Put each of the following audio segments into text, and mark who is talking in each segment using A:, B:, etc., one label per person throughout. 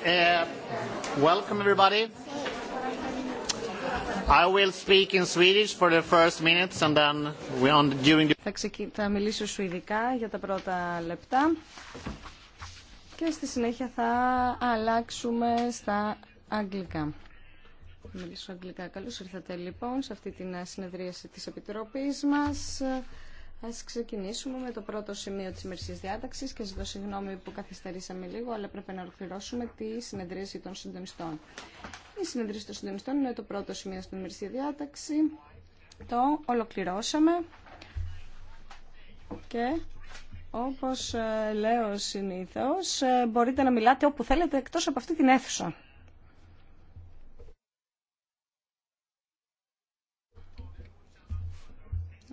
A: Okay. Uh, welcome everybody. I will speak in Swedish for the first minutes
B: and then we on during the... θα, ξεκινήσω, θα μιλήσω σουηδικά για τα πρώτα λεπτά και στη συνέχεια θα αλλάξουμε στα αγγλικά. Θα μιλήσω αγγλικά. Καλώς ήρθατε λοιπόν σε αυτή την συνεδρίαση της Επιτροπής μας. Ας ξεκινήσουμε με το πρώτο σημείο της ημερησίας διάταξης και ζητώ συγγνώμη που καθυστερήσαμε λίγο, αλλά πρέπει να ολοκληρώσουμε τη συνεδρίαση των συντονιστών. Η συνεδρίαση των συντονιστών είναι το πρώτο σημείο στην ημερησία διάταξη. Το ολοκληρώσαμε και όπως ε, λέω συνήθως ε, μπορείτε να μιλάτε όπου θέλετε εκτός από αυτή την αίθουσα.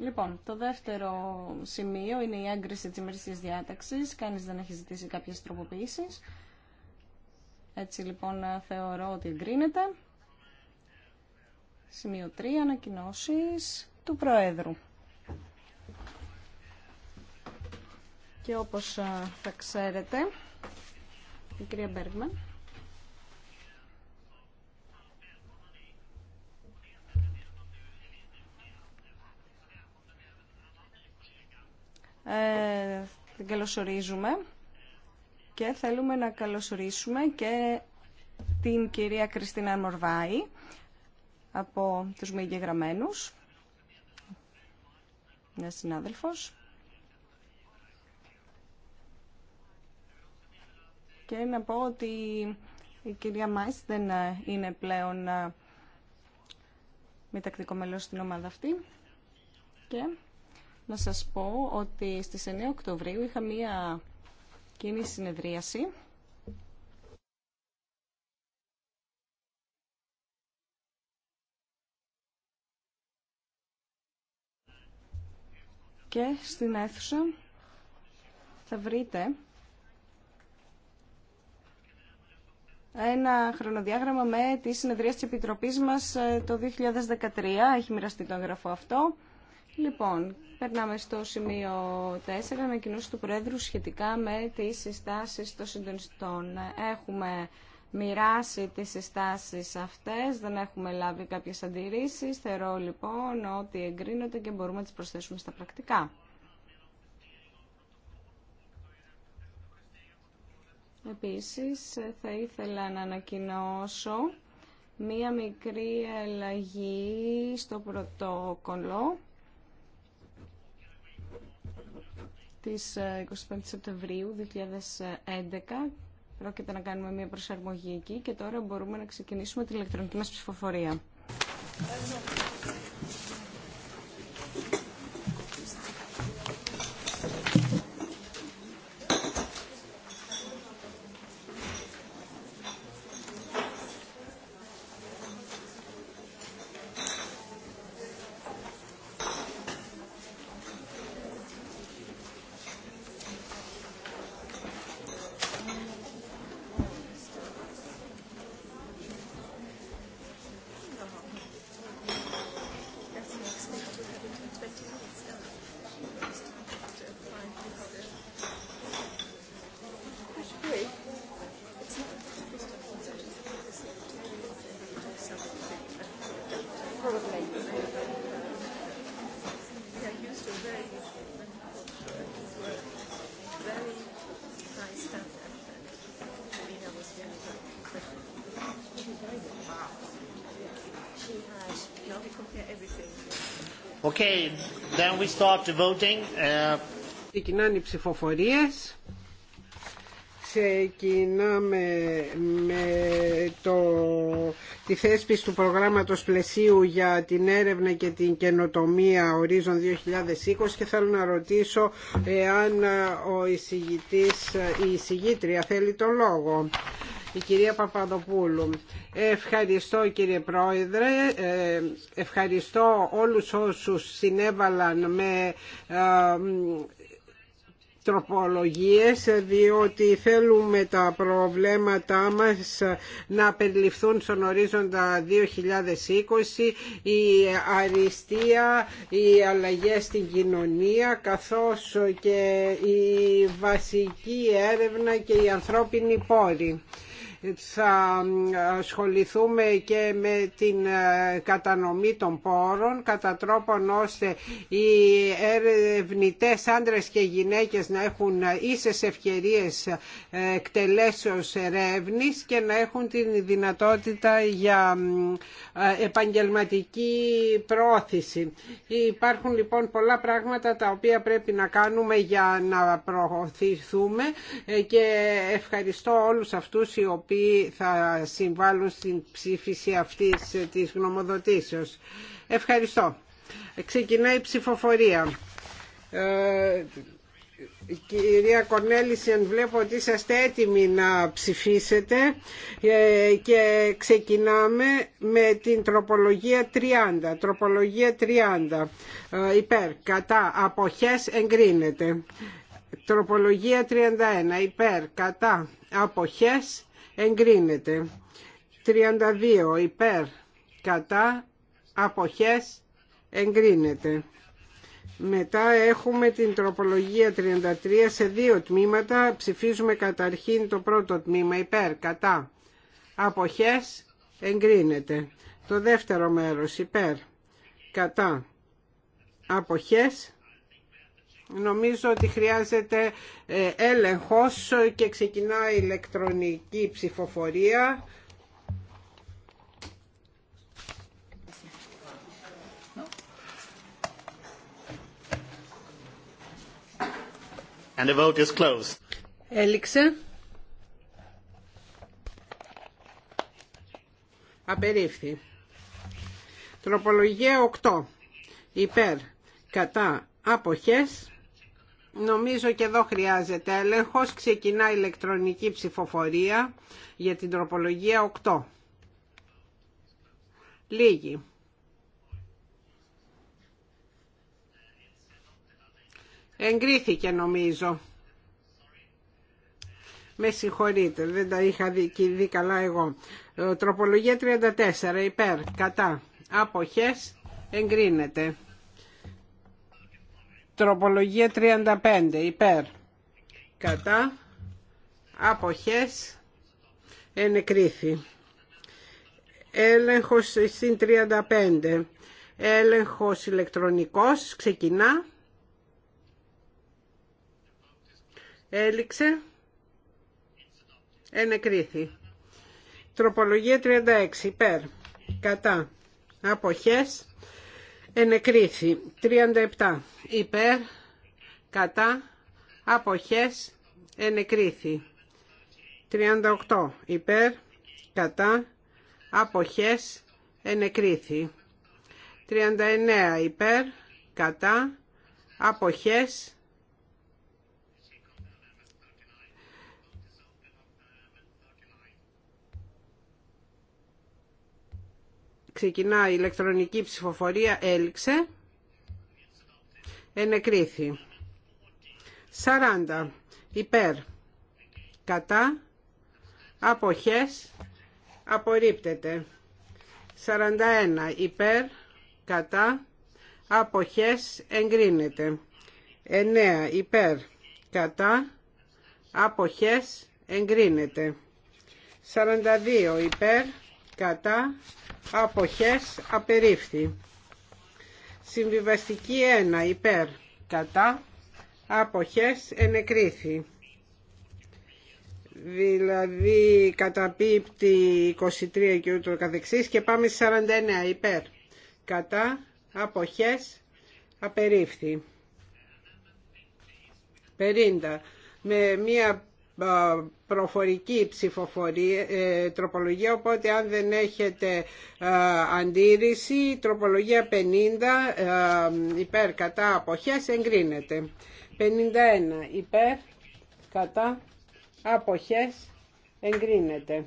B: Λοιπόν, το δεύτερο σημείο είναι η έγκριση της ημερησίας διάταξης. Κανείς δεν έχει ζητήσει κάποιες τροποποιήσεις. Έτσι λοιπόν θεωρώ ότι εγκρίνεται. Σημείο 3, ανακοινώσει του Προέδρου. Και όπως θα ξέρετε, η κυρία Μπέργμαν ε, την καλωσορίζουμε και θέλουμε να καλωσορίσουμε και την κυρία Κριστίνα Μορβάη από τους μη εγγεγραμμένους, μια συνάδελφος. Και να πω ότι η κυρία Μάης δεν είναι πλέον ε, μετακτικό τακτικό μέλος στην ομάδα αυτή και να σας πω ότι στις 9 Οκτωβρίου είχα μία κοινή συνεδρίαση και στην αίθουσα θα βρείτε ένα χρονοδιάγραμμα με τη συνεδρία της Επιτροπής μας ε, το 2013. Έχει μοιραστεί το έγγραφο αυτό. Λοιπόν, Περνάμε στο σημείο 4, ανακοινώσει του Πρόεδρου σχετικά με τις συστάσεις των συντονιστών. Έχουμε μοιράσει τις συστάσεις αυτές, δεν έχουμε λάβει κάποιες αντιρρήσεις. Θεωρώ λοιπόν ότι εγκρίνονται και μπορούμε να τις προσθέσουμε στα πρακτικά. Επίσης, θα ήθελα να ανακοινώσω μία μικρή αλλαγή στο πρωτόκολλο της 25 ε, Σεπτεμβρίου 2011. Πρόκειται να κάνουμε μια προσαρμογή εκεί και τώρα μπορούμε να ξεκινήσουμε την ηλεκτρονική μας ψηφοφορία.
A: Okay, then we start the voting. Uh, Ξεκινάνε οι ψηφοφορίες. Ξεκινάμε με το, τη θέσπιση του προγράμματος πλαισίου για την έρευνα και την καινοτομία ορίζον 2020 και θέλω να ρωτήσω εάν ο εισηγητής, η εισηγήτρια θέλει τον λόγο η κυρία Παπαδοπούλου. Ευχαριστώ κύριε Πρόεδρε, ε, ευχαριστώ όλους όσους συνέβαλαν με ε, τροπολογίες διότι θέλουμε τα προβλέματά μας να περιληφθούν στον ορίζοντα 2020 η αριστεία, οι αλλαγές στην κοινωνία καθώς και η βασική έρευνα και η ανθρώπινη πόροι θα ασχοληθούμε και με την ε, κατανομή των πόρων κατά τρόπον ώστε οι ερευνητές άντρες και γυναίκες να έχουν ίσες ευκαιρίες ε, εκτελέσεως ερεύνης και να έχουν την δυνατότητα για ε, επαγγελματική πρόθεση. Υπάρχουν λοιπόν πολλά πράγματα τα οποία πρέπει να κάνουμε για να προωθηθούμε και ευχαριστώ όλους αυτούς οι οποίοι θα συμβάλλουν στην ψήφιση αυτής της γνωμοδοτήσεως. Ευχαριστώ. Ξεκινάει η ψηφοφορία. Ε, κυρία Κορνέλησεν, βλέπω ότι είσαστε έτοιμοι να ψηφίσετε ε, και ξεκινάμε με την τροπολογία 30. Τροπολογία 30. Ε, υπέρ, κατά, αποχές εγκρίνεται. Τροπολογία 31. Υπέρ, κατά, αποχές εγκρίνεται 32 υπέρ κατά αποχές εγκρίνεται μετά έχουμε την τροπολογία 33 σε δύο τμήματα ψηφίζουμε καταρχήν το πρώτο τμήμα υπέρ κατά αποχές εγκρίνεται το δεύτερο μέρος υπέρ κατά αποχές Νομίζω ότι χρειάζεται ε, έλεγχος και ξεκινά η ηλεκτρονική ψηφοφορία.
C: And the vote is closed.
A: Έληξε. Απερίφθη. Τροπολογία 8. Υπέρ. Κατά. Αποχές Νομίζω και εδώ χρειάζεται έλεγχος. Ξεκινά ηλεκτρονική ψηφοφορία για την τροπολογία 8. Λίγη. Εγκρίθηκε νομίζω. Με συγχωρείτε, δεν τα είχα δει, δει καλά εγώ. Ε, τροπολογία 34, υπέρ, κατά, αποχές, εγκρίνεται. Τροπολογία 35 υπέρ κατά αποχές ενεκρίθη. Έλεγχος στην 35. Έλεγχος ηλεκτρονικός ξεκινά. Έληξε. Ενεκρίθη. Τροπολογία 36 υπέρ κατά αποχές ενεκρίθη 37 υπέρ κατά αποχές ενεκρίθη 38 υπέρ κατά αποχές ενεκρίθη 39 υπέρ κατά αποχές Ξεκινά η ηλεκτρονική ψηφοφορία. Έληξε. Ενεκρίθη. 40. Υπέρ. Κατά. Αποχές. Απορρίπτεται. 41. Υπέρ. Κατά. Αποχές. Εγκρίνεται. 9. Υπέρ. Κατά. Αποχές. Εγκρίνεται. 42. Υπέρ κατά αποχές απερίφθη συμβιβαστική 1 υπέρ κατά αποχές ενεκρίθη δηλαδή καταπίπτει 23 και ούτω καθεξής και πάμε στις 49 υπέρ κατά αποχές απερίφθη 50 με μία ε, προφορική ψηφοφορία, ε, τροπολογία, οπότε αν δεν έχετε ε, αντίρρηση, τροπολογία 50 υπέρ κατά αποχές εγκρίνεται. 51 υπέρ κατά αποχές εγκρίνεται.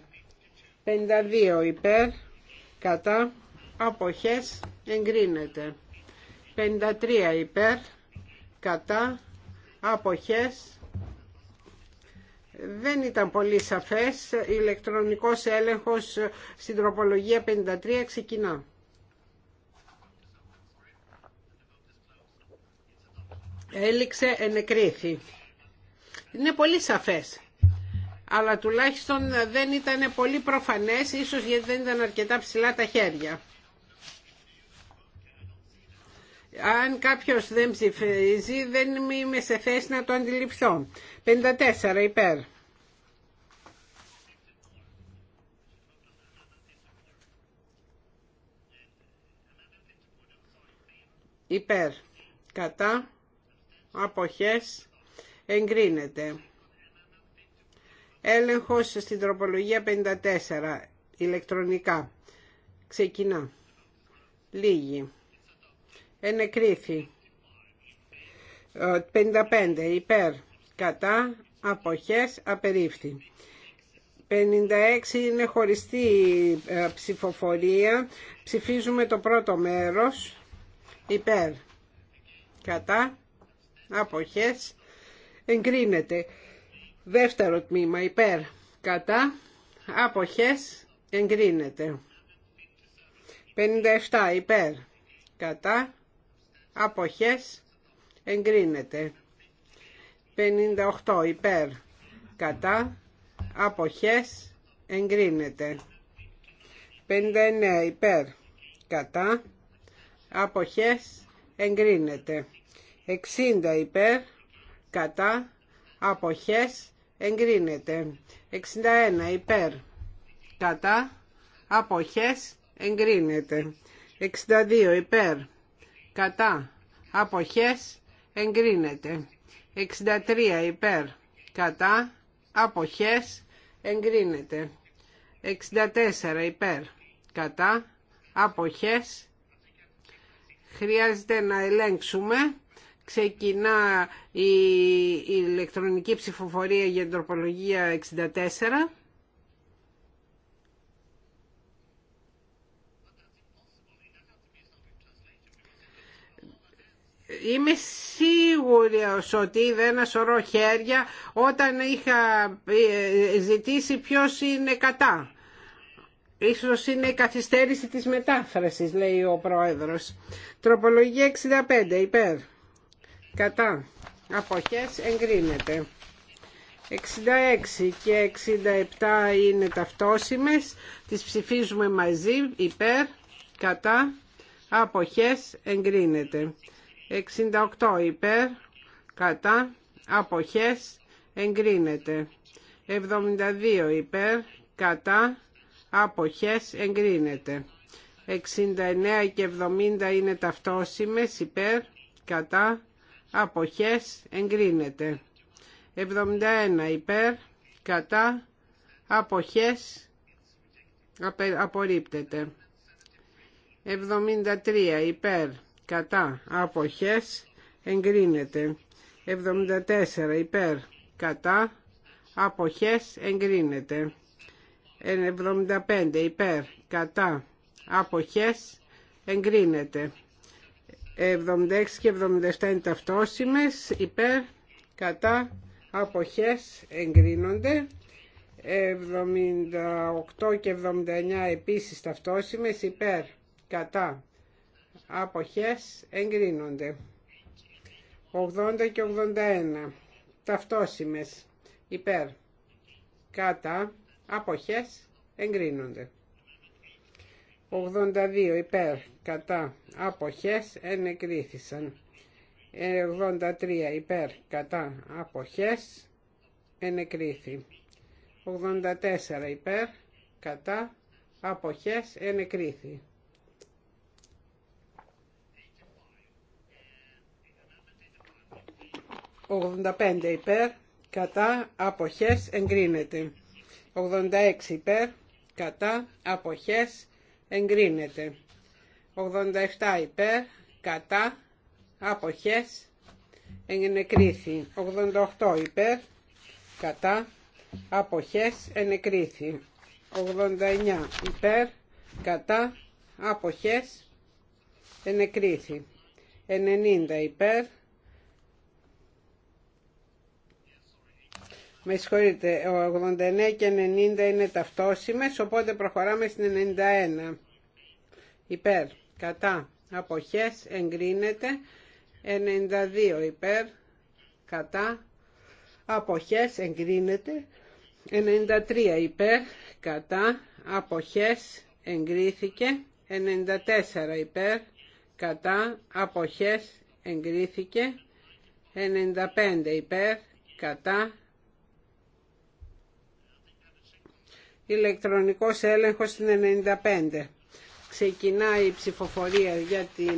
A: 52 υπέρ κατά αποχές εγκρίνεται. 53 υπέρ κατά αποχές δεν ήταν πολύ σαφές. Ηλεκτρονικός έλεγχος στην τροπολογία 53 ξεκινά. Έληξε, ενεκρίθη. Είναι πολύ σαφές. Αλλά τουλάχιστον δεν ήταν πολύ προφανές, ίσως γιατί δεν ήταν αρκετά ψηλά τα χέρια αν κάποιος δεν ψηφίζει δεν είμαι σε θέση να το αντιληφθώ. 54 υπέρ. Υπέρ. Κατά. Αποχές. Εγκρίνεται. Έλεγχος στην τροπολογία 54. Ηλεκτρονικά. Ξεκινά. Λίγη ενεκρίθη 55 ε, υπέρ κατά αποχές απερίφθη 56 είναι χωριστή ε, ψηφοφορία ψηφίζουμε το πρώτο μέρος υπέρ κατά αποχές εγκρίνεται δεύτερο τμήμα υπέρ κατά αποχές εγκρίνεται 57 υπέρ κατά αποχές εγκρίνεται 58 υπέρ κατά αποχές εγκρίνεται 59 υπέρ κατά αποχές εγκρίνεται 60 υπέρ κατά αποχές εγκρίνεται 61 υπέρ κατά αποχές εγκρίνεται 62 υπέρ κατά αποχές εγκρίνεται 63 υπέρ κατά αποχές εγκρίνεται 64 υπέρ κατά αποχές χρειάζεται να ελέγξουμε ξεκινά η ηλεκτρονική ψηφοφορία για την τροπολογία 64 Είμαι σίγουρος ότι είδα ένα σωρό χέρια όταν είχα ε, ζητήσει ποιος είναι κατά. Ίσως είναι η καθυστέρηση της μετάφρασης, λέει ο πρόεδρος. Τροπολογία 65, υπέρ. Κατά. Αποχές εγκρίνεται. 66 και 67 είναι ταυτόσιμες. Τις ψηφίζουμε μαζί, υπέρ. Κατά. Αποχές εγκρίνεται. 68 υπέρ κατά αποχές εγκρίνεται 72 υπέρ κατά αποχές εγκρίνεται 69 και 70 είναι ταυτόσιμες υπέρ κατά αποχές εγκρίνεται 71 υπέρ κατά αποχές απορρίπτεται 73 υπέρ κατά αποχές εγκρίνεται 74 υπέρ κατά αποχές εγκρίνεται 75 υπέρ κατά αποχές εγκρίνεται 76 και 77 είναι ταυτόσιμες υπέρ κατά αποχές εγκρίνονται 78 και 79 επίσης ταυτόσιμες υπέρ κατά αποχές εγκρίνονται 80 και 81 ταυτόσιμες υπέρ κατά αποχές εγκρίνονται 82 υπέρ κατά αποχές ενεκρίθησαν 83 υπέρ κατά αποχές ενεκρίθη 84 υπέρ κατά αποχές ενεκρίθη 85 υπέρ, κατά, αποχές, εγκρίνεται. 86 υπέρ, κατά, αποχές, εγκρίνεται. 87 υπέρ, κατά, αποχές, ενεκρίθη. 88 υπέρ, κατά, αποχές, ενεκρίθη. 89 υπέρ, κατά, αποχές, ενεκρίθη. 90 υπέρ, με συγχωρείτε, 89 και 90 είναι ταυτόσιμες, οπότε προχωράμε στην 91. Υπέρ, κατά, αποχές, εγκρίνεται. 92 υπέρ, κατά, αποχές, εγκρίνεται. 93 υπέρ, κατά, αποχές, εγκρίθηκε. 94 υπέρ, κατά, αποχές, εγκρίθηκε. 95 υπέρ, κατά, ηλεκτρονικός έλεγχος στην 95. Ξεκινάει η ψηφοφορία για την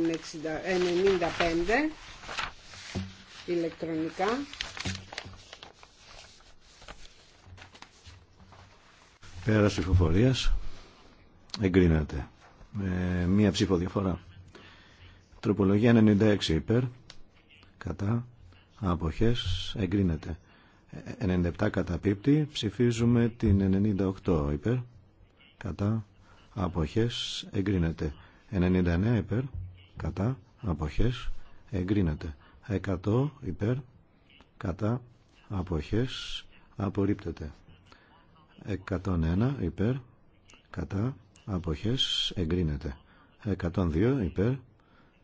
A: 95 ηλεκτρονικά.
C: Πέρα ψηφοφορίας εγκρίνεται μία ψήφο διαφορά. Τροπολογία 96 υπέρ, κατά, αποχές, εγκρίνεται. 97 κατά πίπτη. Ψηφίζουμε την 98 υπέρ. Κατά αποχές εγκρίνεται. 99 υπέρ. Κατά αποχές εγκρίνεται. 100 υπέρ. Κατά αποχές απορρίπτεται. 101 υπέρ. Κατά αποχές εγκρίνεται. 102 υπέρ.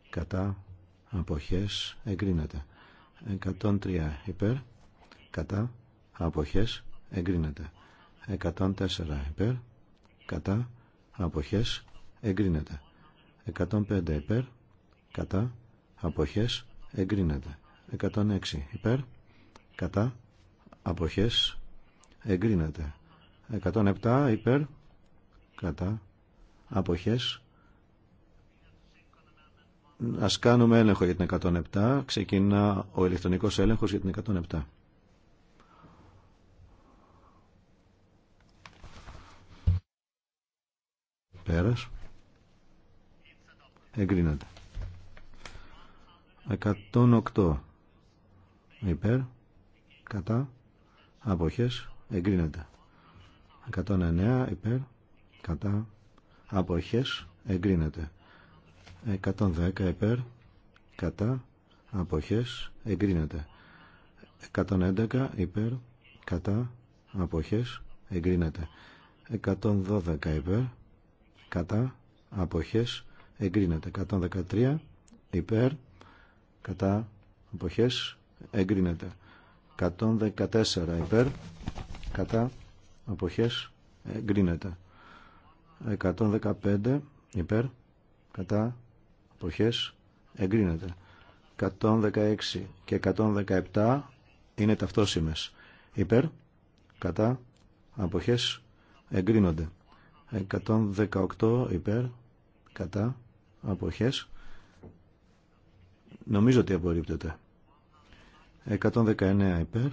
C: Κατά αποχές εγκρίνεται. 103 υπέρ κατά αποχές εγκρίνεται 104 υπέρ κατά αποχές εγκρίνεται 105 υπέρ κατά αποχές εγκρίνεται 106 υπέρ κατά αποχές εγκρίνεται 107 υπέρ κατά αποχές Ας κάνουμε έλεγχο για την 107. Ξεκινά ο ηλεκτρονικός έλεγχος για την 107. Πέρας. Εγκρίνεται. 108 υπέρ. Κατά. Αποχές. Εγκρίνεται. 109 υπέρ. Κατά. Αποχές. Εγκρίνεται. 110 υπέρ. Κατά. Αποχές. Εγκρίνεται. 111 υπέρ. Κατά. Αποχές. Εγκρίνεται. 112 υπέρ κατά αποχές εγκρίνεται 113 υπέρ κατά αποχές εγκρίνεται 114 υπέρ κατά αποχές εγκρίνεται 115 υπέρ κατά αποχές εγκρίνεται 116 και 117 είναι ταυτόσιμες υπέρ κατά αποχές εγκρίνονται 118 υπέρ κατά αποχές νομίζω ότι απορρίπτεται 119 υπέρ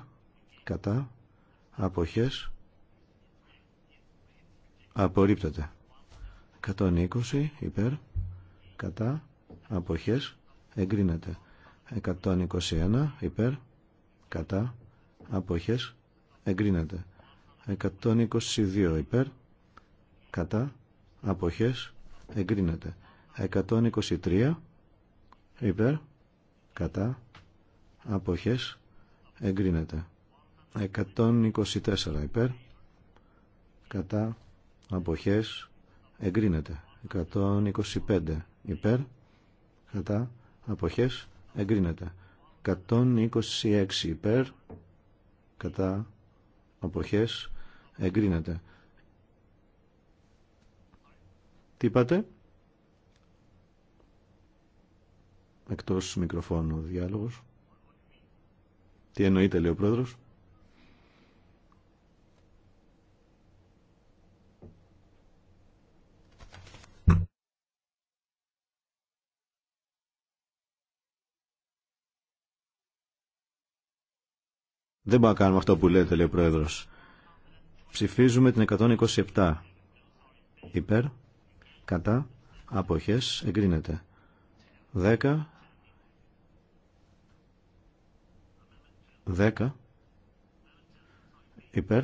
C: κατά αποχές απορρίπτεται 120 υπέρ κατά αποχές εγκρίνεται 121 υπέρ κατά αποχές εγκρίνεται 122 υπέρ κατά αποχές εγκρίνεται 123 υπέρ κατά αποχές εγκρίνεται 124 υπέρ κατά αποχές εγκρίνεται 125 υπέρ κατά αποχές εγκρίνεται 126 υπέρ κατά αποχές εγκρίνεται τι είπατε? Εκτός μικροφώνου διάλογος. Τι εννοείται λέει ο πρόεδρος. Δεν μπορούμε να κάνουμε αυτό που λέτε, λέει ο Πρόεδρος. Ψηφίζουμε την 127. Υπέρ κατά αποχές εγκρίνεται 10 10 υπέρ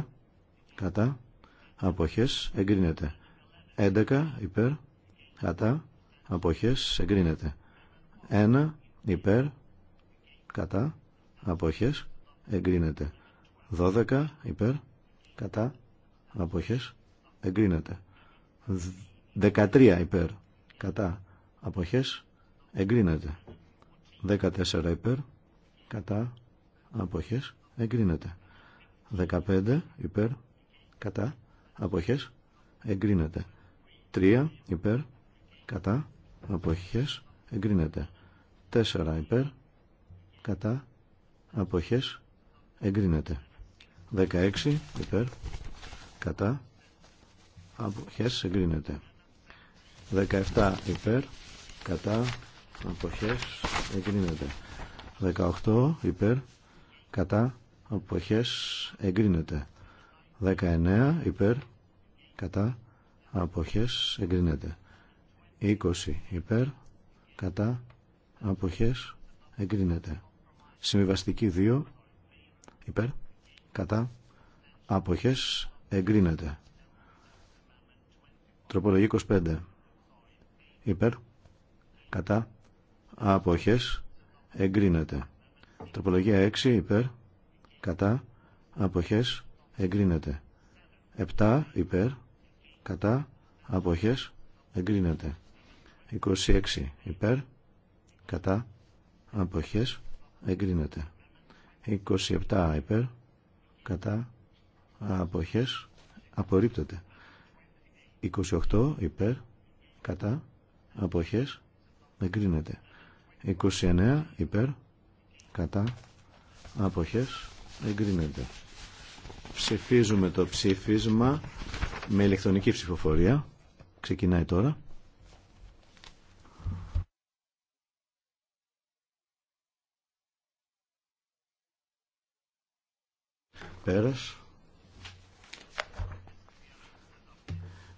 C: κατά αποχές εγκρίνεται 11 υπέρ κατά αποχές εγκρίνεται 1 υπέρ κατά αποχές εγκρίνεται 12 υπέρ κατά αποχές εγκρίνεται 13 υπέρ κατά αποχές εγκρίνεται 14 υπέρ κατά αποχές εγκρίνεται 15 υπέρ κατά αποχές εγκρίνεται 3 υπέρ κατά αποχές εγκρίνεται 4 υπέρ κατά αποχές εγκρίνεται 16 υπέρ κατά αποχές εγκρίνεται 17 υπέρ κατά αποχές εγκρίνεται 18 υπέρ κατά αποχές εγκρίνεται 19 υπέρ κατά αποχές εγκρίνεται 20 υπέρ κατά αποχές εγκρίνεται συμβιβαστική 2 υπέρ κατά αποχές εγκρίνεται τροπολογή 25 υπέρ κατά αποχές εγκρίνεται τροπολογία 6 υπέρ κατά αποχές εγκρίνεται 7 υπέρ κατά αποχές εγκρίνεται 26 υπέρ κατά αποχές εγκρίνεται 27 υπέρ κατά αποχές απορρίπτεται 28 υπέρ κατά αποχές εγκρίνεται 29 υπέρ κατά αποχές εγκρίνεται ψηφίζουμε το ψήφισμα με ηλεκτρονική ψηφοφορία ξεκινάει τώρα πέρας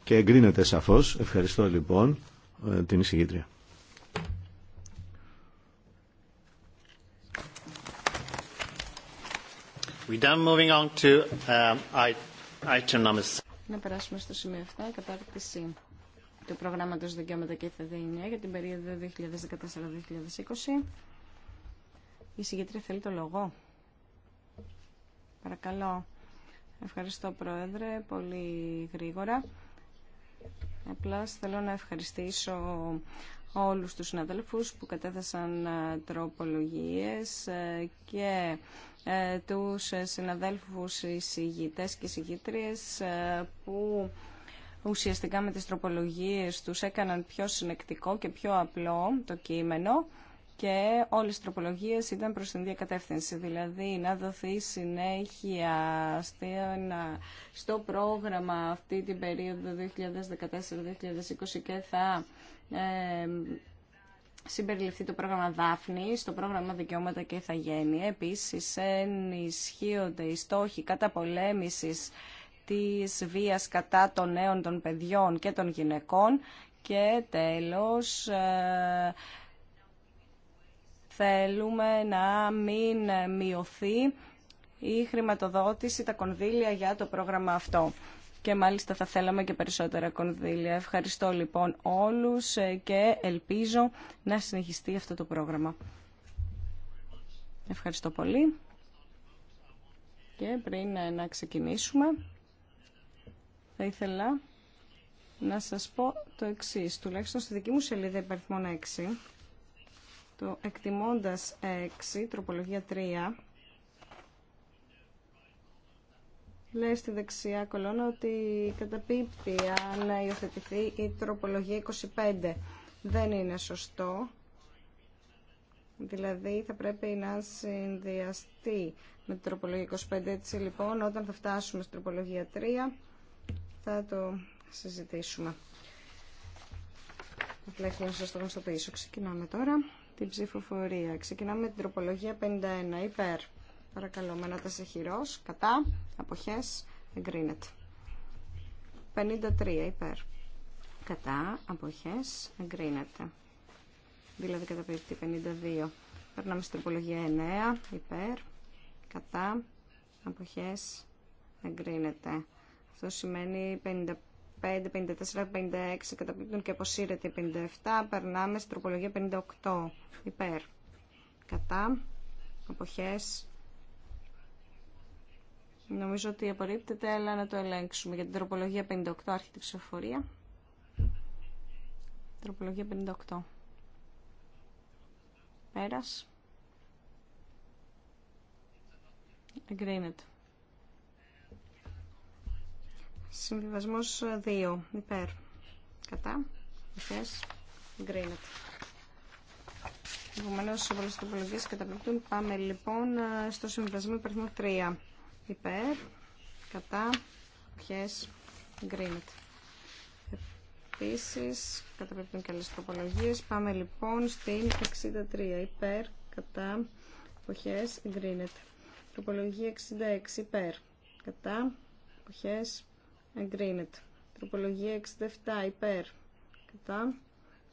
C: και εγκρίνεται σαφώς ευχαριστώ λοιπόν ε, την εισηγήτρια. On to, uh,
B: να περάσουμε στο σημείο 7, κατάρτιση του προγράμματος δικαιώματα και ηθαδένεια για την περίοδο 2014-2020. Η συγκεκριτή θέλει το λόγο. Παρακαλώ. Ευχαριστώ Πρόεδρε, πολύ γρήγορα. Απλά θέλω να ευχαριστήσω όλους τους συναδέλφους που κατέθεσαν ε, τροπολογίες ε, και ε, τους συναδέλφους εισηγητές και εισηγήτριες που ουσιαστικά με τις τροπολογίες τους έκαναν πιο συνεκτικό και πιο απλό το κείμενο και όλες οι τροπολογίες ήταν προς την διακατεύθυνση, δηλαδή να δοθεί συνέχεια στο πρόγραμμα αυτή την περίοδο 2014-2020 και θα ε, συμπεριληφθεί το πρόγραμμα Δάφνη στο πρόγραμμα Δικαιώματα και Ιθαγένεια. Επίσης, ενισχύονται οι στόχοι καταπολέμησης της βίας κατά των νέων των παιδιών και των γυναικών και τέλος ε, Θέλουμε να μην μειωθεί η χρηματοδότηση, τα κονδύλια για το πρόγραμμα αυτό. Και μάλιστα θα θέλαμε και περισσότερα κονδύλια. Ευχαριστώ λοιπόν όλους και ελπίζω να συνεχιστεί αυτό το πρόγραμμα. Ευχαριστώ πολύ. Και πριν να ξεκινήσουμε, θα ήθελα να σας πω το εξής. Τουλάχιστον στη δική μου σελίδα υπαριθμών 6 το εκτιμώντας 6, τροπολογία 3, λέει στη δεξιά κολόνα ότι καταπίπτει αν υιοθετηθεί η τροπολογία 25. Δεν είναι σωστό. Δηλαδή θα πρέπει να συνδυαστεί με την τροπολογία 25. Έτσι λοιπόν όταν θα φτάσουμε στην τροπολογία 3 θα το συζητήσουμε. Θα Τουλάχιστον να σα το γνωστοποιήσω. Ξεκινάμε τώρα την ψηφοφορία. Ξεκινάμε με την τροπολογία 51 υπέρ. Παρακαλώ, με ένα χειρό. κατά, απόχέ. εγκρίνεται. 53 υπέρ. Κατά, απόχέ. εγκρίνεται. Δηλαδή καταπληκτή 52. Περνάμε στην τροπολογία 9 υπέρ. Κατά, αποχέ. εγκρίνεται. Αυτό σημαίνει 55 55, 54, 56 καταπίπτουν και αποσύρεται 57. Περνάμε στην τροπολογία 58. Υπέρ. Κατά. Αποχές. Νομίζω ότι απορρίπτεται, αλλά να το ελέγξουμε. Για την τροπολογία 58 άρχεται η ψηφοφορία. Τροπολογία 58. Πέρας. Εγκρίνεται. Συμβιβασμό 2. Υπέρ. Κατά. Υπέρ. Γκρίνεται. Επομένω, όλε τι τροπολογίε καταπληκτούν. Πάμε λοιπόν στο συμβιβασμό υπερθμό 3. Υπέρ, κατά, ποιε, Γκρίνεται. Επίση, καταπληκτούν και άλλε τοπολογίε. Πάμε λοιπόν στην 63. Υπέρ, κατά, ποιε, Γκρίνεται. Τοπολογία 66. Υπέρ, κατά, ποιε, εγκρίνεται. Τροπολογία 67 υπέρ κατά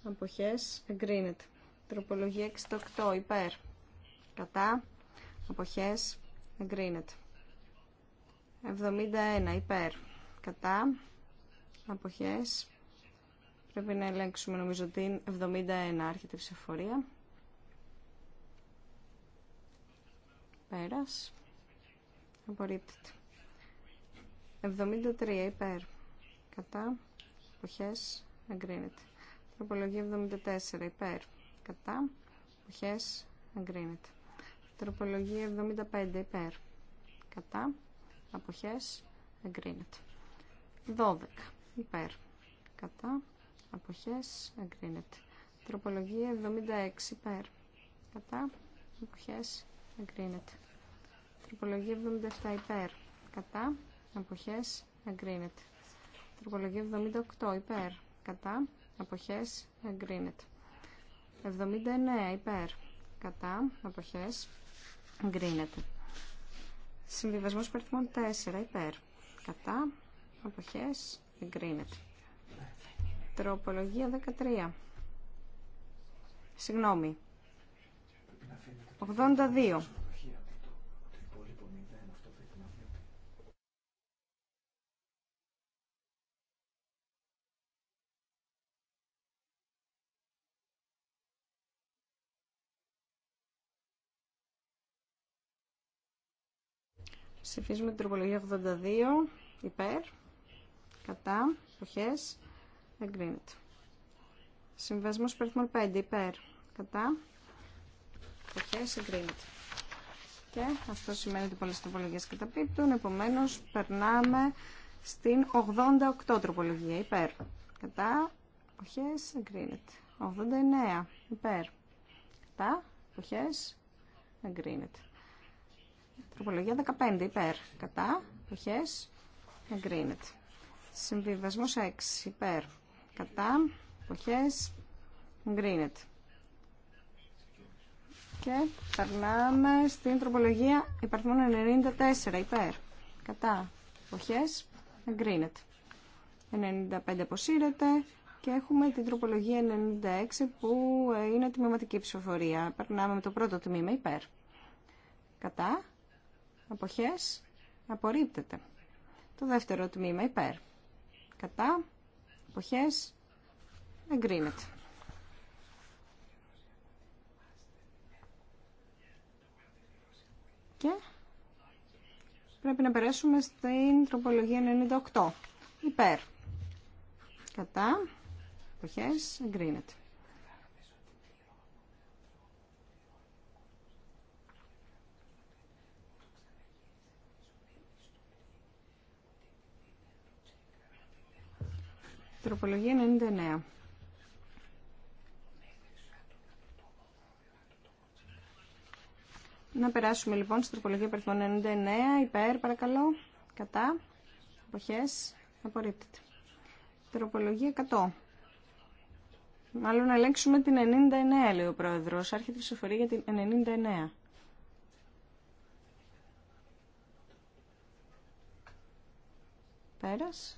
B: αποχές εγκρίνεται. Τροπολογία 68 υπέρ κατά αποχές εγκρίνεται. 71 υπέρ κατά αποχές πρέπει να ελέγξουμε νομίζω την 71 άρχεται η ψηφοφορία πέρας απορρίπτεται 73 υπέρ. Κατά. εποχέ. Εγκρίνεται. Τροπολογία 74 υπέρ. Κατά. Εποχέ. Εγκρίνεται. Τροπολογία 75 υπέρ. Κατά. απόχέ. Εγκρίνεται. 12 υπέρ. Κατά. Αποχές. Εγκρίνεται. Τροπολογία 76 υπέρ. Κατά. Αποχές. Εγκρίνεται. Τροπολογία 77 υπέρ. Κατά αποχές εγκρίνεται. Τροπολογία 78 υπέρ κατά αποχές εγκρίνεται. 79 υπέρ κατά αποχές εγκρίνεται. Συμβιβασμός περιθμών 4 υπέρ κατά αποχές εγκρίνεται. Τροπολογία 13. Συγγνώμη.
C: 82
B: Ψηφίζουμε την τροπολογία 82 υπέρ, κατά, εποχές, εγκρίνεται. Συμβέσμος περιθμών 5 υπέρ, κατά, εποχές, εγκρίνεται. Και αυτό σημαίνει ότι πολλές τροπολογίες καταπίπτουν, επομένως περνάμε στην 88 τροπολογία υπέρ, κατά, εποχές, εγκρίνεται. 89 υπέρ, κατά, εποχές, εγκρίνεται. Τροπολογία 15 υπέρ. Κατά. Αποχές. Εγκρίνεται. Συμβιβασμός 6 υπέρ. Κατά. Αποχές. Εγκρίνεται. Και περνάμε στην τροπολογία υπαρθμών 94 υπέρ. Κατά. Αποχές. Εγκρίνεται. 95 αποσύρεται. Και έχουμε την τροπολογία 96 που είναι τμήματική ψηφοφορία. Περνάμε με το πρώτο τμήμα υπέρ. Κατά αποχές απορρίπτεται. Το δεύτερο τμήμα υπέρ. Κατά αποχές εγκρίνεται. Και πρέπει να περάσουμε στην τροπολογία 98. Υπέρ. Κατά. Αποχές. Εγκρίνεται. Τροπολογία 99. Να περάσουμε λοιπόν στην τροπολογία περιθμών 99, υπέρ παρακαλώ, κατά, εποχές, απορρίπτεται. Τροπολογία 100. Μάλλον να ελέγξουμε την 99, λέει ο πρόεδρος. Άρχεται η ψηφοφορία για την 99. Πέρας.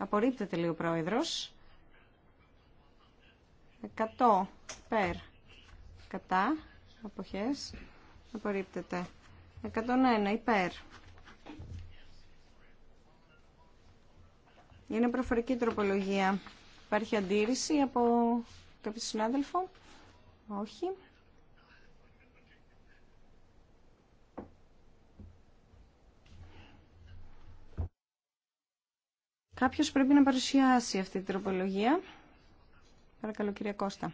B: Απορρίπτεται, λίγο, ο πρόεδρος. 100 περ κατά αποχές απορρίπτεται 101 υπέρ είναι προφορική τροπολογία υπάρχει αντίρρηση από κάποιο συνάδελφο όχι Κάποιος πρέπει να παρουσιάσει αυτή την τροπολογία. Παρακαλώ κυρία Κώστα.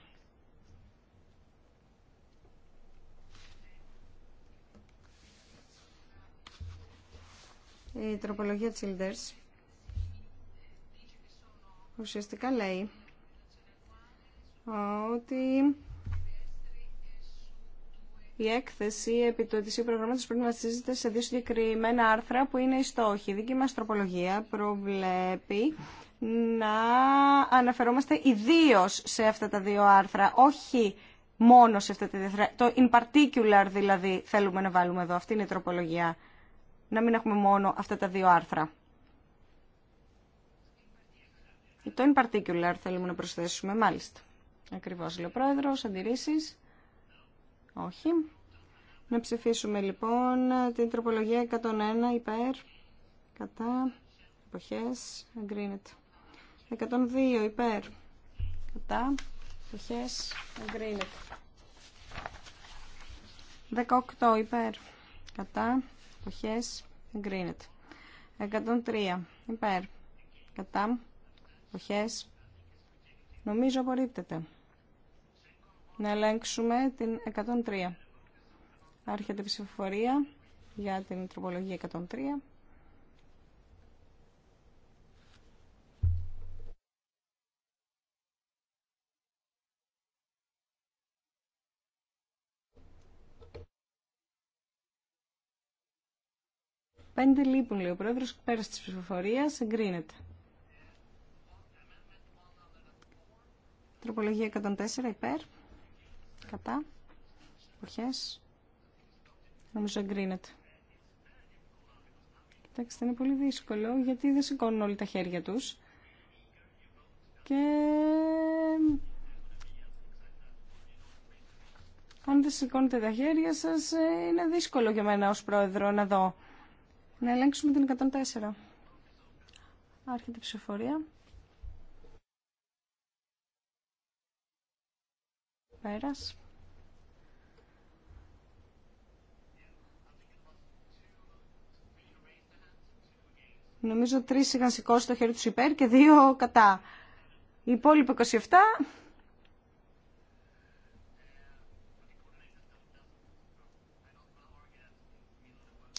B: Η τροπολογία Childers ουσιαστικά λέει ότι η έκθεση επί του ετησίου προγράμματος πρέπει να βασίζεται σε δύο συγκεκριμένα άρθρα που είναι οι στόχοι. Η δική μας τροπολογία προβλέπει να αναφερόμαστε ιδίω σε αυτά τα δύο άρθρα, όχι μόνο σε αυτά τα δύο άρθρα. Το in particular δηλαδή θέλουμε να βάλουμε εδώ. Αυτή είναι η τροπολογία. Να μην έχουμε μόνο αυτά τα δύο άρθρα. Το in particular θέλουμε να προσθέσουμε, μάλιστα. Ακριβώς, λέει ο Πρόεδρος, αντιρρήσεις. Όχι. Να ψηφίσουμε λοιπόν την τροπολογία 101 υπέρ, κατά, εποχές, εγκρίνεται. 102 υπέρ, κατά, εποχές, εγκρίνεται. 18 υπέρ, κατά, εποχές, εγκρίνεται. 103 υπέρ, κατά, εποχές, νομίζω απορρίπτεται να ελέγξουμε την 103. Άρχεται η ψηφοφορία για την τροπολογία 103. Πέντε λείπουν, λέει ο πρόεδρος, πέρας της ψηφοφορίας, εγκρίνεται. Τροπολογία 104, υπέρ. Κατά. Εποχές. Νομίζω εγκρίνεται. Κοιτάξτε, είναι πολύ δύσκολο γιατί δεν σηκώνουν όλοι τα χέρια τους. Και... Αν δεν σηκώνετε τα χέρια σας, ε, είναι δύσκολο για μένα ως πρόεδρο να δω. Να ελέγξουμε την 104. Άρχεται η ψηφοφορία. Πέρας. Νομίζω τρεις είχαν σηκώσει το χέρι του υπέρ και δύο κατά. Οι υπόλοιποι 27...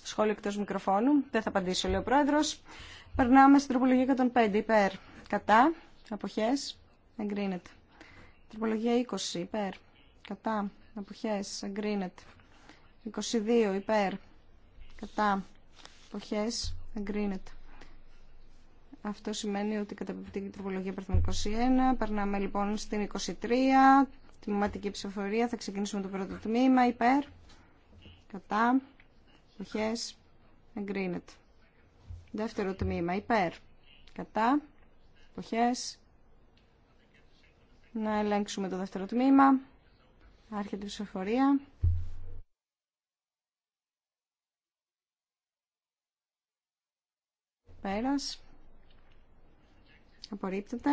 B: Σχόλιο εκτό μικροφώνου. Δεν θα απαντήσω, λέει ο πρόεδρο. Περνάμε στην τροπολογία 105. Υπέρ. Κατά. Αποχέ. Εγκρίνεται. Τροπολογία 20 υπέρ. Κατά. Αποχές. Εγκρίνεται. 22 υπέρ. Κατά. Αποχές. Εγκρίνεται. Αυτό σημαίνει ότι καταπληκτική η τροπολογία παρθμών 21. Περνάμε λοιπόν στην 23. Τμηματική ψηφοφορία. Θα ξεκινήσουμε το πρώτο τμήμα. Υπέρ. Κατά. Αποχές. Εγκρίνεται. Δεύτερο τμήμα. Υπέρ. Κατά. Αποχές. Να ελέγξουμε το δεύτερο τμήμα. Άρχεται η ψηφοφορία. Πέρας. Απορρίπτεται.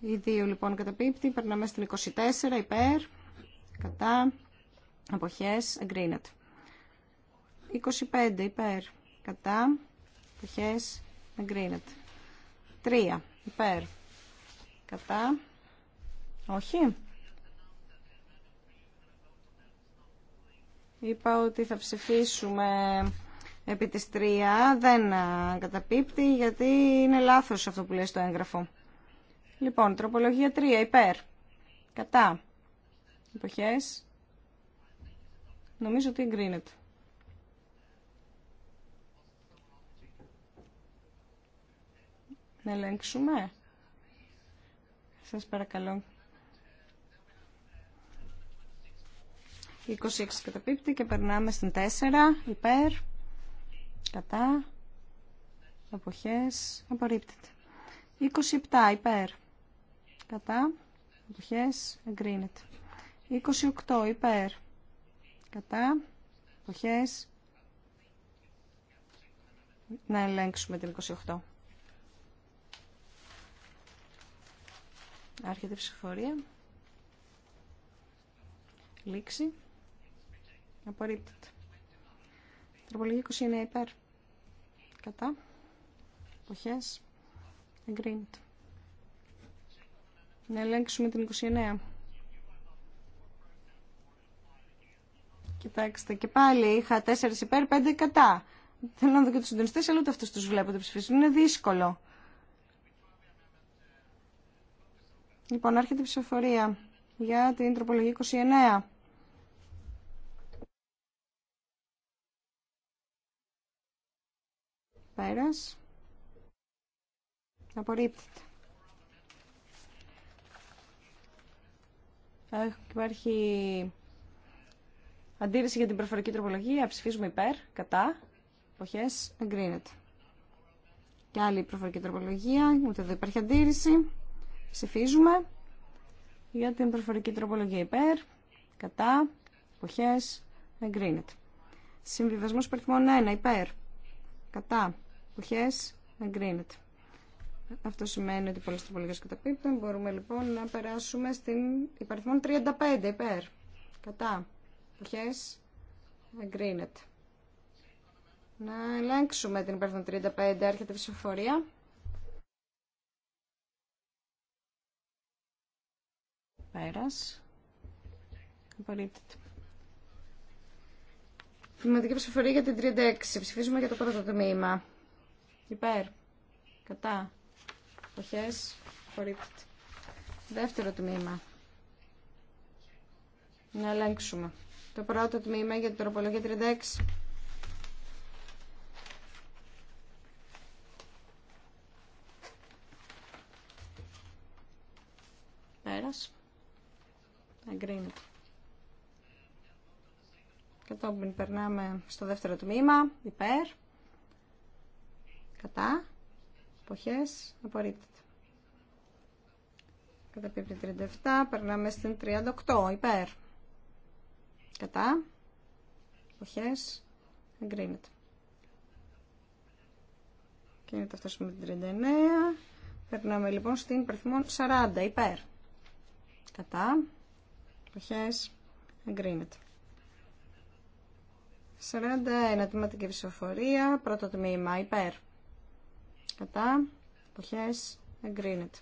B: η δύο λοιπόν καταπίπτει. Περνάμε στην 24 υπέρ. Κατά. Αποχές. Εγκρίνεται. 25 υπέρ. Κατά. Αποχές. Εγκρίνεται. 3 υπέρ Κατά. Όχι. Είπα ότι θα ψηφίσουμε επί της 3. Δεν καταπίπτει γιατί είναι λάθος αυτό που λέει στο έγγραφο. Λοιπόν, τροπολογία 3. Υπέρ. Κατά. Εποχές. Νομίζω ότι εγκρίνεται. Να ελέγξουμε. Σας παρακαλώ. 26 καταπίπτει και περνάμε στην 4. Υπέρ. Κατά. Αποχές. Απορρίπτεται. 27. Υπέρ. Κατά. Αποχές. Εγκρίνεται. 28. Υπέρ. Κατά. Αποχές. Να ελέγξουμε την 28. Άρχεται η ψηφοφορία. Λήξη. Απορρίπτεται. Τροπολογία 29 υπέρ. Κατά. Εποχές. Εγκρίνεται. Να ελέγξουμε την 29. Κοιτάξτε, και πάλι είχα 4 υπέρ, 5 κατά. Θέλω να δω και του συντονιστέ, αλλά ούτε αυτού του βλέπω το ψηφίσουν. Είναι δύσκολο. Λοιπόν, έρχεται η ψηφοφορία για την τροπολογία 29. Πέρας. Απορρίπτεται. Ε, υπάρχει αντίρρηση για την προφορική τροπολογία. Ψηφίζουμε υπέρ, κατά, εποχές, εγκρίνεται. Και άλλη προφορική τροπολογία, ούτε εδώ υπάρχει αντίρρηση. Ψηφίζουμε για την προφορική τροπολογία υπέρ, κατά, εποχές, εγκρίνεται. Συμβιβασμός περιθμών 1 υπέρ, κατά, εποχές, εγκρίνεται. Αυτό σημαίνει ότι πολλές τροπολογίες καταπίπτουν. Μπορούμε λοιπόν να περάσουμε στην υπαριθμόν 35 υπέρ, κατά, εποχές, εγκρίνεται. Να ελέγξουμε την υπαριθμόν 35, έρχεται ψηφοφορία. Πέρας. Απορρίπτεται. Θυματική ψηφορία για την 36. Ψηφίζουμε για το πρώτο τμήμα. Υπέρ. Κατά. Οχέ. Απορρίπτεται. Δεύτερο τμήμα. Να ελέγξουμε. Το πρώτο τμήμα για την τροπολογία 36. Κατόπιν περνάμε στο δεύτερο τμήμα, υπέρ, κατά, εποχές, απορρίπτεται. πίπτη 37, περνάμε στην 38, υπέρ, κατά, εποχές, εγκρίνεται. Και είναι το με την 39. Περνάμε λοιπόν στην υπερθυμόν 40, υπέρ. Κατά, εποχές, εγκρίνεται. 41 τμήματική ψηφοφορία, πρώτο τμήμα υπέρ. Κατά, εποχές, εγκρίνεται.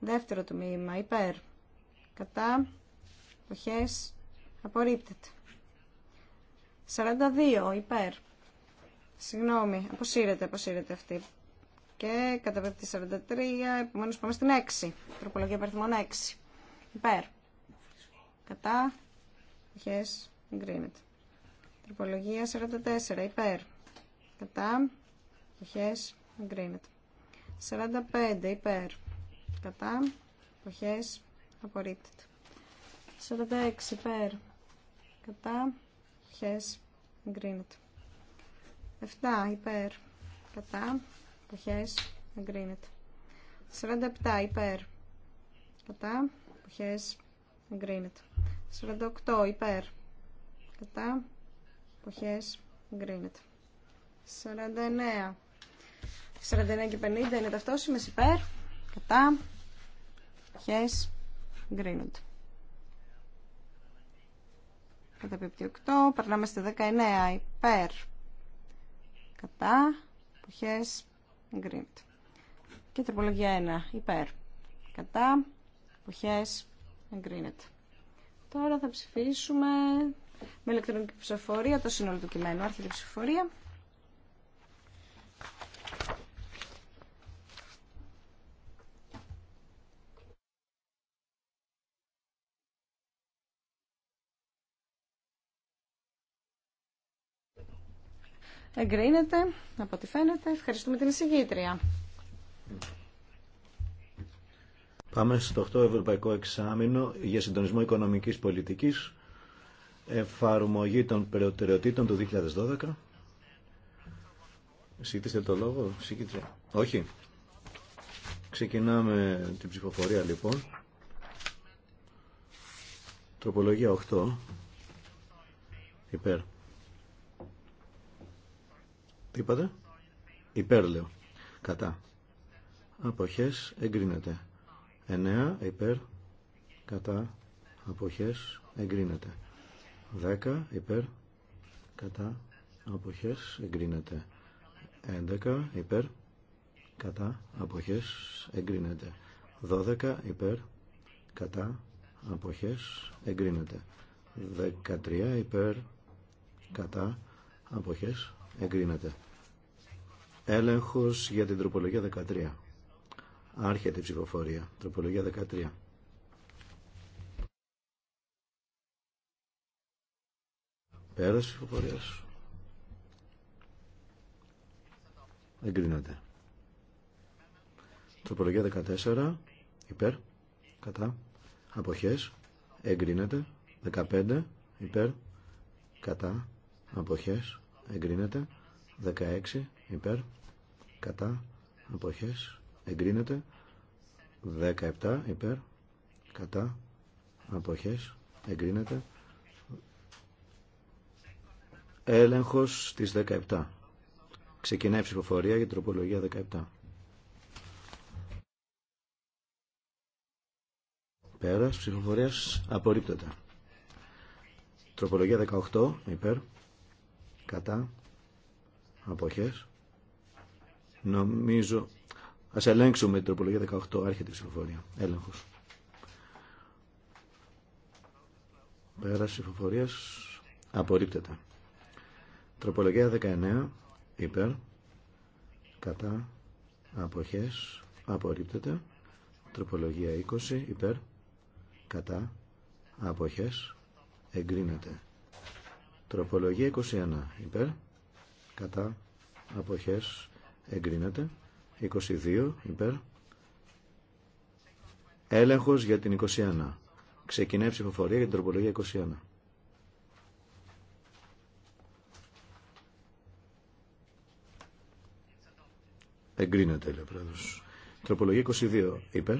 B: Δεύτερο τμήμα υπέρ. Κατά, εποχές, απορρίπτεται. 42 υπέρ. Συγγνώμη, αποσύρεται, αποσύρεται αυτή. Και καταπέπτει 43, επομένω πάμε στην 6. Τροπολογία παριθμών 6. Υπέρ. Κατά, εποχές, εγκρίνεται. Τροπολογία 44 υπέρ. Κατά. Εποχές. Εγκρίνεται. 45 υπέρ. Κατά. Εποχές. Απορρίπτεται. 46 υπέρ. Κατά. Εποχές. Εγκρίνεται. 7 υπέρ. Κατά. Εποχές. Εγκρίνεται. 47 υπέρ. Κατά. Εποχές. Εγκρίνεται. 48 υπέρ. Κατά εποχές Γκρίνεται. 49. 49 και 50 είναι ταυτόσιμες υπέρ. Κατά. Αποχές. Εγκρίνονται. πιπτή 8. Περνάμε στη 19. Υπέρ. Κατά. Εποχές γκρίνεται. Και τροπολογία 1. Υπέρ. Κατά. Εποχές Εγκρίνεται. Τώρα θα ψηφίσουμε με ηλεκτρονική ψηφοφορία το σύνολο του κειμένου. Άρχεται η ψηφοφορία. Εγκρίνεται, από ό,τι φαίνεται. Ευχαριστούμε την εισηγήτρια.
C: Πάμε στο 8ο Ευρωπαϊκό Εξάμεινο για συντονισμό οικονομικής πολιτικής εφαρμογή των προτεραιοτήτων του 2012. Ζήτησε το λόγο, Σήκησε; Όχι. Ξεκινάμε την ψηφοφορία λοιπόν. Τροπολογία 8. Υπέρ. Τι είπατε? Υπέρ λέω. Κατά. Αποχές εγκρίνεται. 9. Υπέρ. Κατά. Αποχές εγκρίνεται. 10 υπέρ κατά αποχές εγκρίνεται 11 υπέρ κατά αποχές εγκρίνεται 12 υπέρ κατά αποχές εγκρίνεται 13 υπέρ κατά αποχές εγκρίνεται έλεγχος για την τροπολογία 13 άρχεται η ψηφοφορία τροπολογία 13 Πέρας ψηφοφορίας. Εγκρίνεται. Τροπολογία 14. Υπέρ. Κατά. Αποχές. Εγκρίνεται. 15. Υπέρ. Κατά. Αποχές. Εγκρίνεται. 16. Υπέρ. Κατά. Αποχές. Εγκρίνεται. 17. Υπέρ. Κατά. Αποχές. Εγκρίνεται. Έλεγχος της 17. Ξεκινάει η ψηφοφορία για τροπολογία 17. Πέρας ψηφοφορίας απορρίπτεται. Τροπολογία 18 υπέρ. Κατά. Αποχές. Νομίζω... Ας ελέγξουμε την τροπολογία 18. Άρχεται η ψηφοφορία. Έλεγχος. Πέρας ψηφοφορίας απορρίπτεται. Τροπολογία 19 υπέρ κατά αποχές απορρίπτεται. Τροπολογία 20 υπέρ κατά αποχές εγκρίνεται. Τροπολογία 21 υπέρ κατά αποχές εγκρίνεται. 22 υπέρ έλεγχος για την 21. Ξεκινάει η ψηφοφορία για την τροπολογία 21. Εγκρίνεται, λέει ο πρόεδρο. Τροπολογία 22. Υπέρ.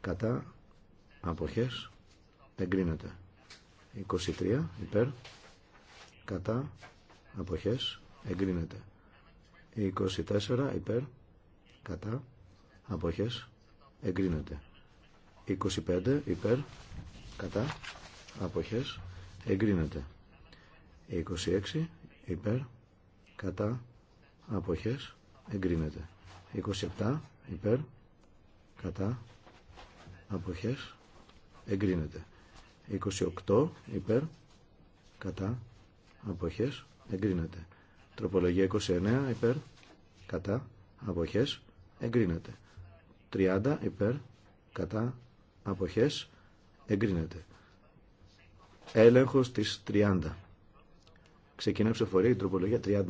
C: Κατά. Αποχές. Εγκρίνεται. 23. Υπέρ. Κατά. Αποχές. Εγκρίνεται. 24. Υπέρ. Κατά. Αποχές. Εγκρίνεται. 25. Υπέρ. Κατά. Αποχές. Εγκρίνεται. 26. Υπέρ. Κατά. Αποχές εγκρίνεται 27 υπέρ κατά αποχές εγκρίνεται 28 υπέρ κατά αποχές εγκρίνεται τροπολογία 29 υπέρ κατά αποχές εγκρίνεται 30 υπέρ κατά αποχές εγκρίνεται έλεγχος της 30 ξεκινάμε ψηφορία, η τροπολογία 30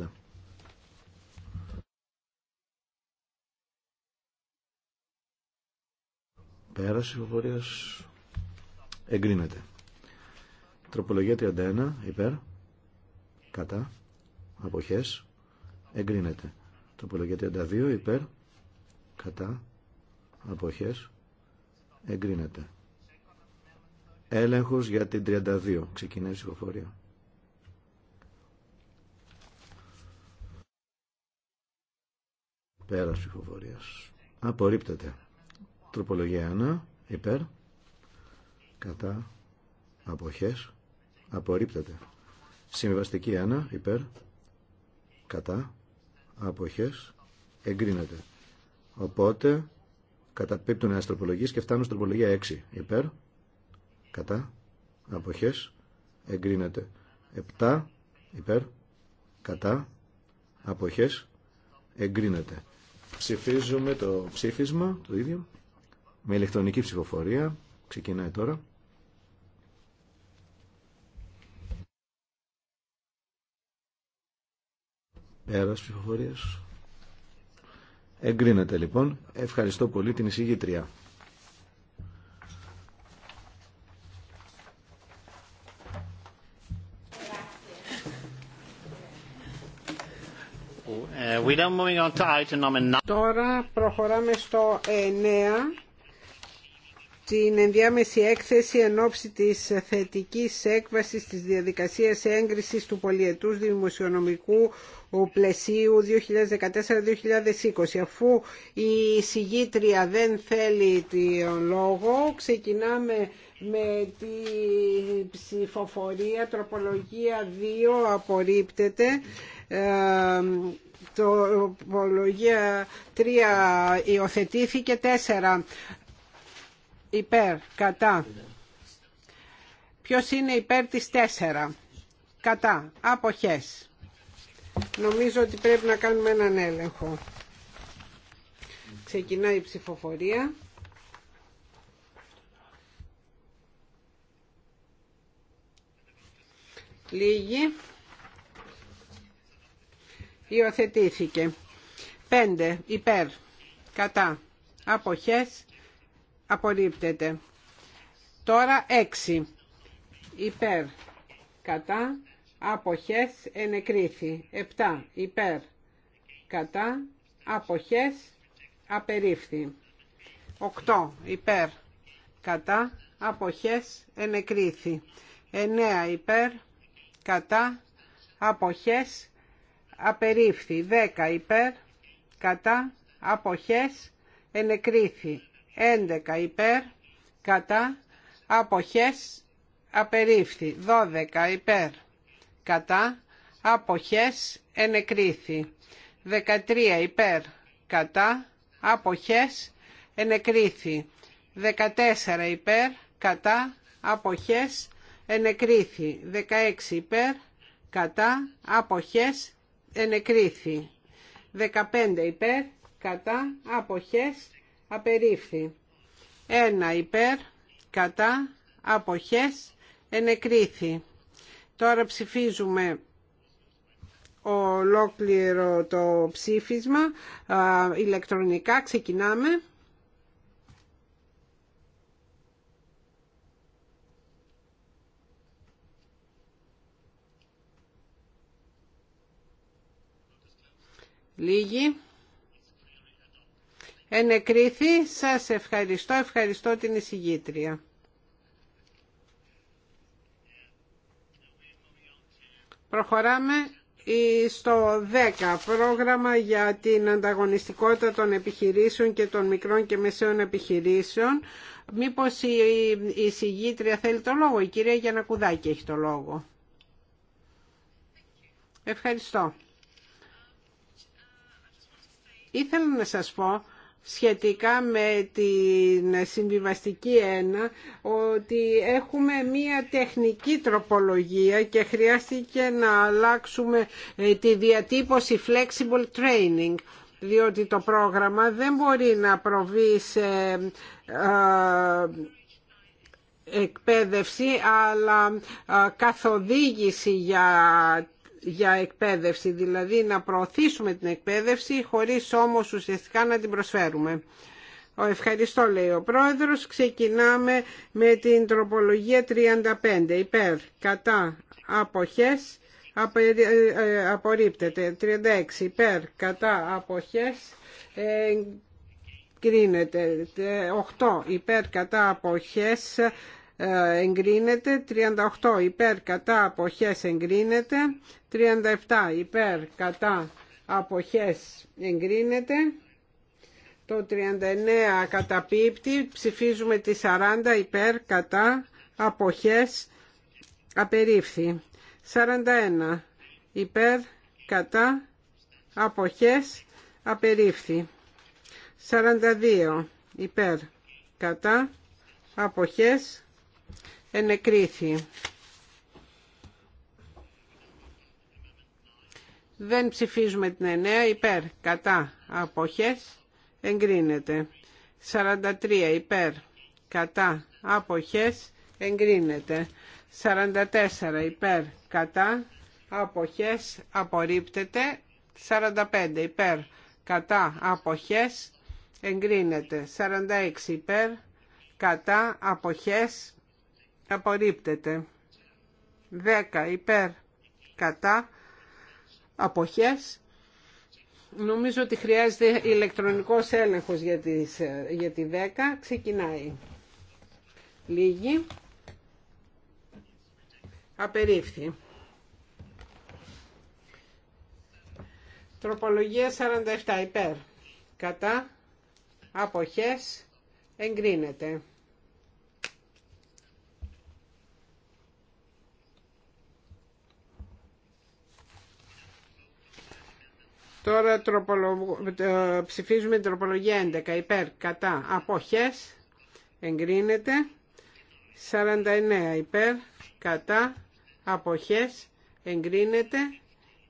C: Πέραση ψηφοφορία εγκρίνεται. Τροπολογία 31 υπέρ. Κατά. Αποχές. Εγκρίνεται. Τροπολογία 32 υπέρ. Κατά. Αποχές. Εγκρίνεται. Έλεγχος για την 32. Ξεκινάει η ψηφοφορία. Πέρας ψηφοφορίας. Απορρίπτεται. Τροπολογία 1. Υπέρ. Κατά. Αποχές. Απορρίπτεται. Συμβαστική 1. Υπέρ. Κατά. Αποχές. Εγκρίνεται. Οπότε καταπίπτουν ένας τροπολογής και φτάνουν στην τροπολογία 6. Υπέρ. Κατά. Αποχές. Εγκρίνεται. 7. Υπέρ. Κατά. Αποχές. Εγκρίνεται. Ψηφίζουμε το ψήφισμα, το ίδιο με ηλεκτρονική ψηφοφορία. Ξεκινάει τώρα. Πέρας ψηφοφορίας. Εγκρίνεται λοιπόν. Ευχαριστώ πολύ την εισηγήτρια.
A: Τώρα προχωράμε στο 9 την ενδιάμεση έκθεση εν ώψη της θετικής έκβασης της διαδικασίας έγκρισης του πολιετούς δημοσιονομικού πλαισίου 2014-2020. Αφού η συγγήτρια δεν θέλει τον λόγο, ξεκινάμε με τη ψηφοφορία, τροπολογία 2 απορρίπτεται, ε, τροπολογία 3 υιοθετήθηκε, 4 υπέρ, κατά. Ποιος είναι υπέρ της τέσσερα. Κατά. Αποχές. Νομίζω ότι πρέπει να κάνουμε έναν έλεγχο. Ξεκινάει η ψηφοφορία. Λίγη. Υιοθετήθηκε. 5. Υπέρ. Κατά. Αποχές απορρίπτεται. Τώρα 6 υπέρ κατά αποχές ενεκρίθη. 7 υπέρ κατά αποχές απερίφθη. 8 υπέρ κατά αποχές ενεκρίθη. 9 υπέρ κατά αποχές απερίφθη. 10 υπέρ κατά αποχές ενεκρίθη. 11 υπέρ κατά αποχές απερίφθη 12 υπέρ κατά αποχές ενεκρίθη 13 υπέρ κατά αποχές ενεκρίθη 14 υπέρ κατά αποχές ενεκρίθη 16 υπέρ κατά αποχές ενεκρίθη 15 υπέρ κατά αποχές απερίφθη. Ένα υπέρ, κατά, αποχές, ενεκρίθη. Τώρα ψηφίζουμε ολόκληρο το ψήφισμα ηλεκτρονικά. Ξεκινάμε. Λίγοι ενεκρίθη. Σας ευχαριστώ, ευχαριστώ την εισηγήτρια. Προχωράμε στο 10 πρόγραμμα για την ανταγωνιστικότητα των επιχειρήσεων και των μικρών και μεσαίων επιχειρήσεων. Μήπως η, εισηγήτρια θέλει το λόγο, η κυρία Γιανακουδάκη έχει το λόγο. Ευχαριστώ. Ήθελα να σας πω σχετικά με την συμβιβαστική ένα ότι έχουμε μία τεχνική τροπολογία και χρειάστηκε να αλλάξουμε ε, τη διατύπωση flexible training διότι το πρόγραμμα δεν μπορεί να προβεί σε ε, εκπαίδευση αλλά ε, καθοδήγηση για για εκπαίδευση, δηλαδή να προωθήσουμε την εκπαίδευση χωρίς όμως ουσιαστικά να την προσφέρουμε. Ο ευχαριστώ λέει ο πρόεδρος. Ξεκινάμε με την τροπολογία 35. Υπέρ, κατά, αποχές, απο, ε, ε, απορρίπτεται. 36. Υπέρ, κατά, αποχές, ε, κρίνεται. 8. Υπέρ, κατά, αποχές, ε, εγκρίνεται 38 υπέρ κατά αποχές εγκρίνεται 37 υπέρ κατά αποχές εγκρίνεται το 39 καταπίπτει ψηφίζουμε τη 40 υπέρ κατά αποχές απερίφθη 41 υπέρ κατά αποχές απερίφθη 42 υπέρ κατά αποχές Ενεκρίθη. Δεν ψηφίζουμε την 9. Υπέρ. Κατά. Αποχές. Εγκρίνεται. 43. Υπέρ. Κατά. Αποχές. Εγκρίνεται. 44. Υπέρ. Κατά. Αποχές. Απορρίπτεται. 45. Υπέρ. Κατά. Αποχές. Εγκρίνεται. 46. Υπέρ. Κατά. Αποχές απορρίπτεται. 10 υπέρ κατά αποχές. Νομίζω ότι χρειάζεται ηλεκτρονικός έλεγχος για, τις, για τη 10. Ξεκινάει. Λίγη. Απερίφθη. Τροπολογία 47 υπέρ. Κατά. Αποχές. Εγκρίνεται. Τώρα ε, ψηφίζουμε την τροπολογία 11 υπέρ κατά αποχές εγκρίνεται 49 υπέρ κατά αποχές εγκρίνεται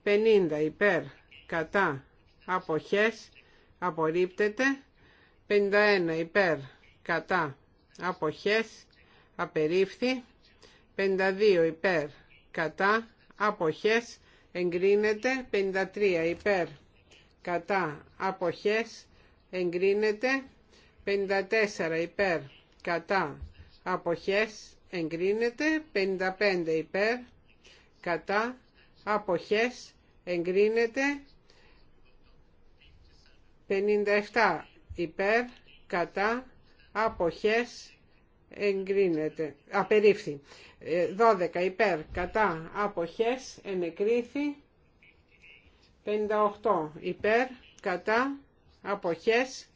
A: 50 υπέρ κατά αποχές απορρίπτεται 51 υπέρ κατά αποχές απερίφθη 52 υπέρ κατά αποχές εγκρίνεται 53 υπέρ κατά αποχές εγκρίνεται 54 υπέρ κατά αποχές εγκρίνεται 55 υπέρ κατά αποχές εγκρίνεται 57 υπέρ κατά αποχές εγκρίνεται απερίφθη 12 ε, υπέρ κατά αποχές ενεκρίθη 58 υπέρ, κατά, αποχές.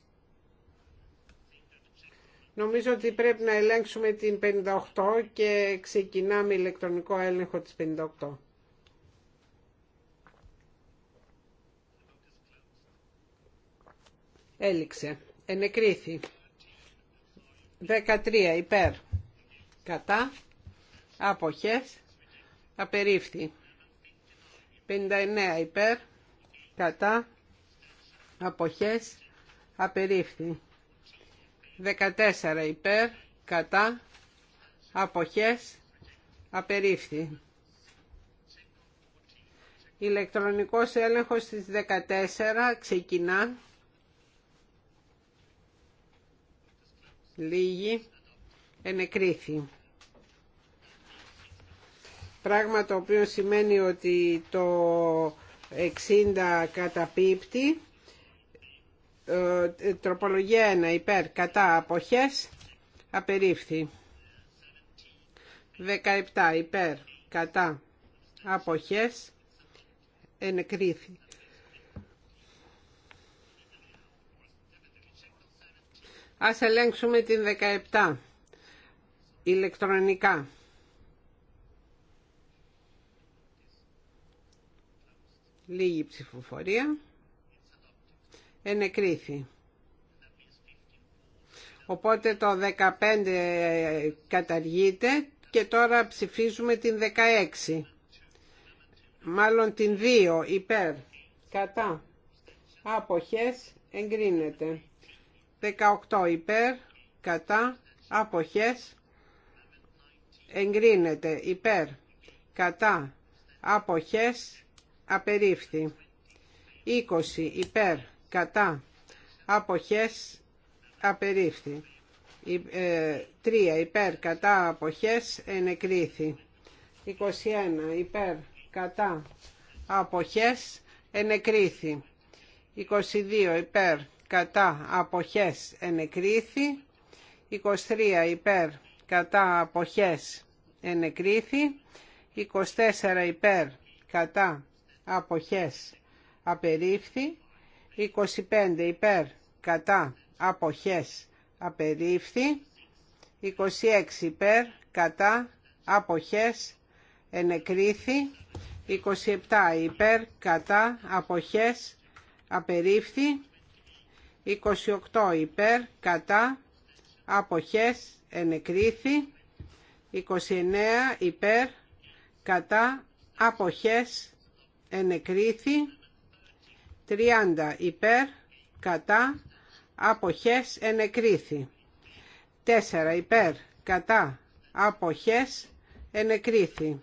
A: Νομίζω ότι πρέπει να ελέγξουμε την 58 και ξεκινάμε ηλεκτρονικό έλεγχο της 58. Έληξε. Ενεκρίθη. 13 υπέρ. Κατά. Αποχές. Απερίφθη. 59 υπέρ κατά αποχές απερίφθη 14 υπέρ κατά αποχές απερίφθη ηλεκτρονικός έλεγχος στις 14 ξεκινά λίγη ενεκρίθη πράγμα το οποίο σημαίνει ότι το 60 καταπίπτει ε, τροπολογία 1 υπέρ κατά αποχές απερίφθη 17 υπέρ κατά αποχές ενεκρίθη Ας ελέγξουμε την 17 ηλεκτρονικά. Λίγη ψηφοφορία. Ενεκρίθη. Οπότε το 15 καταργείται και τώρα ψηφίζουμε την 16. Μάλλον την 2 υπέρ. Κατά. Αποχές εγκρίνεται. 18 υπέρ. Κατά. Αποχές εγκρίνεται. Υπέρ. Κατά. Αποχές απερίφθη 20 υπέρ κατά αποχές απερίφθη 3 ε, υπέρ κατά αποχές ενεκρίθη 21 υπέρ κατά αποχές ενεκρίθη 22 υπέρ κατά αποχές ενεκρίθη 23 υπέρ κατά αποχές ενεκρίθη 24 υπέρ κατά αποχές απερίφθη 25 υπέρ κατά αποχές απερίφθη 26 υπέρ κατά αποχές ενεκρίθη 27 υπέρ κατά αποχές απερίφθη 28 υπέρ κατά αποχές ενεκρίθη 29 υπέρ κατά αποχές ενεκρίθη 30 υπέρ κατά αποχές ενεκρίθη 4 υπέρ κατά αποχές ενεκρίθη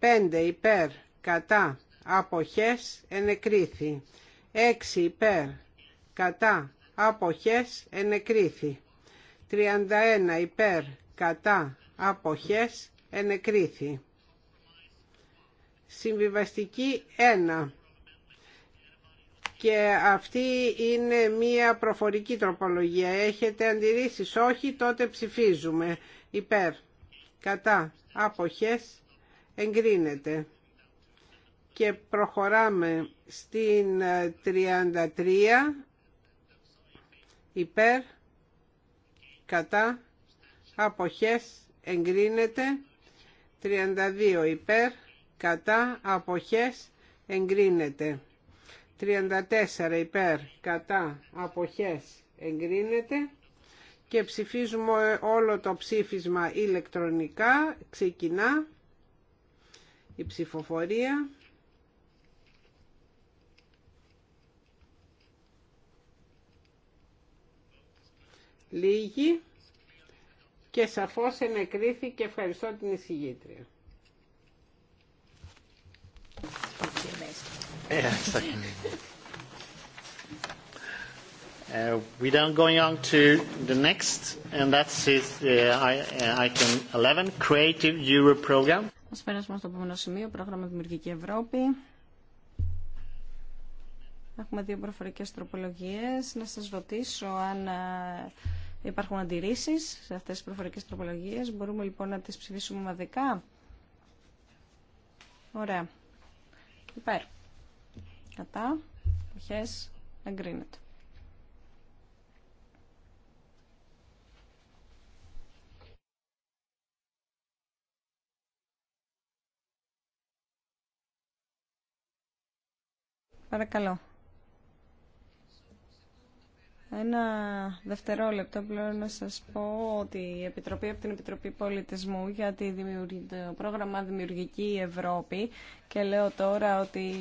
A: 5 υπέρ κατά αποχές ενεκρίθη 6 υπέρ κατά αποχές ενεκρίθη 31 υπέρ κατά αποχές ενεκρίθη Συμβιβαστική 1. Και αυτή είναι μία προφορική τροπολογία. Έχετε αντιρρήσεις. Όχι, τότε ψηφίζουμε. Υπέρ. Κατά. Άποχες. Εγκρίνεται. Και προχωράμε στην 33. Ε, υπέρ. Κατά. Αποχές εγκρίνεται 32 υπέρ κατά αποχές εγκρίνεται 34 υπέρ κατά αποχές εγκρίνεται και ψηφίζουμε όλο το ψήφισμα ηλεκτρονικά ξεκινά η ψηφοφορία Λίγοι και σαφώς ενεκρίθηκε ευχαριστώ την εισηγήτρια
C: meest. Yeah, exactly. Uh, then going on to the next, and that's uh, uh, item 11, Creative Europe Program.
B: περάσουμε στο επόμενο σημείο, πρόγραμμα Δημιουργική Ευρώπη. Έχουμε δύο προφορικές τροπολογίες. Να σας ρωτήσω αν ε, υπάρχουν αντιρρήσεις σε αυτές τις προφορικές τροπολογίες. Μπορούμε λοιπόν να τις ψηφίσουμε ομαδικά. Ωραία. Υπέρ. Κατά. Αποχές. Εγκρίνεται. Παρακαλώ. Ένα δευτερόλεπτο πλέον να σας πω ότι η Επιτροπή από την Επιτροπή Πολιτισμού για τη το πρόγραμμα Δημιουργική Ευρώπη και λέω τώρα ότι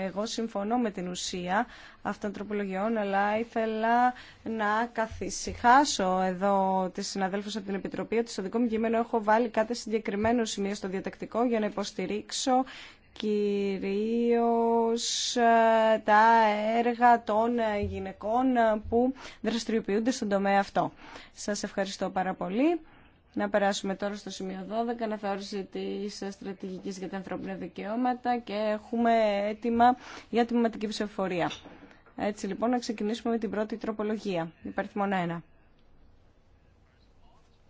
B: εγώ συμφωνώ με την ουσία αυτών των τροπολογιών αλλά ήθελα να καθησυχάσω εδώ τη συναδέλφους από την Επιτροπή ότι στο δικό μου κείμενο έχω βάλει κάτι συγκεκριμένο σημείο στο διατακτικό για να υποστηρίξω κυρίως ε, τα έργα των ε, γυναικών ε, που δραστηριοποιούνται στον τομέα αυτό. Σας ευχαριστώ πάρα πολύ. Να περάσουμε τώρα στο σημείο 12, αναθεώρηση τη στρατηγική για τα ανθρώπινα δικαιώματα και έχουμε έτοιμα για τη μηματική ψηφοφορία. Έτσι λοιπόν, να ξεκινήσουμε με την πρώτη τροπολογία. μόνο 1.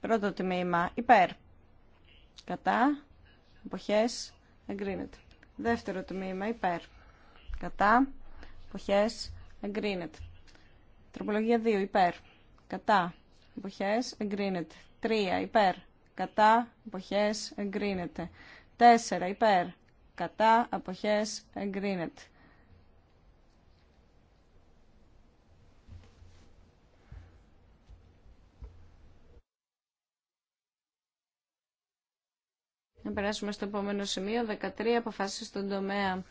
B: Πρώτο τμήμα. Υπέρ. Κατά. Εποχές. Εγκρίνεται. Δεύτερο τμήμα υπέρ. Κατά. Εποχές. Εγκρίνεται. Τροπολογία 2 υπέρ. Κατά. Εποχές. Εγκρίνεται. 3 υπέρ. Κατά. Εποχές. Εγκρίνεται. 4 υπέρ. Κατά. Εποχές. Εγκρίνεται. Να περάσουμε στο επόμενο σημείο, 13 αποφάσεις στον τομέα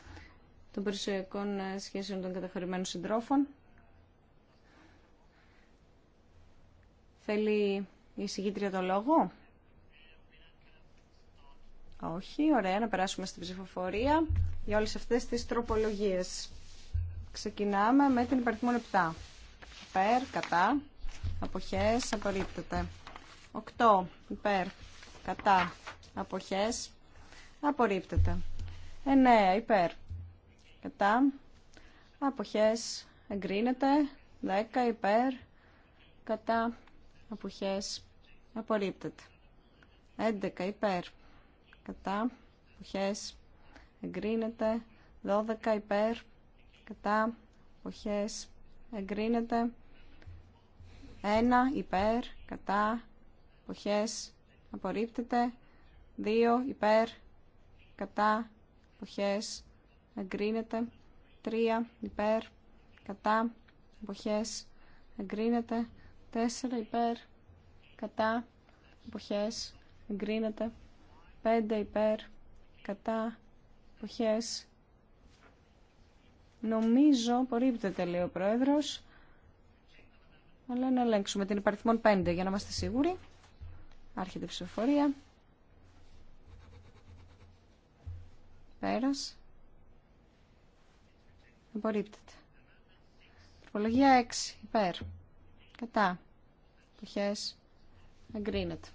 B: των περιουσιακών ε, σχέσεων των καταχωρημένων συντρόφων. Θέλει η συγκήτρια το λόγο. Όχι, ωραία, να περάσουμε στην ψηφοφορία για όλες αυτές τις τροπολογίες. Ξεκινάμε με την υπαριθμό 7. Υπέρ, κατά, αποχές, απορρίπτεται. 8. Υπέρ, κατά, αποχές απορρίπτεται. 9 υπέρ κατά αποχές εγκρίνεται. 10 υπέρ κατά αποχές απορρίπτεται. 11 υπέρ κατά αποχές εγκρίνεται. 12 υπέρ κατά αποχές εγκρίνεται. 1 υπέρ κατά αποχές απορρίπτεται. 2 υπέρ κατά εποχές εγκρίνεται 3 υπέρ κατά εποχές εγκρίνεται 4 υπέρ κατά εποχές εγκρίνεται 5 υπέρ κατά εποχές νομίζω απορρίπτεται λέει ο πρόεδρος αλλά να ελέγξουμε την υπαριθμόν 5 για να είμαστε σίγουροι άρχεται η ψηφοφορία Πέρας. Απορρίπτεται. Τροπολογία 6. Υπέρ. Κατά. Εποχές. Εγκρίνεται.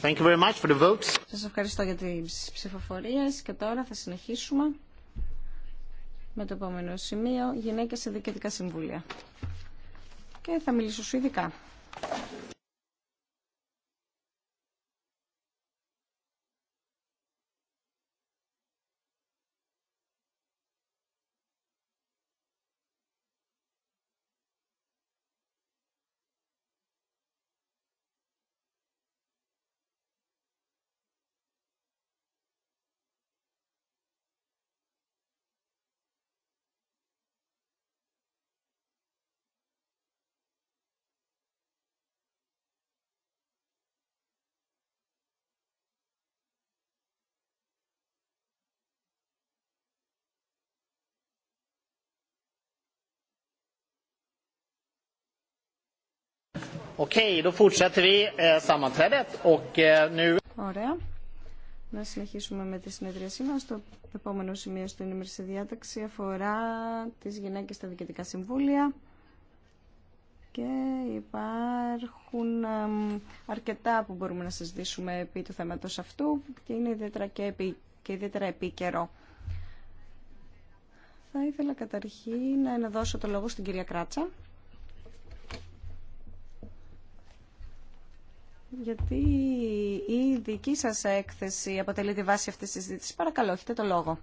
C: Thank you very much for the votes.
B: Σας ευχαριστώ για τις ψηφοφορίες και τώρα θα συνεχίσουμε με το επόμενο σημείο γυναίκες σε διοικητικά συμβούλια και θα μιλήσω σου ειδικά.
C: Eh, eh, Ωραία. Να
B: συνεχίσουμε με τη συνεδρίασή μα Το επόμενο σημείο στην ημερήσια διάταξη αφορά τις γυναίκες στα διοικητικά συμβούλια και υπάρχουν αρκετά που μπορούμε να συζητήσουμε επί του θέματος αυτού και είναι ιδιαίτερα και, επί, και ιδιαίτερα επίκαιρο. Θα ήθελα καταρχήν να δώσω το λόγο στην κυρία Κράτσα. γιατί η δική σας έκθεση αποτελεί τη βάση αυτής της συζήτησης. Παρακαλώ, έχετε το λόγο.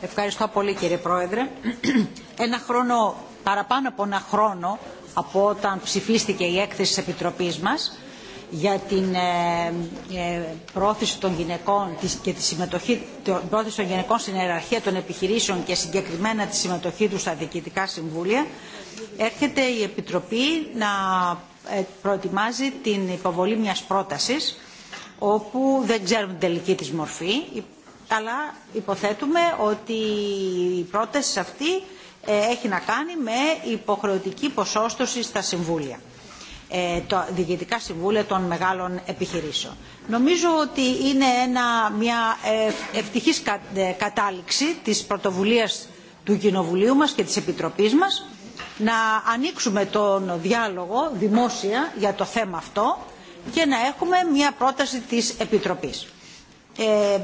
B: Ευχαριστώ πολύ
D: κύριε Πρόεδρε. Ένα χρόνο, παραπάνω από ένα χρόνο από όταν ψηφίστηκε η έκθεση της Επιτροπής μας για την ε, ε, πρόθεση των γυναικών και τη συμμετοχή την πρόθεση των γυναικών στην ιεραρχία των επιχειρήσεων και συγκεκριμένα τη συμμετοχή τους στα διοικητικά συμβούλια έρχεται η Επιτροπή να ε, προετοιμάζει την υποβολή μιας πρότασης όπου δεν ξέρουμε την τελική της μορφή αλλά υποθέτουμε ότι η πρόταση αυτή ε, έχει να κάνει με υποχρεωτική ποσόστοση στα συμβούλια ε, τα διοικητικά συμβούλια των μεγάλων επιχειρήσεων. Νομίζω ότι είναι ένα, μια ευτυχής κατάληξη της πρωτοβουλίας του Κοινοβουλίου μας και της Επιτροπής μας να ανοίξουμε τον διάλογο δημόσια για το θέμα αυτό και να έχουμε μια πρόταση της Επιτροπής. Ε,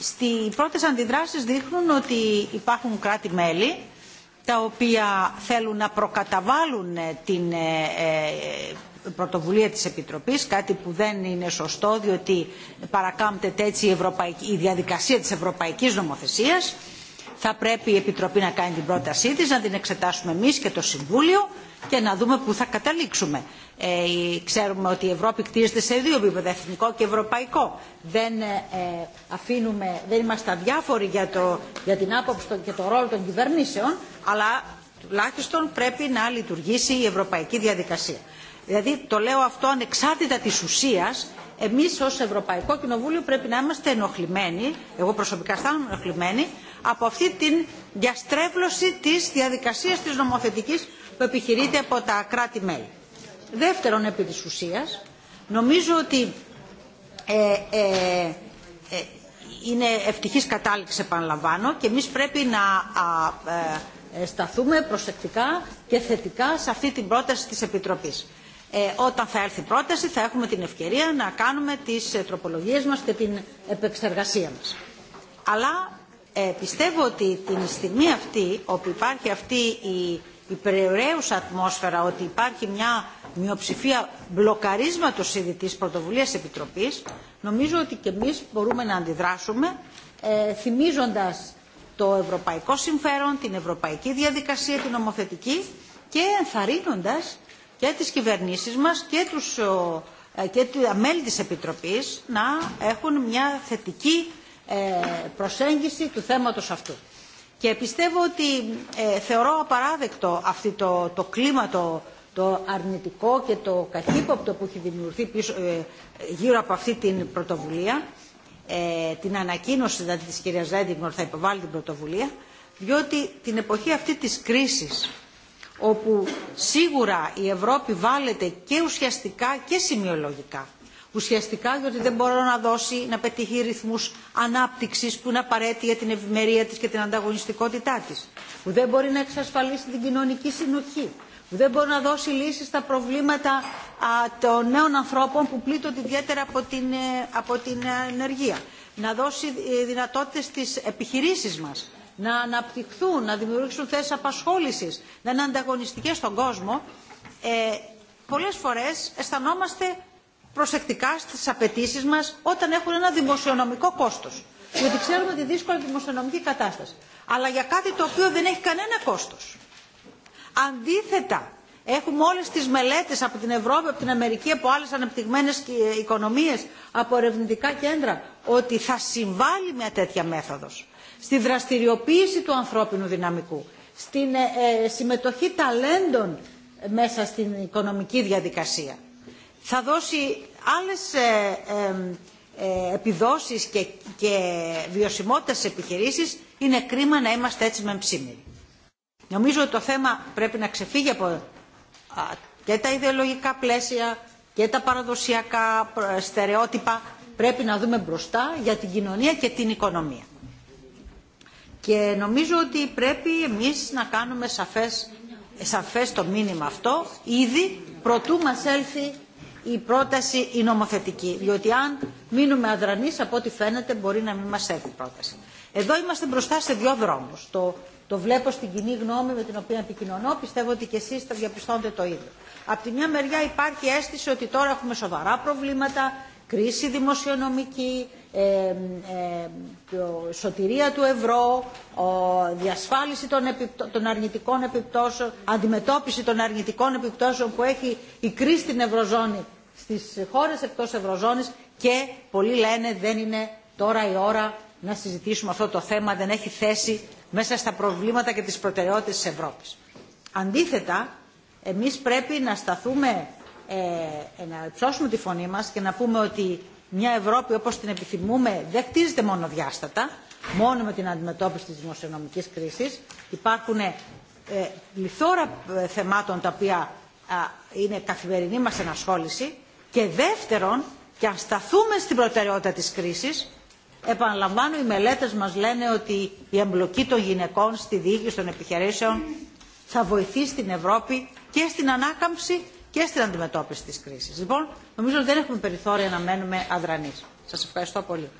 D: στι πρώτες αντιδράσεις δείχνουν ότι υπάρχουν κράτη-μέλη τα οποία θέλουν να προκαταβάλουν ε, την ε, ε, πρωτοβουλία της Επιτροπής, κάτι που δεν είναι σωστό διότι παρακάμπτεται έτσι η, η διαδικασία της Ευρωπαϊκής Νομοθεσίας θα πρέπει η Επιτροπή να κάνει την πρότασή της, να την εξετάσουμε εμείς και το Συμβούλιο και να δούμε πού θα καταλήξουμε. Ε, ξέρουμε ότι η Ευρώπη κτίζεται σε δύο επίπεδα, εθνικό και ευρωπαϊκό. Δεν, ε, αφήνουμε, δεν είμαστε αδιάφοροι για, το, για την άποψη και τον ρόλο των κυβερνήσεων, αλλά τουλάχιστον πρέπει να λειτουργήσει η ευρωπαϊκή διαδικασία. Δηλαδή το λέω αυτό ανεξάρτητα της ουσίας, εμείς ως Ευρωπαϊκό Κοινοβούλιο πρέπει να είμαστε ενοχλημένοι, εγώ προσωπικά αισθάνομαι ενοχλημένοι, από αυτή την διαστρέβλωση της διαδικασίας της νομοθετικής που επιχειρείται από τα κράτη-μέλη. Δεύτερον, επί της ουσίας, νομίζω ότι ε, ε, ε, είναι ευτυχής κατάληξη, επαναλαμβάνω, και εμείς πρέπει να σταθούμε προσεκτικά και θετικά σε αυτή την πρόταση της Επιτροπής. όταν θα έρθει η πρόταση θα έχουμε την ευκαιρία να κάνουμε τις τροπολογίες μας και την επεξεργασία μας. Αλλά ε, πιστεύω ότι την στιγμή αυτή όπου υπάρχει αυτή η, η ατμόσφαιρα ότι υπάρχει μια μειοψηφία μπλοκαρίσματος ήδη της πρωτοβουλίας επιτροπής νομίζω ότι και εμείς μπορούμε να αντιδράσουμε ε, θυμίζοντας το ευρωπαϊκό συμφέρον, την ευρωπαϊκή διαδικασία, την ομοθετική και ενθαρρύνοντας και τις κυβερνήσεις μας και τους ε, και τα μέλη της Επιτροπής να έχουν μια θετική ε, προσέγγιση του θέματος αυτού. Και πιστεύω ότι ε, θεωρώ απαράδεκτο αυτό το, το κλίμα το, το αρνητικό και το καχύποπτο που έχει δημιουργηθεί πίσω, ε, γύρω από αυτή την πρωτοβουλία, την ανακοίνωση δηλαδή, της κυρίας Ρέντιγκορ θα υποβάλει την πρωτοβουλία, διότι την εποχή αυτή της κρίσης, όπου σίγουρα η Ευρώπη βάλεται και ουσιαστικά και σημειολογικά ουσιαστικά διότι δεν μπορεί να δώσει, να πετύχει ρυθμούς ανάπτυξης που είναι απαραίτητοι για την ευημερία της και την ανταγωνιστικότητά της, που δεν μπορεί να εξασφαλίσει την κοινωνική συνοχή, που δεν μπορεί να δώσει λύσεις στα προβλήματα α, των νέων ανθρώπων που πλήττονται ιδιαίτερα από την, ε, από την ε, ενεργία, να δώσει ε, δυνατότητες στις επιχειρήσεις μας να αναπτυχθούν, να δημιουργήσουν θέσεις απασχόλησης, να είναι ανταγωνιστικές στον κόσμο, ε, πολλές φορές αισθανόμαστε προσεκτικά στις απαιτήσει μας όταν έχουν ένα δημοσιονομικό κόστος. γιατί ξέρουμε τη δύσκολη δημοσιονομική κατάσταση. Αλλά για κάτι το οποίο δεν έχει κανένα κόστος. Αντίθετα, έχουμε όλες τις μελέτες από την Ευρώπη, από την Αμερική, από άλλες αναπτυγμένες ε, οικονομίες, από ερευνητικά κέντρα, ότι θα συμβάλλει μια τέτοια μέθοδος στη δραστηριοποίηση του ανθρώπινου δυναμικού, στην ε, ε, συμμετοχή ταλέντων μέσα στην οικονομική διαδικασία θα δώσει άλλες ε, ε, επιδόσεις και, και βιωσιμότητα επιχειρήσεις, είναι κρίμα να είμαστε έτσι μεμψίμυροι. Νομίζω ότι το θέμα πρέπει να ξεφύγει από και τα ιδεολογικά πλαίσια και τα παραδοσιακά ε, στερεότυπα. Πρέπει να δούμε μπροστά για την κοινωνία και την οικονομία. Και νομίζω ότι πρέπει εμείς να κάνουμε σαφές, σαφές το μήνυμα αυτό ήδη προτού μας έλθει η πρόταση η νομοθετική. Διότι αν μείνουμε αδρανείς, από ό,τι φαίνεται μπορεί να μην μας έρθει η πρόταση. Εδώ είμαστε μπροστά σε δύο δρόμους. Το, το βλέπω στην κοινή γνώμη με την οποία επικοινωνώ. Πιστεύω ότι και εσείς θα διαπιστώνετε το ίδιο. Απ' τη μια μεριά υπάρχει αίσθηση ότι τώρα έχουμε σοβαρά προβλήματα, κρίση δημοσιονομική, ε, ε, σωτηρία του ευρώ, διασφάλιση των αρνητικών επιπτώσεων, αντιμετώπιση των αρνητικών επιπτώσεων που έχει η κρίση στην Ευρωζώνη στις χώρες εκτός Ευρωζώνης και πολλοί λένε δεν είναι τώρα η ώρα να συζητήσουμε αυτό το θέμα, δεν έχει θέση μέσα στα προβλήματα και τις προτεραιότητες της Ευρώπης. Αντίθετα, εμείς πρέπει να σταθούμε, ε, να υψώσουμε τη φωνή μας και να πούμε ότι μια Ευρώπη όπως την επιθυμούμε δεν χτίζεται μόνο διάστατα, μόνο με την αντιμετώπιση της δημοσιονομικής κρίσης. Υπάρχουν ε, πληθώρα ε, θεμάτων τα οποία είναι καθημερινή μας ενασχόληση και δεύτερον, και αν σταθούμε στην προτεραιότητα της κρίσης, επαναλαμβάνω οι μελέτες μας λένε ότι η εμπλοκή των γυναικών στη διοίκηση των επιχειρήσεων θα βοηθήσει την Ευρώπη και στην ανάκαμψη και στην αντιμετώπιση της κρίσης. Λοιπόν, νομίζω ότι δεν έχουμε περιθώρια να μένουμε αδρανείς. Σας ευχαριστώ πολύ.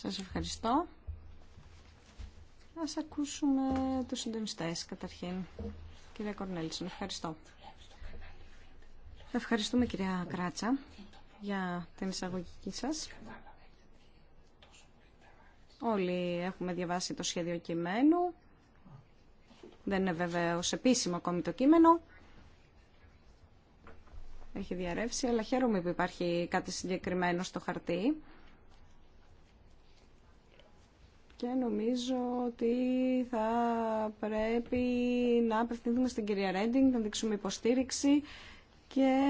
C: Σας ευχαριστώ.
B: Ας ακούσουμε τους συντονιστές καταρχήν. Κυρία Κορνέλησον, ευχαριστώ. Ευχαριστούμε κυρία Κράτσα για την εισαγωγική σας. Όλοι έχουμε διαβάσει το σχέδιο κειμένου. Δεν είναι βεβαίω επίσημο ακόμη το κείμενο. Έχει διαρρεύσει, αλλά χαίρομαι που υπάρχει κάτι συγκεκριμένο στο χαρτί. Και νομίζω ότι θα πρέπει να απευθυνθούμε στην κυρία Ρέντινγκ, να δείξουμε υποστήριξη και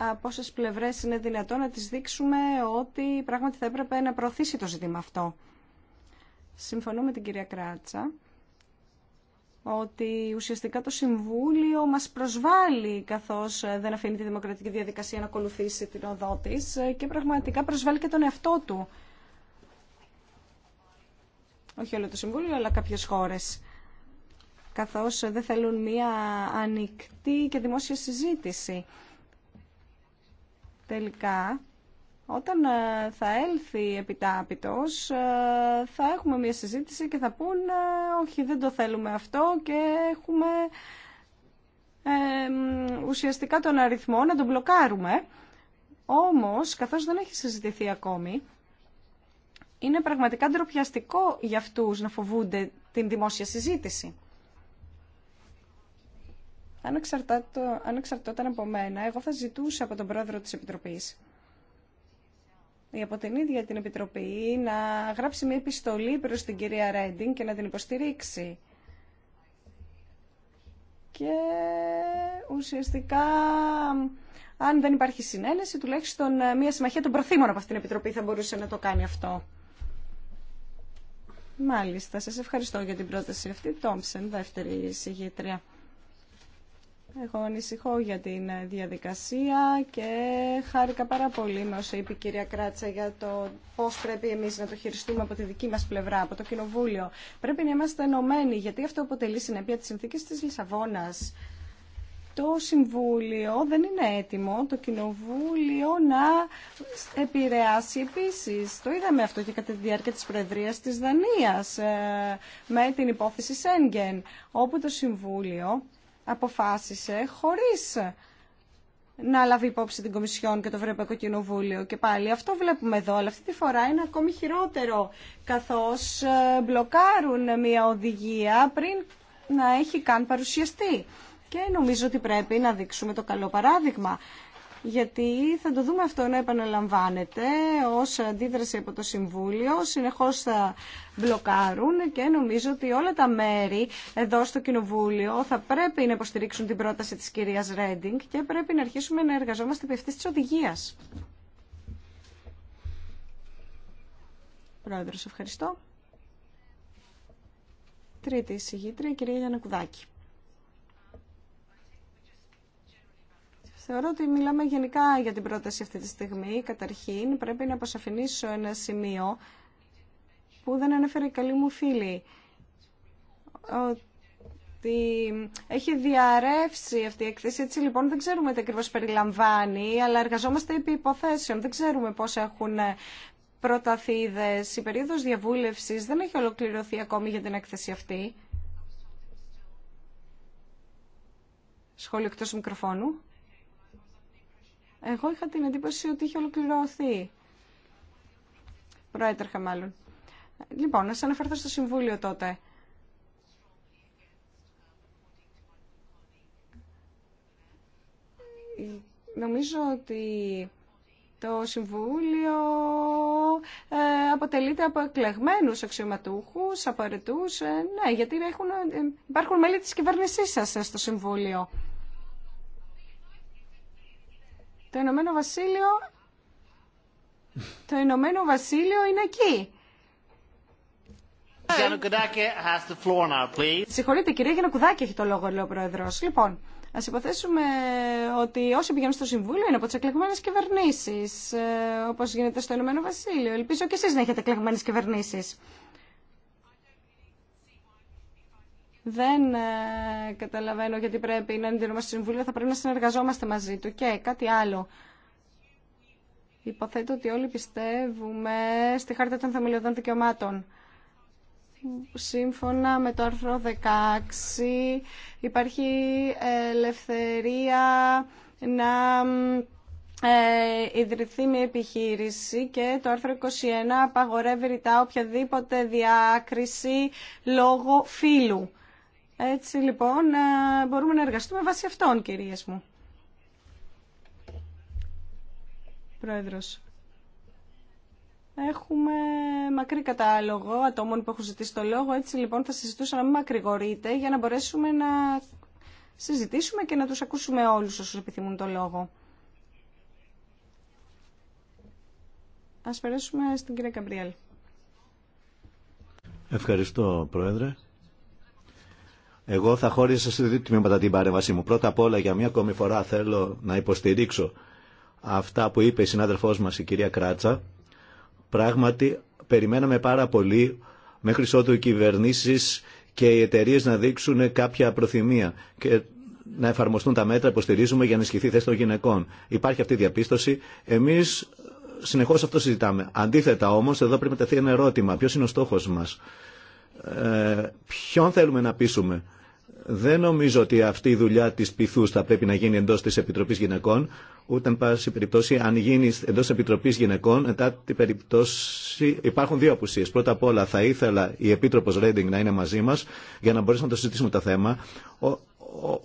B: από όσε πλευρές είναι δυνατόν να τις δείξουμε ότι πράγματι θα έπρεπε να προωθήσει το ζήτημα αυτό. Συμφωνώ με την κυρία Κράτσα ότι ουσιαστικά το Συμβούλιο μας προσβάλλει καθώς δεν αφήνει τη δημοκρατική διαδικασία να ακολουθήσει την οδό της και πραγματικά προσβάλλει και τον εαυτό του. Όχι όλο το Συμβούλιο, αλλά κάποιες χώρες. Καθώς δεν θέλουν μία ανοιχτή και δημόσια συζήτηση. Τελικά, όταν ε, θα έλθει επιτάπητος ε, θα έχουμε μια συζήτηση και θα πούν ε, όχι δεν το θέλουμε αυτό και έχουμε ουσιαστικά τον αριθμό να τον μπλοκάρουμε. Όμως καθώς δεν έχει συζητηθεί ακόμη είναι πραγματικά ντροπιαστικό για αυτούς να φοβούνται την δημόσια συζήτηση. Αν, αν εξαρτώταν από μένα, εγώ θα ζητούσα από τον πρόεδρο της Επιτροπής από την ίδια την Επιτροπή να γράψει μια επιστολή προς την κυρία Ρέντινγκ και να την υποστηρίξει. Και ουσιαστικά, αν δεν υπάρχει συνένεση, τουλάχιστον ε, μια συμμαχία των προθήμων από αυτήν την Επιτροπή θα μπορούσε να το κάνει αυτό. Μάλιστα, σας ευχαριστώ για την πρόταση αυτή. Τόμψεν, δεύτερη συγγήτρια. Εγώ ανησυχώ για την ε, διαδικασία και χάρηκα πάρα πολύ με όσα είπε η κυρία Κράτσα για το πώς πρέπει εμείς να το χειριστούμε από τη δική μας πλευρά, από το Κοινοβούλιο. Πρέπει να είμαστε ενωμένοι, γιατί αυτό αποτελεί συνέπεια της συνθήκης της Λισαβόνας. Το Συμβούλιο δεν είναι έτοιμο το Κοινοβούλιο να επηρεάσει επίσης. Το είδαμε αυτό και κατά τη διάρκεια της Προεδρία της Δανίας ε, με την υπόθεση Σέγγεν, όπου το Συμβούλιο αποφάσισε χωρίς να λάβει υπόψη την Κομισιόν και το Ευρωπαϊκό Κοινοβούλιο. Και πάλι αυτό βλέπουμε εδώ, αλλά αυτή τη φορά είναι ακόμη χειρότερο, καθώς ε, μπλοκάρουν μια οδηγία πριν να έχει καν παρουσιαστεί. Και νομίζω ότι πρέπει να δείξουμε το καλό παράδειγμα γιατί θα το δούμε αυτό να επαναλαμβάνεται ως αντίδραση από το Συμβούλιο, συνεχώς θα μπλοκάρουν και νομίζω ότι όλα τα μέρη εδώ στο Κοινοβούλιο θα πρέπει να υποστηρίξουν την πρόταση της κυρίας Ρέντινγκ και πρέπει να αρχίσουμε να εργαζόμαστε επί αυτής της οδηγίας. Πρόεδρος, ευχαριστώ. Τρίτη συγγήτρια, κυρία Γιανακουδάκη. Θεωρώ ότι μιλάμε γενικά για την πρόταση αυτή τη στιγμή. Καταρχήν, πρέπει να αποσαφηνίσω ένα σημείο που δεν ανέφερε η καλή μου φίλη. Ότι έχει διαρρεύσει αυτή η εκθέση. Έτσι λοιπόν δεν ξέρουμε τι ακριβώ περιλαμβάνει, αλλά εργαζόμαστε επί υποθέσεων. Δεν ξέρουμε πώς έχουν προταθεί Η περίοδος διαβούλευσης δεν έχει ολοκληρωθεί ακόμη για την έκθεση αυτή. Σχόλιο εκτός μικροφώνου. Εγώ είχα την εντύπωση ότι είχε ολοκληρωθεί. Προέτρεχα μάλλον. Λοιπόν, να σα αναφερθώ στο Συμβούλιο τότε. Νομίζω ότι το Συμβούλιο ε, αποτελείται από εκλεγμένους αξιωματούχους, απαραίτητους. Ε, ναι, γιατί έχουν, ε, υπάρχουν μέλη της κυβέρνησής σας στο Συμβούλιο. Το Ηνωμένο Βασίλειο, το Βασίλειο είναι εκεί.
A: Has the floor now, please.
B: Συγχωρείτε κυρία έχει το λόγο, λέει ο Πρόεδρος. Λοιπόν, Α υποθέσουμε ότι όσοι πηγαίνουν στο Συμβούλιο είναι από τι εκλεγμένε κυβερνήσει, ε, όπω γίνεται στο Ηνωμένο Βασίλειο. Ελπίζω και εσεί να έχετε εκλεγμένε κυβερνήσει. Δεν ε, καταλαβαίνω γιατί πρέπει να αντιδρούμε στο Συμβούλιο, θα πρέπει να συνεργαζόμαστε μαζί του. Και κάτι άλλο. Υποθέτω ότι όλοι πιστεύουμε στη Χάρτα των Θεμελιωδών Δικαιωμάτων. Σύμφωνα με το άρθρο 16 υπάρχει ελευθερία να ε, ιδρυθεί μια επιχείρηση και το άρθρο 21 απαγορεύει ρητά οποιαδήποτε διάκριση λόγω φύλου. Έτσι λοιπόν ε, μπορούμε να εργαστούμε βάσει αυτών, κυρίες μου. Πρόεδρος. Έχουμε μακρύ κατάλογο ατόμων που έχουν ζητήσει το λόγο. Έτσι λοιπόν θα συζητούσα να μην μακρηγορείτε για να μπορέσουμε να συζητήσουμε και να τους ακούσουμε όλους όσους επιθυμούν το λόγο. Ας περάσουμε στην κυρία Καμπριέλ.
C: Ευχαριστώ Πρόεδρε. Εγώ θα χώριζα σε δύο τμήματα την παρέμβασή μου. Πρώτα απ' όλα για μια ακόμη φορά θέλω να υποστηρίξω αυτά που είπε η συνάδελφός μα η κυρία Κράτσα. Πράγματι περιμέναμε πάρα πολύ μέχρι ότου οι κυβερνήσει και οι εταιρείε να δείξουν κάποια προθυμία και να εφαρμοστούν τα μέτρα που στηρίζουμε για να ισχυθεί η θέση των γυναικών. Υπάρχει αυτή η διαπίστωση. Εμεί συνεχώ αυτό συζητάμε. Αντίθετα όμω, εδώ πρέπει να τεθεί ένα ερώτημα. Ποιο είναι ο στόχο μα, ε, ποιον θέλουμε να πείσουμε, δεν νομίζω ότι αυτή η δουλειά τη πυθού θα πρέπει να γίνει εντό τη Επιτροπή Γυναικών, ούτε εν πάση περιπτώσει αν γίνει εντό Επιτροπή Γυναικών, μετά την περιπτώση υπάρχουν δύο απουσίε. Πρώτα απ' όλα θα ήθελα η Επίτροπο Ρέντινγκ να είναι μαζί μα για να μπορέσουμε να το συζητήσουμε το θέμα. Ό,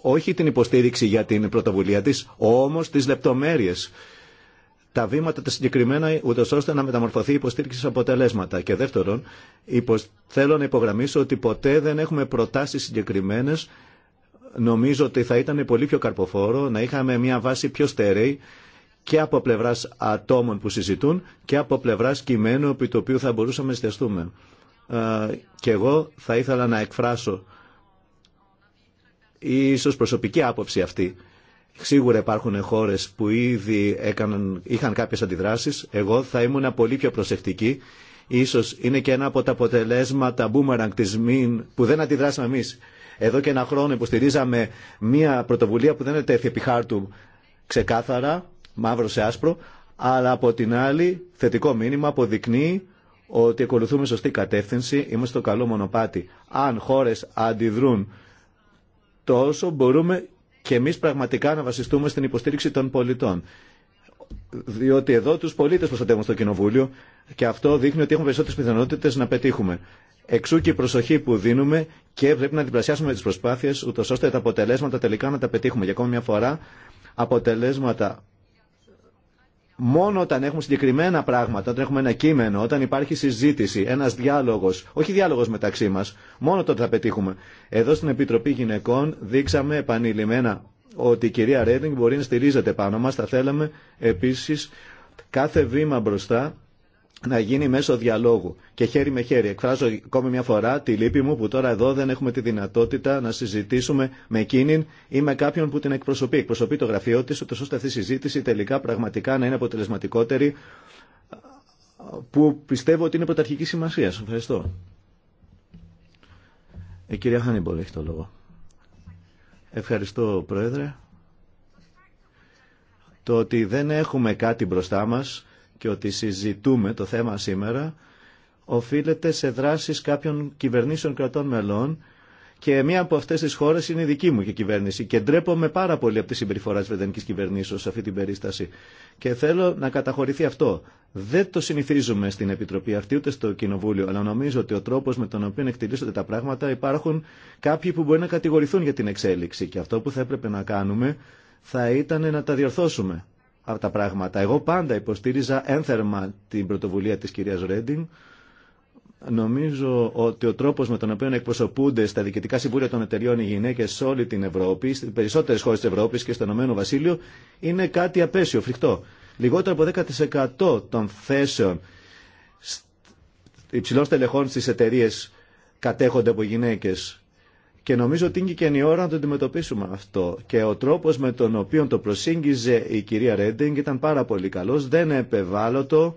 C: όχι την υποστήριξη για την πρωτοβουλία τη, όμω τι λεπτομέρειε τα βήματα τα συγκεκριμένα ούτω ώστε να μεταμορφωθεί η υποστήριξη σε αποτελέσματα. Και δεύτερον, θέλω να υπογραμμίσω ότι ποτέ δεν έχουμε προτάσει συγκεκριμένε. Νομίζω ότι θα ήταν πολύ πιο καρποφόρο να είχαμε μια βάση πιο στερεή και από πλευρά ατόμων που συζητούν και από πλευρά κειμένου επί το οποίο θα μπορούσαμε να εστιαστούμε. Ε, και εγώ θα ήθελα να εκφράσω ίσως προσωπική άποψη αυτή Σίγουρα υπάρχουν χώρε που ήδη έκαναν, είχαν κάποιε αντιδράσει. Εγώ θα ήμουν πολύ πιο προσεκτική. Ίσως είναι και ένα από τα αποτελέσματα boomerang τη ΜΜΕΝ που δεν αντιδράσαμε εμεί. Εδώ και ένα χρόνο υποστηρίζαμε μια πρωτοβουλία που δεν ετέθη επί χάρτου ξεκάθαρα, μαύρο σε άσπρο, αλλά από την άλλη θετικό μήνυμα αποδεικνύει ότι ακολουθούμε σωστή κατεύθυνση, είμαστε στο καλό μονοπάτι. Αν χώρες αντιδρούν τόσο μπορούμε και εμείς πραγματικά να βασιστούμε στην υποστήριξη των πολιτών. Διότι εδώ τους πολίτες προστατεύουν στο Κοινοβούλιο και αυτό δείχνει ότι έχουμε περισσότερες πιθανότητες να πετύχουμε. Εξού και η προσοχή που δίνουμε και πρέπει να διπλασιάσουμε τις προσπάθειες ούτως ώστε τα αποτελέσματα τελικά να τα πετύχουμε. Για ακόμη μια φορά αποτελέσματα μόνο όταν έχουμε συγκεκριμένα πράγματα, όταν έχουμε ένα κείμενο, όταν υπάρχει συζήτηση, ένα διάλογο, όχι διάλογο μεταξύ μα, μόνο τότε θα πετύχουμε. Εδώ στην Επιτροπή Γυναικών δείξαμε επανειλημμένα ότι η κυρία Ρέντινγκ μπορεί να στηρίζεται πάνω μα. Θα θέλαμε επίση κάθε βήμα μπροστά να γίνει μέσω διαλόγου και χέρι με χέρι. Εκφράζω ακόμη μια φορά τη λύπη μου που τώρα εδώ δεν έχουμε τη δυνατότητα να συζητήσουμε με εκείνη ή με κάποιον που την εκπροσωπεί. Εκπροσωπεί το γραφείο τη, ώστε αυτή η συζήτηση τελικά πραγματικά να είναι αποτελεσματικότερη, που πιστεύω ότι είναι πρωταρχική σημασία. Ευχαριστώ. Η ε, κυρία Χάνιμπολ έχει το λόγο. Ευχαριστώ, Πρόεδρε. Το ότι δεν έχουμε κάτι μπροστά μας και ότι συζητούμε το θέμα σήμερα οφείλεται σε δράσεις κάποιων κυβερνήσεων κρατών μελών και μία από αυτές τις χώρες είναι η δική μου και κυβέρνηση και ντρέπομαι πάρα πολύ από τη συμπεριφορά της Βρετανικής κυβερνήσεως σε αυτή την περίσταση και θέλω να καταχωρηθεί αυτό. Δεν το συνηθίζουμε στην Επιτροπή αυτή ούτε στο Κοινοβούλιο, αλλά νομίζω ότι ο τρόπος με τον οποίο εκτελήσονται τα πράγματα υπάρχουν κάποιοι που μπορεί να κατηγορηθούν για την εξέλιξη και αυτό που θα έπρεπε να κάνουμε θα ήταν να τα διορθώσουμε από τα πράγματα. Εγώ πάντα υποστήριζα ένθερμα την πρωτοβουλία της κυρίας Ρέντινγκ. Νομίζω ότι ο τρόπος με τον οποίο εκπροσωπούνται στα διοικητικά συμβούλια των εταιριών οι γυναίκες σε όλη την Ευρώπη, στι περισσότερες χώρες της Ευρώπης και στον Ηνωμένο Βασίλειο, είναι κάτι απέσιο, φρικτό. Λιγότερο από 10% των θέσεων υψηλών στελεχών στις εταιρείε κατέχονται από γυναίκες και νομίζω ότι είναι και η ώρα να το αντιμετωπίσουμε αυτό. Και ο τρόπο με τον οποίο το προσήγγιζε η κυρία Ρέντινγκ ήταν πάρα πολύ καλό. Δεν επεβάλλωτο.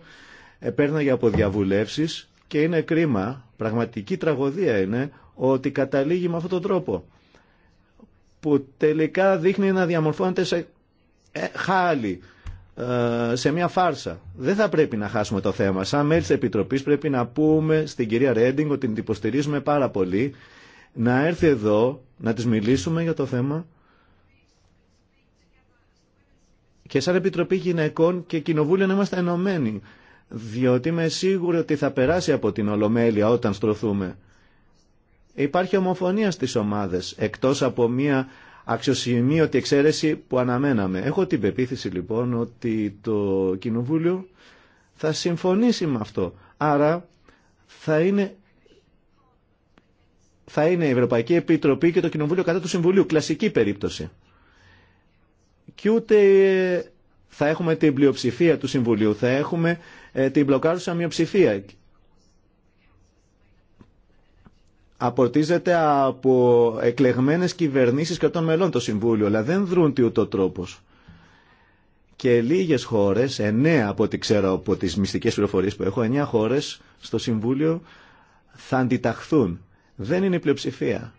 C: Επέρναγε από διαβουλεύσει. Και είναι κρίμα, πραγματική τραγωδία είναι, ότι καταλήγει με αυτόν τον τρόπο. Που τελικά δείχνει να διαμορφώνεται σε ε, χάλι, ε, σε μια φάρσα. Δεν θα πρέπει να χάσουμε το θέμα. Σαν μέλη τη Επιτροπή πρέπει να πούμε στην κυρία Ρέντινγκ ότι την υποστηρίζουμε πάρα πολύ να έρθει εδώ να τις μιλήσουμε για το θέμα και σαν Επιτροπή Γυναικών και Κοινοβούλιο να είμαστε ενωμένοι διότι είμαι σίγουρο ότι θα περάσει από την Ολομέλεια όταν στρωθούμε. Υπάρχει ομοφωνία στις ομάδες, εκτός από μια αξιοσημείωτη εξαίρεση που αναμέναμε. Έχω την πεποίθηση λοιπόν ότι το Κοινοβούλιο θα συμφωνήσει με αυτό. Άρα θα είναι θα είναι η Ευρωπαϊκή Επιτροπή και το Κοινοβούλιο κατά του Συμβουλίου. Κλασική περίπτωση. Και ούτε ε, θα έχουμε την πλειοψηφία του Συμβουλίου, θα έχουμε ε, την μπλοκάρουσα μειοψηφία. Απορτίζεται από εκλεγμένες κυβερνήσεις κρατών μελών το Συμβούλιο, αλλά δεν δρούν τι ούτω τρόπος. Και λίγες χώρες, εννέα από ό,τι ξέρω από τις μυστικές πληροφορίες που έχω, εννέα χώρες στο Συμβούλιο θα αντιταχθούν δεν είναι η πλειοψηφία.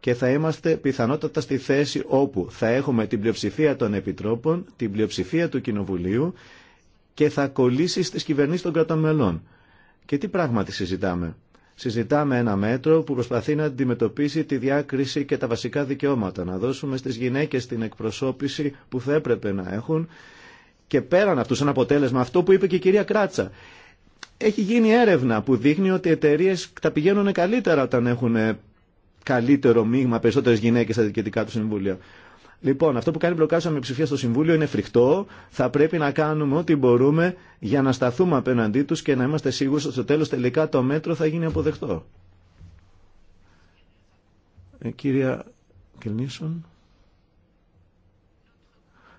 C: Και θα είμαστε πιθανότατα στη θέση όπου θα έχουμε την πλειοψηφία των επιτρόπων, την πλειοψηφία του Κοινοβουλίου και θα κολλήσει στις κυβερνήσεις των κρατών μελών. Και τι πράγματι συζητάμε. Συζητάμε ένα μέτρο που προσπαθεί να αντιμετωπίσει τη διάκριση και τα βασικά δικαιώματα, να δώσουμε στις γυναίκες την εκπροσώπηση που θα έπρεπε να έχουν και πέραν αυτού, σαν αποτέλεσμα αυτό που είπε και η κυρία Κράτσα, έχει γίνει έρευνα που δείχνει ότι οι εταιρείε τα πηγαίνουν καλύτερα όταν έχουν καλύτερο μείγμα, περισσότερε γυναίκε στα διοικητικά του συμβούλια. Λοιπόν, αυτό που κάνει μπλοκάρισμα με ψηφία στο Συμβούλιο είναι φρικτό. Θα πρέπει να κάνουμε ό,τι μπορούμε για να σταθούμε απέναντί του και να είμαστε σίγουροι ότι στο τέλο τελικά το μέτρο θα γίνει αποδεκτό. Ε, κυρία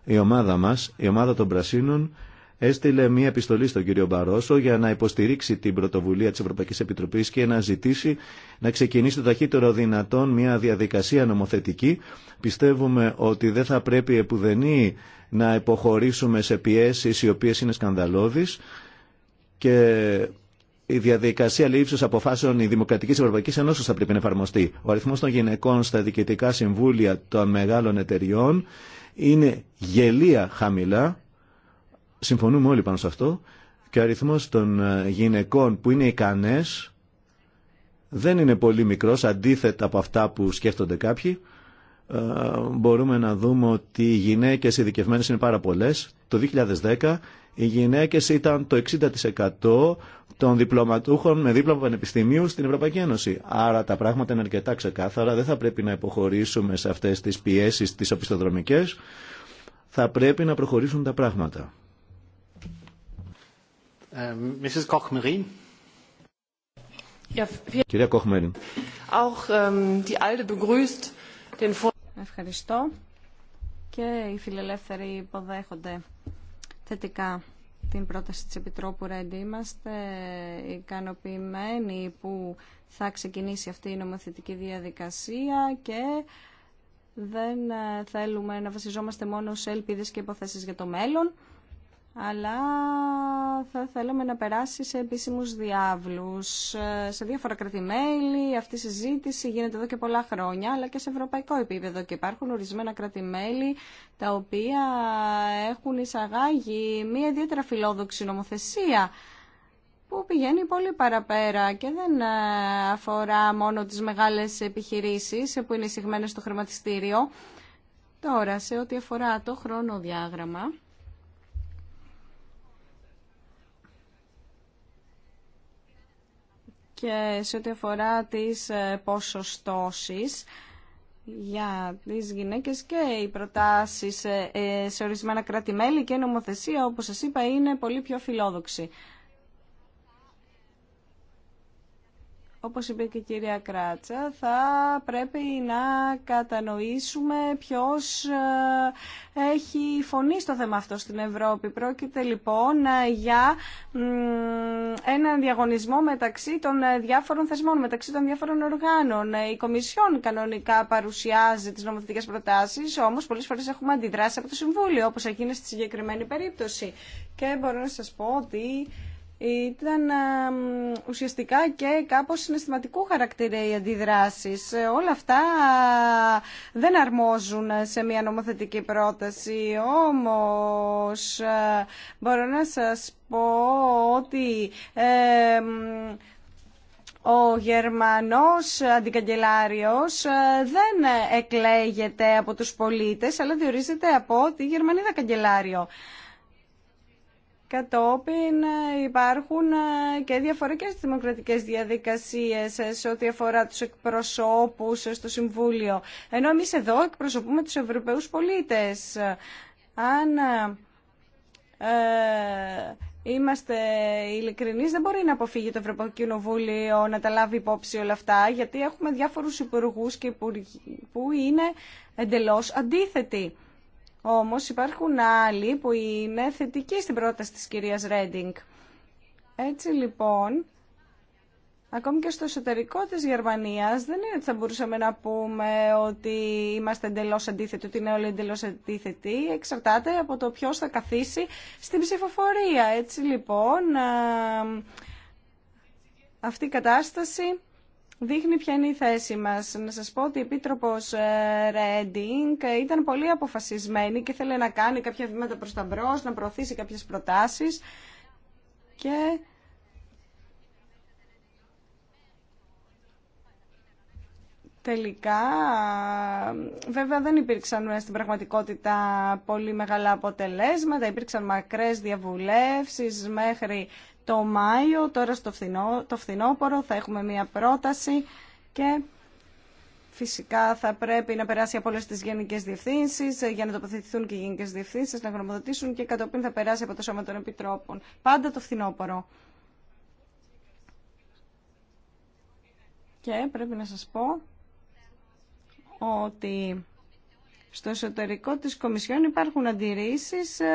C: Η ομάδα μας, η ομάδα των Πρασίνων, έστειλε μία επιστολή στον κύριο Μπαρόσο για να υποστηρίξει την πρωτοβουλία της Ευρωπαϊκής Επιτροπής και να ζητήσει να ξεκινήσει το ταχύτερο δυνατόν μία διαδικασία νομοθετική. Πιστεύουμε ότι δεν θα πρέπει επουδενή να υποχωρήσουμε σε πιέσεις οι οποίες είναι σκανδαλώδεις και η διαδικασία λήψη αποφάσεων η Δημοκρατική Ευρωπαϊκή Ένωση θα πρέπει να εφαρμοστεί. Ο αριθμό των γυναικών στα διοικητικά συμβούλια των μεγάλων εταιριών είναι γελία χαμηλά συμφωνούμε όλοι πάνω σε αυτό, και ο αριθμός των ε, γυναικών που είναι ικανές δεν είναι πολύ μικρός, αντίθετα από αυτά που σκέφτονται κάποιοι. Ε, μπορούμε να δούμε ότι οι γυναίκες ειδικευμένες είναι πάρα πολλές. Το 2010 οι γυναίκες ήταν το 60% των διπλωματούχων με δίπλωμα πανεπιστημίου στην Ευρωπαϊκή Ένωση. Άρα τα πράγματα είναι αρκετά ξεκάθαρα, δεν θα πρέπει να υποχωρήσουμε σε αυτές τις πιέσεις τις οπισθοδρομικές, θα πρέπει να προχωρήσουν τα πράγματα. Ähm,
A: Κυρία ähm,
B: Ευχαριστώ. Και οι φιλελεύθεροι υποδέχονται θετικά την πρόταση της Επιτρόπου Ρέντι. Είμαστε ικανοποιημένοι που θα ξεκινήσει αυτή η νομοθετική διαδικασία και δεν ε, θέλουμε να βασιζόμαστε μόνο σε ελπίδες και υποθέσεις για το μέλλον αλλά θα θέλαμε να περάσει σε επίσημους διάβλους, ε, σε διάφορα κρατημέλη. Αυτή η συζήτηση γίνεται εδώ και πολλά χρόνια, αλλά και σε ευρωπαϊκό επίπεδο και υπάρχουν ορισμένα κρατημέλη τα οποία έχουν εισαγάγει μια ιδιαίτερα φιλόδοξη νομοθεσία που πηγαίνει πολύ παραπέρα και δεν ε, αφορά μόνο τις μεγάλες επιχειρήσεις που είναι εισηγμένες στο χρηματιστήριο. Τώρα, σε ό,τι αφορά το χρονοδιάγραμμα, και σε ό,τι αφορά τις ε, ποσοστώσεις για τις γυναίκες και οι προτάσεις ε, ε, σε ορισμένα κράτη-μέλη και νομοθεσία, όπως σας είπα, είναι πολύ πιο φιλόδοξη. όπως είπε και η κυρία Κράτσα, θα πρέπει να κατανοήσουμε ποιος ε, έχει φωνή στο θέμα αυτό στην Ευρώπη. Πρόκειται λοιπόν ε, για έναν διαγωνισμό μεταξύ των ε, διάφορων θεσμών, μεταξύ των διάφορων οργάνων. Η Κομισιόν κανονικά παρουσιάζει τις νομοθετικές προτάσεις, όμως πολλές φορές έχουμε αντιδράσει από το Συμβούλιο, όπως έγινε στη συγκεκριμένη περίπτωση. Και μπορώ να σας πω ότι ήταν ουσιαστικά και κάπως συναισθηματικού χαρακτήρα οι αντιδράσεις. Ε, όλα αυτά ε, δεν αρμόζουν σε μια νομοθετική πρόταση, όμως ε, μπορώ να σας πω ότι... ο Γερμανός αντικαγκελάριος δεν εκλέγεται από τους πολίτες, αλλά διορίζεται από τη Γερμανίδα καγκελάριο. Κατόπιν ε, υπάρχουν ε, και διαφορετικές δημοκρατικές διαδικασίες ε, σε ό,τι αφορά τους εκπροσώπους στο Συμβούλιο. Ενώ εμείς εδώ εκπροσωπούμε τους Ευρωπαίους πολίτες. Αν ε, είμαστε ειλικρινείς, δεν μπορεί να αποφύγει το Ευρωπαϊκό Κοινοβούλιο να τα λάβει υπόψη όλα αυτά, γιατί έχουμε διάφορους υπουργούς και υπουργοί που είναι εντελώς αντίθετοι. Όμως υπάρχουν άλλοι που είναι θετικοί στην πρόταση της κυρίας Ρέντινγκ. Έτσι λοιπόν, ακόμη και στο εσωτερικό της Γερμανίας δεν είναι ότι θα μπορούσαμε να πούμε ότι είμαστε εντελώς αντίθετοι, ότι είναι όλοι εντελώς αντίθετοι. Εξαρτάται από το ποιος θα καθίσει στην ψηφοφορία. Έτσι λοιπόν, αυτή η κατάσταση δείχνει ποια είναι η θέση μας. Να σας πω ότι η Επίτροπος ε, Ρέντινγκ ήταν πολύ αποφασισμένη και θέλει να κάνει κάποια βήματα προς τα μπρος, να προωθήσει κάποιες προτάσεις και... Τελικά, βέβαια δεν υπήρξαν ε, στην πραγματικότητα πολύ μεγάλα αποτελέσματα, υπήρξαν μακρές διαβουλεύσεις μέχρι το Μάιο, τώρα στο το φθινόπωρο θα έχουμε μία πρόταση και φυσικά θα πρέπει να περάσει από όλε τι γενικέ διευθύνσει ε, για να τοποθετηθούν και οι γενικέ διευθύνσει, να γνωμοδοτήσουν και κατόπιν θα περάσει από το Σώμα των Επιτρόπων. Πάντα το φθινόπωρο. Και πρέπει να σας πω ότι στο εσωτερικό της Κομισιόν υπάρχουν αντιρρήσεις ε,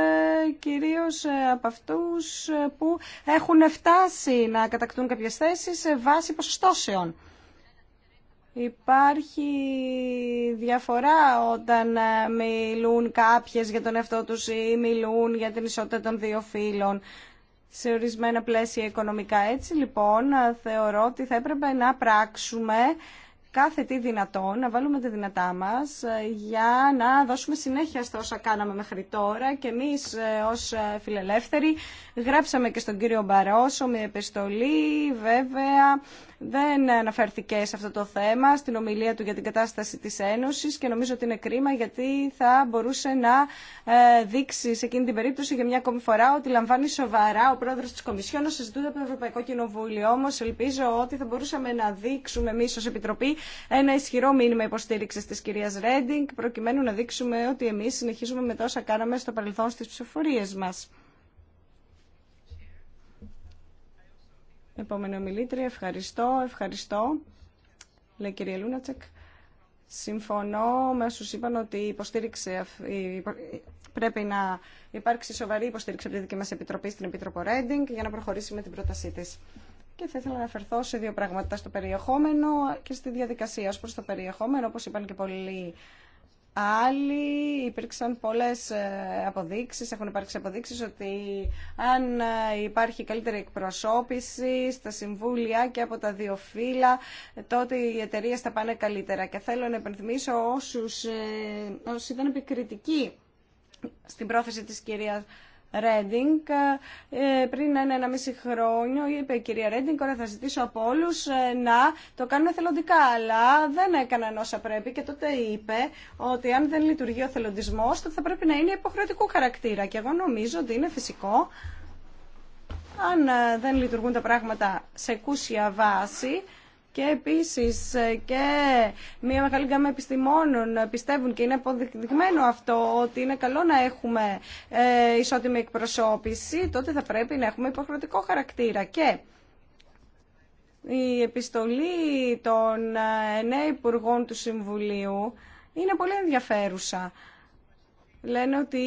B: κυρίως ε, από αυτούς ε, που έχουν φτάσει να κατακτούν κάποιες θέσεις σε βάση ποσοστώσεων. Υπάρχει διαφορά όταν μιλούν κάποιες για τον εαυτό τους ή μιλούν για την ισότητα των δύο φύλων σε ορισμένα πλαίσια οικονομικά. Έτσι λοιπόν θεωρώ ότι θα έπρεπε να πράξουμε κάθε τι δυνατόν, να βάλουμε τη δυνατά μας ε, για να δώσουμε συνέχεια στα όσα κάναμε μέχρι τώρα και εμείς ε, ως ε, φιλελεύθεροι γράψαμε και στον κύριο Μπαρόσο με επιστολή βέβαια δεν αναφέρθηκε σε αυτό το θέμα στην ομιλία του για την κατάσταση της Ένωσης και νομίζω ότι είναι κρίμα γιατί θα μπορούσε να ε, δείξει σε εκείνη την περίπτωση για μια ακόμη φορά ότι λαμβάνει σοβαρά ο πρόεδρος της Κομισιόν να συζητούνται από το Ευρωπαϊκό Κοινοβούλιο. Όμως ελπίζω ότι θα μπορούσαμε να δείξουμε εμεί ως Επιτροπή ένα ισχυρό μήνυμα υποστήριξη της κυρίας Ρέντινγκ προκειμένου να δείξουμε ότι εμείς συνεχίζουμε με τόσα κάναμε στο παρελθόν στις ψηφορίες μας. Επόμενο μιλήτρια, ευχαριστώ, ευχαριστώ. Λέει κυρία Λούνατσεκ. Συμφωνώ με όσου είπαν ότι υποστήριξε, πρέπει να υπάρξει σοβαρή υποστήριξη από τη δική μα επιτροπή στην Επίτροπο Ρέντινγκ για να προχωρήσει με την πρότασή τη. Και θα ήθελα να αναφερθώ σε δύο πράγματα, στο περιεχόμενο και στη διαδικασία. Ω προ το περιεχόμενο, όπω είπαν και πολλοί Άλλοι υπήρξαν πολλές ε, αποδείξεις, έχουν υπάρξει αποδείξεις ότι αν ε, υπάρχει καλύτερη εκπροσώπηση στα συμβούλια και από τα δύο φύλλα, τότε οι εταιρείε θα πάνε καλύτερα. Και θέλω να υπενθυμίσω όσους, ε, ήταν επικριτικοί στην πρόθεση της κυρίας Ρέντινγκ. Ε, πριν ένα, ένα μισή χρόνιο είπε η κυρία Ρέντινγκ, ώρα θα ζητήσω από όλου ε, να το κάνουν εθελοντικά. Αλλά δεν έκαναν όσα πρέπει και τότε είπε ότι αν δεν λειτουργεί ο θελοντισμό, τότε θα πρέπει να είναι υποχρεωτικού χαρακτήρα. Και εγώ νομίζω ότι είναι φυσικό. Αν ε, δεν λειτουργούν τα πράγματα σε κούσια βάση, και επίση ε, και μια μεγάλη γκάμα επιστημόνων ε, πιστεύουν και είναι αποδεικμένο αυτό ότι είναι καλό να έχουμε ε, ισότιμη εκπροσώπηση, τότε θα πρέπει να έχουμε υποχρεωτικό χαρακτήρα και η επιστολή των νέων υπουργών του Συμβουλίου είναι πολύ ενδιαφέρουσα. Λένε ότι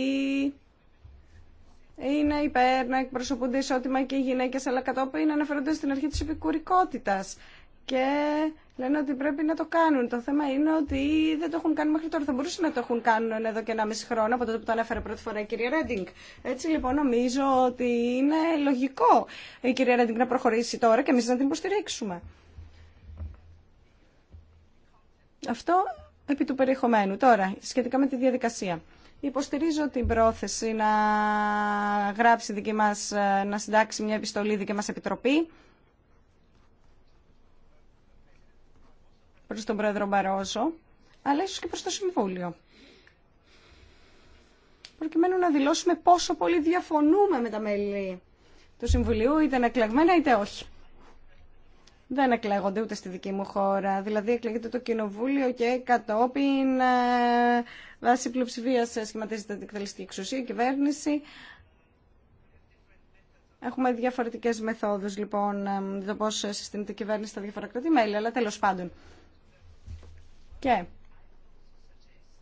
B: είναι υπέρ να εκπροσωπούνται ισότιμα και οι γυναίκες, αλλά κατόπιν αναφέρονται στην αρχή της επικουρικότητας και λένε ότι πρέπει να το κάνουν. Το θέμα είναι ότι δεν το έχουν κάνει μέχρι τώρα. Θα μπορούσαν να το έχουν κάνει εδώ και ένα μισή χρόνο από τότε που το ανέφερε πρώτη φορά η κυρία Ρέντινγκ. Έτσι λοιπόν νομίζω ότι είναι λογικό η κυρία Ρέντινγκ να προχωρήσει τώρα και εμεί να την υποστηρίξουμε. Αυτό επί του περιεχομένου. Τώρα, σχετικά με τη διαδικασία. Υποστηρίζω την πρόθεση να γράψει δική μας, να συντάξει μια επιστολή δική μας επιτροπή Προ τον πρόεδρο Μπαρόζο, αλλά ίσω και προ το Συμβούλιο. Προκειμένου να δηλώσουμε πόσο πολύ διαφωνούμε με τα μέλη του Συμβουλίου, είτε είναι εκλεγμένα είτε όχι. Δεν εκλέγονται ούτε στη δική μου χώρα. Δηλαδή εκλέγεται το Κοινοβούλιο και κατόπιν ε, βάσει πλειοψηφία ε, σχηματίζεται την εκτελεστική εξουσία, η κυβέρνηση. Έχουμε διαφορετικέ μεθόδου λοιπόν, ε, το πώ ε, συστήνεται η κυβέρνηση στα διαφορετικά μέλη, αλλά τέλο πάντων. Και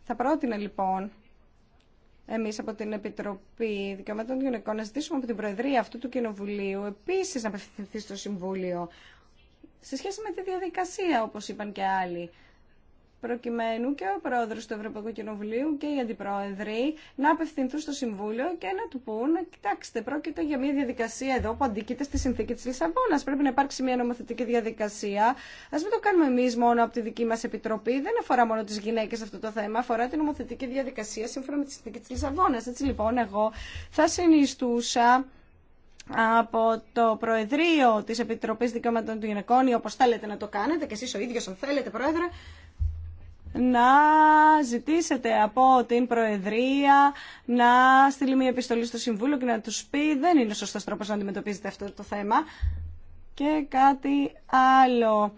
B: θα πρότεινα λοιπόν εμείς από την Επιτροπή Δικαιωμάτων των Γυναικών να ζητήσουμε από την Προεδρία αυτού του Κοινοβουλίου επίσης να απευθυνθεί στο Συμβούλιο σε σχέση με τη διαδικασία όπως είπαν και άλλοι προκειμένου και ο πρόεδρο του Ευρωπαϊκού Κοινοβουλίου και οι αντιπρόεδροι να απευθυνθούν στο Συμβούλιο και να του πούν «Κοιτάξτε, πρόκειται για μια διαδικασία εδώ που αντικείται στη συνθήκη τη Λισαβόνα. Πρέπει να υπάρξει μια νομοθετική διαδικασία. Α μην το κάνουμε εμεί μόνο από τη δική μα Επιτροπή. Δεν αφορά μόνο τις γυναίκες αυτό το θέμα, αφορά την νομοθετική διαδικασία σύμφωνα με τη συνθήκη τη Λισαβόνα. Έτσι λοιπόν εγώ θα συνιστούσα από το Προεδρείο τη Επιτροπής Δικαιωμάτων των Γυναικών ή θέλετε να το κάνετε και εσείς ο ίδιο αν θέλετε Πρόεδρε να ζητήσετε από την Προεδρία να στείλει μια επιστολή στο Συμβούλιο και να τους πει δεν είναι σωστός τρόπος να αντιμετωπίζετε αυτό το θέμα. Και κάτι άλλο,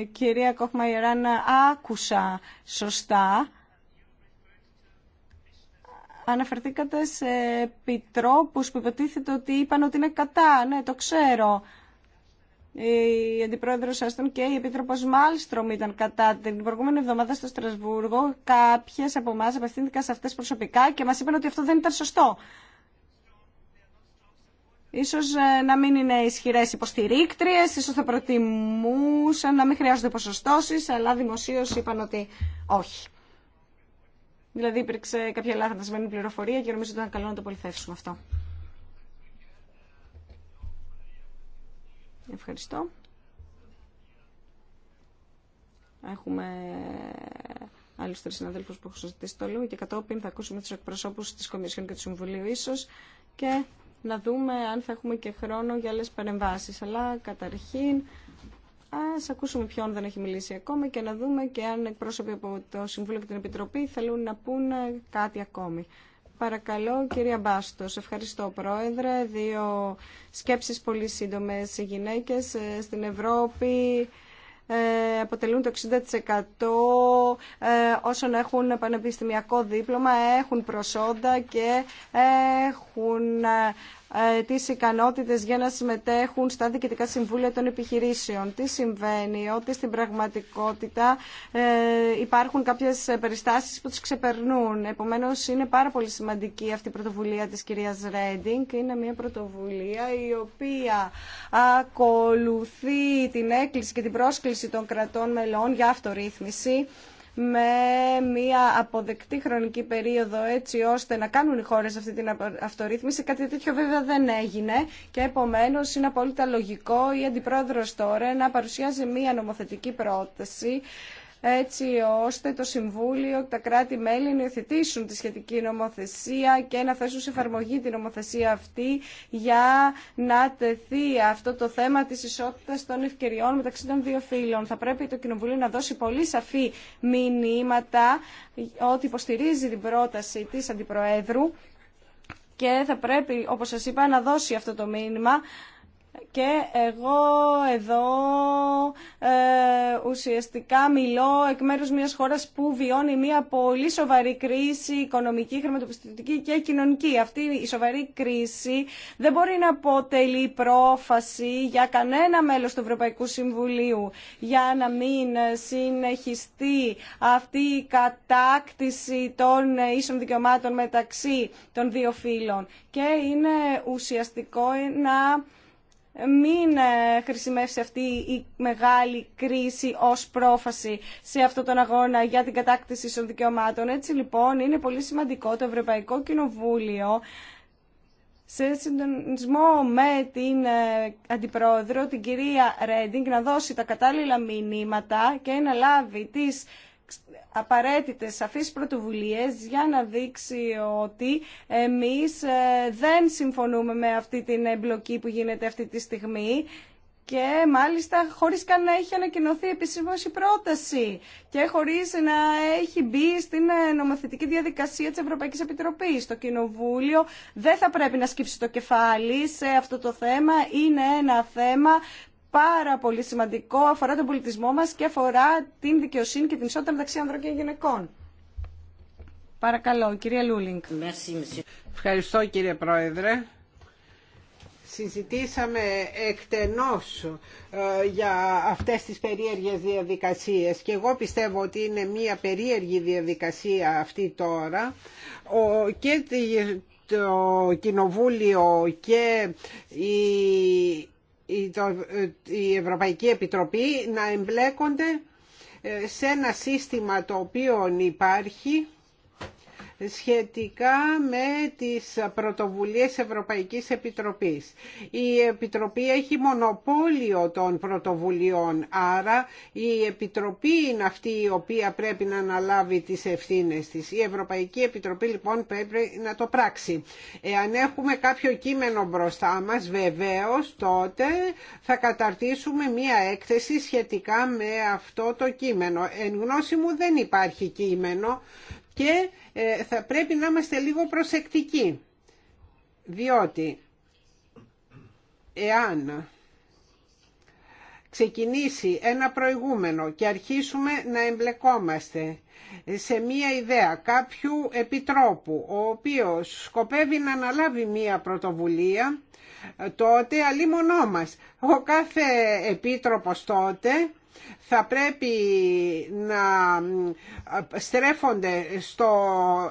B: ε, κυρία Ιεράνα, άκουσα σωστά. Αναφερθήκατε σε επιτρόπους που υποτίθεται ότι είπαν ότι είναι κατά. Ναι, το ξέρω η Αντιπρόεδρος Άστον και η επίτροπο Μάλστρομ ήταν κατά την προηγούμενη εβδομάδα στο Στρασβούργο. Κάποιε από εμά απευθύνθηκαν σε αυτέ προσωπικά και μα είπαν ότι αυτό δεν ήταν σωστό. Ίσως ε, να μην είναι ισχυρέ υποστηρίκτριε, ίσω θα προτιμούσαν να μην χρειάζονται ποσοστώσει, αλλά δημοσίω είπαν ότι όχι. Δηλαδή υπήρξε κάποια σημαίνει πληροφορία και νομίζω ότι ήταν καλό να το πολυθεύσουμε αυτό. Ευχαριστώ. Έχουμε άλλου τρει συναδέλφου που έχουν συζητήσει το λόγο και κατόπιν θα ακούσουμε του εκπροσώπου τη Κομισιόν και του Συμβουλίου ίσω και να δούμε αν θα έχουμε και χρόνο για άλλε παρεμβάσει. Αλλά καταρχήν α ακούσουμε ποιον δεν έχει μιλήσει ακόμα και να δούμε και αν εκπρόσωποι από το Συμβούλιο και την Επιτροπή θέλουν να πούν κάτι ακόμη. Παρακαλώ, κυρία Μπάστος. Ευχαριστώ, Πρόεδρε. Δύο σκέψεις πολύ σύντομες. Οι γυναίκες ε, στην Ευρώπη ε, αποτελούν το 60% ε, όσων έχουν πανεπιστημιακό δίπλωμα, έχουν προσόντα και έχουν ε, τι ικανότητε για να συμμετέχουν στα διοικητικά συμβούλια των επιχειρήσεων. Τι συμβαίνει, ότι στην πραγματικότητα ε, υπάρχουν κάποιες περιστάσει που τους ξεπερνούν. Επομένως, είναι πάρα πολύ σημαντική αυτή η πρωτοβουλία της κυρίας Ρέντινγκ. Είναι μια πρωτοβουλία η οποία ακολουθεί την έκκληση και την πρόσκληση των κρατών μελών για αυτορύθμιση με μια αποδεκτή χρονική περίοδο έτσι ώστε να κάνουν οι χώρες αυτή την αυτορύθμιση. Κάτι τέτοιο βέβαια δεν έγινε και επομένως είναι απόλυτα λογικό η Αντιπρόεδρος τώρα να παρουσιάζει μια νομοθετική πρόταση έτσι ώστε το Συμβούλιο, τα κράτη-μέλη να υιοθετήσουν τη σχετική νομοθεσία και να θέσουν σε εφαρμογή την νομοθεσία αυτή για να τεθεί αυτό το θέμα της ισότητας των ευκαιριών μεταξύ των δύο φύλων. Θα πρέπει το Κοινοβουλίο να δώσει πολύ σαφή μηνύματα ότι υποστηρίζει την πρόταση της Αντιπροέδρου και θα πρέπει, όπως σας είπα, να δώσει αυτό το μήνυμα και εγώ εδώ ε, ουσιαστικά μιλώ εκ μέρους μιας χώρας που βιώνει μια πολύ σοβαρή κρίση οικονομική, χρηματοπιστωτική και κοινωνική. Αυτή η σοβαρή κρίση δεν μπορεί να αποτελεί πρόφαση για κανένα μέλος του Ευρωπαϊκού Συμβουλίου για να μην συνεχιστεί αυτή η κατάκτηση των ίσων δικαιωμάτων μεταξύ των δύο φύλων. Και είναι ουσιαστικό να μην ε, χρησιμεύσει αυτή η μεγάλη κρίση ως πρόφαση σε αυτόν τον αγώνα για την κατάκτηση των δικαιωμάτων. Έτσι λοιπόν είναι πολύ σημαντικό το Ευρωπαϊκό Κοινοβούλιο σε συντονισμό με την ε, Αντιπρόεδρο, την κυρία Ρέντινγκ, να δώσει τα κατάλληλα μηνύματα και να λάβει τις απαραίτητες σαφείς πρωτοβουλίες για να δείξει ότι εμείς ε, δεν συμφωνούμε με αυτή την εμπλοκή που γίνεται αυτή τη στιγμή και μάλιστα χωρίς καν να έχει ανακοινωθεί επισήμως η πρόταση και χωρίς να έχει μπει στην ε, νομοθετική διαδικασία της Ευρωπαϊκής Επιτροπής. Το Κοινοβούλιο δεν θα πρέπει να σκύψει το κεφάλι σε αυτό το θέμα. Είναι ένα θέμα πάρα πολύ σημαντικό, αφορά τον πολιτισμό μας και αφορά την δικαιοσύνη και την ισότητα μεταξύ ανδρών και γυναικών.
A: Παρακαλώ, κυρία Λούλινγκ. Ευχαριστώ κύριε Πρόεδρε. Συζητήσαμε εκτενώς ε, για αυτές τις περίεργες διαδικασίες και εγώ πιστεύω ότι είναι μια περίεργη διαδικασία αυτή τώρα και το Κοινοβούλιο και η ε, η Ευρωπαϊκή Επιτροπή να εμπλέκονται ε, σε ένα σύστημα το οποίο υπάρχει σχετικά με τις πρωτοβουλίες Ευρωπαϊκής Επιτροπής. Η Επιτροπή έχει μονοπόλιο των πρωτοβουλειών, άρα η Επιτροπή είναι αυτή η οποία πρέπει να αναλάβει τις ευθύνες της. Η Ευρωπαϊκή Επιτροπή λοιπόν πρέπει να το πράξει. Εάν έχουμε κάποιο κείμενο μπροστά μας, βεβαίως τότε θα καταρτήσουμε μία έκθεση σχετικά με αυτό το κείμενο. Εν γνώση μου δεν υπάρχει κείμενο και ε, θα πρέπει να είμαστε λίγο προσεκτικοί διότι εάν ξεκινήσει ένα προηγούμενο και αρχίσουμε να εμπλεκόμαστε σε μία ιδέα κάποιου επιτρόπου ο οποίος σκοπεύει να αναλάβει μία πρωτοβουλία τότε αλλήμονό μας. Ο κάθε επίτροπος τότε θα πρέπει να ε, στρέφονται στο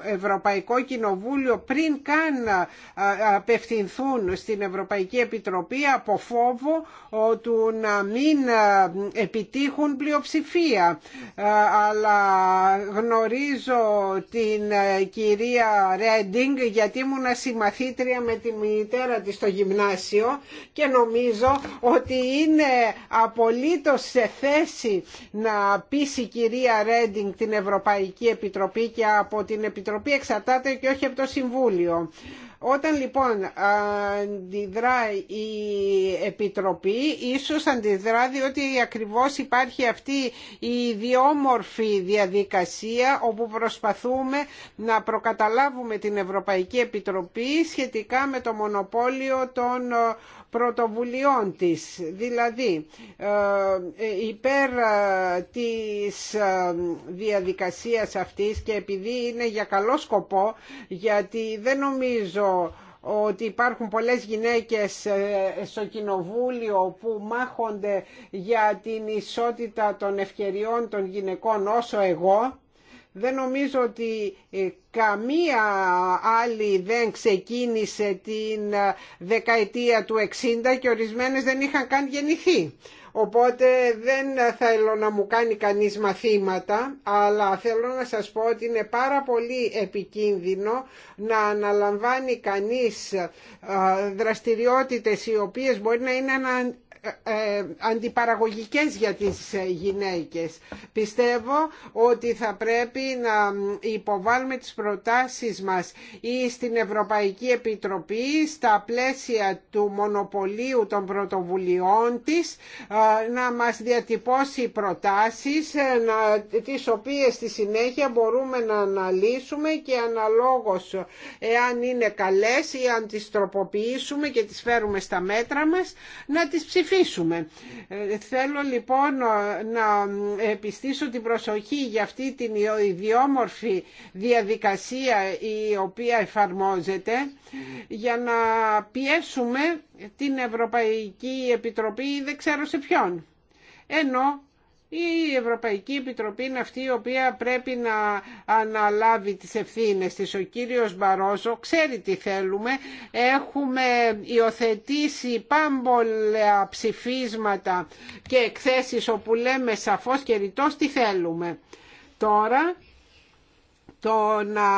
A: Ευρωπαϊκό Κοινοβούλιο πριν καν ε, απευθυνθούν στην Ευρωπαϊκή Επιτροπή από φόβο ε, του να μην επιτύχουν πλειοψηφία. Αλλά γνωρίζω την κυρία Ρέντινγκ γιατί ήμουν συμμαθήτρια με τη μητέρα της στο γυμνάσιο και νομίζω ότι είναι απολύτως σε θέση να πείσει η κυρία Ρέντινγκ την Ευρωπαϊκή Επιτροπή και από την Επιτροπή εξαρτάται και όχι από το Συμβούλιο. Όταν λοιπόν αντιδρά η Επιτροπή, ίσως αντιδρά διότι ακριβώς υπάρχει αυτή η ιδιόμορφη διαδικασία όπου προσπαθούμε να προκαταλάβουμε την Ευρωπαϊκή Επιτροπή σχετικά με το μονοπόλιο των πρωτοβουλειών της, δηλαδή ε, ε, υπέρ ε, της διαδικασίας αυτής και επειδή είναι για καλό σκοπό, γιατί δεν νομίζω ότι υπάρχουν πολλές γυναίκες στο κοινοβούλιο που μάχονται για την ισότητα των ευκαιριών των γυναικών όσο εγώ δεν νομίζω ότι ε, καμία άλλη δεν ξεκίνησε την ε, δεκαετία του 60 και ορισμένες δεν είχαν καν γεννηθεί. Οπότε δεν θέλω να μου κάνει κανείς μαθήματα, αλλά θέλω να σας πω ότι είναι πάρα πολύ επικίνδυνο να αναλαμβάνει κανείς ε, δραστηριότητες οι οποίες μπορεί να είναι ε, ε, αντιπαραγωγικές για τις ε, γυναίκες. Πιστεύω ότι θα πρέπει να υποβάλουμε τις προτάσεις μας ή στην Ευρωπαϊκή Επιτροπή στα πλαίσια του μονοπωλίου των πρωτοβουλειών της να μας διατυπώσει προτάσεις τις οποίες στη συνέχεια μπορούμε να αναλύσουμε και αναλόγως εάν είναι καλές ή αν τις τροποποιήσουμε και τις φέρουμε στα μέτρα μας να τις ψηφίσουμε ε, θέλω λοιπόν να επιστήσω την προσοχή για αυτή την ιδιόμορφη διαδικασία η οποία εφαρμόζεται για να πιέσουμε την Ευρωπαϊκή Επιτροπή δεν ξέρω σε ποιον. Ενώ η Ευρωπαϊκή Επιτροπή είναι αυτή η οποία πρέπει να αναλάβει τις ευθύνες της. Ο κύριος Μπαρόζο ξέρει τι θέλουμε. Έχουμε υιοθετήσει πάμπολα ψηφίσματα και εκθέσεις όπου λέμε σαφώς και ρητός τι θέλουμε. Τώρα το να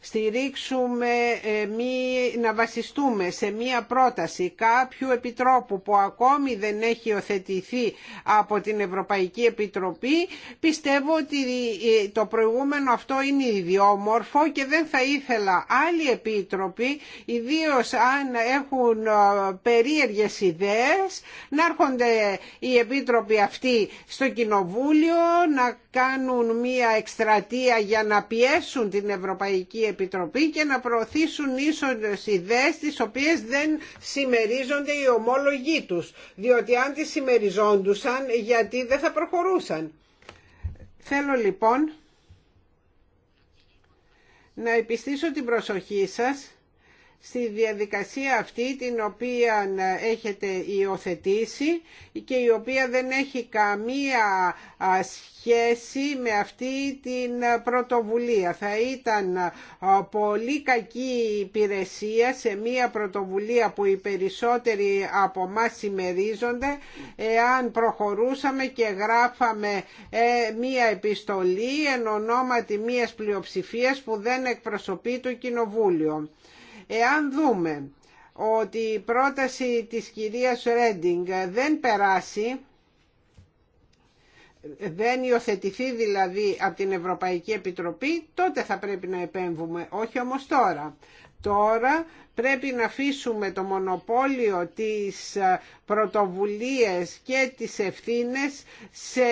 A: στηρίξουμε, ε, μη, να βασιστούμε σε μία πρόταση κάποιου επιτρόπου που ακόμη δεν έχει οθετηθεί από την Ευρωπαϊκή Επιτροπή, πιστεύω ότι ε, το προηγούμενο αυτό είναι ιδιόμορφο και δεν θα ήθελα άλλοι επίτροποι, ιδίως αν έχουν ε, περίεργες ιδέες, να έρχονται οι επίτροποι αυτοί στο Κοινοβούλιο, να κάνουν μία εκστρατεία για να πιέσουν την Ευρωπαϊκή Επιτροπή και να προωθήσουν ίσονες ιδέες τις οποίες δεν συμμερίζονται οι ομόλογοι τους. Διότι αν τις συμμεριζόντουσαν γιατί δεν θα προχωρούσαν. Θέλω λοιπόν να επιστήσω την προσοχή σας στη διαδικασία αυτή την οποία έχετε υιοθετήσει και η οποία δεν έχει καμία σχέση με αυτή την πρωτοβουλία. Θα ήταν πολύ κακή υπηρεσία σε μια πρωτοβουλία που οι περισσότεροι από εμά συμμερίζονται εάν προχωρούσαμε και γράφαμε ε, μια επιστολή εν ονόματι μιας πλειοψηφίας που δεν εκπροσωπεί το Κοινοβούλιο. Εάν δούμε ότι η πρόταση της κυρίας Ρέντινγκ δεν περάσει, δεν υιοθετηθεί δηλαδή από την Ευρωπαϊκή Επιτροπή, τότε θα πρέπει να επέμβουμε, όχι όμως τώρα. Τώρα πρέπει να αφήσουμε το μονοπόλιο της πρωτοβουλίες και τις ευθύνες σε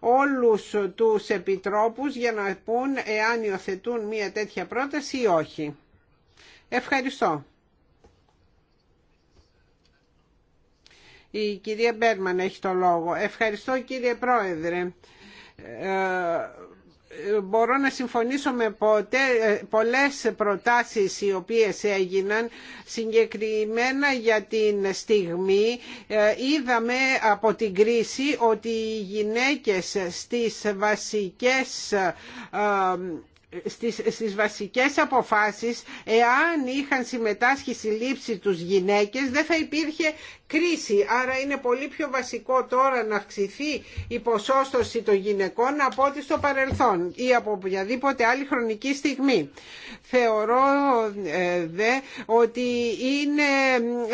A: όλους τους επιτρόπους για να πούν εάν υιοθετούν μια τέτοια πρόταση ή όχι. Ευχαριστώ. Η κυρία Μπέρμαν έχει το λόγο. Ευχαριστώ κύριε Πρόεδρε. Ε, μπορώ να συμφωνήσω με ποτέ, ε, πολλές προτάσεις οι οποίες έγιναν συγκεκριμένα για την στιγμή. Ε, είδαμε από την κρίση ότι οι γυναίκες στις βασικές στις, στις βασικές αποφάσεις εάν είχαν συμμετάσχει στη λήψη τους γυναίκες δεν θα υπήρχε κρίση. Άρα είναι πολύ πιο βασικό τώρα να αυξηθεί η ποσόστοση των γυναικών από ό,τι στο παρελθόν ή από οποιαδήποτε άλλη χρονική στιγμή. Θεωρώ ε, δε ότι είναι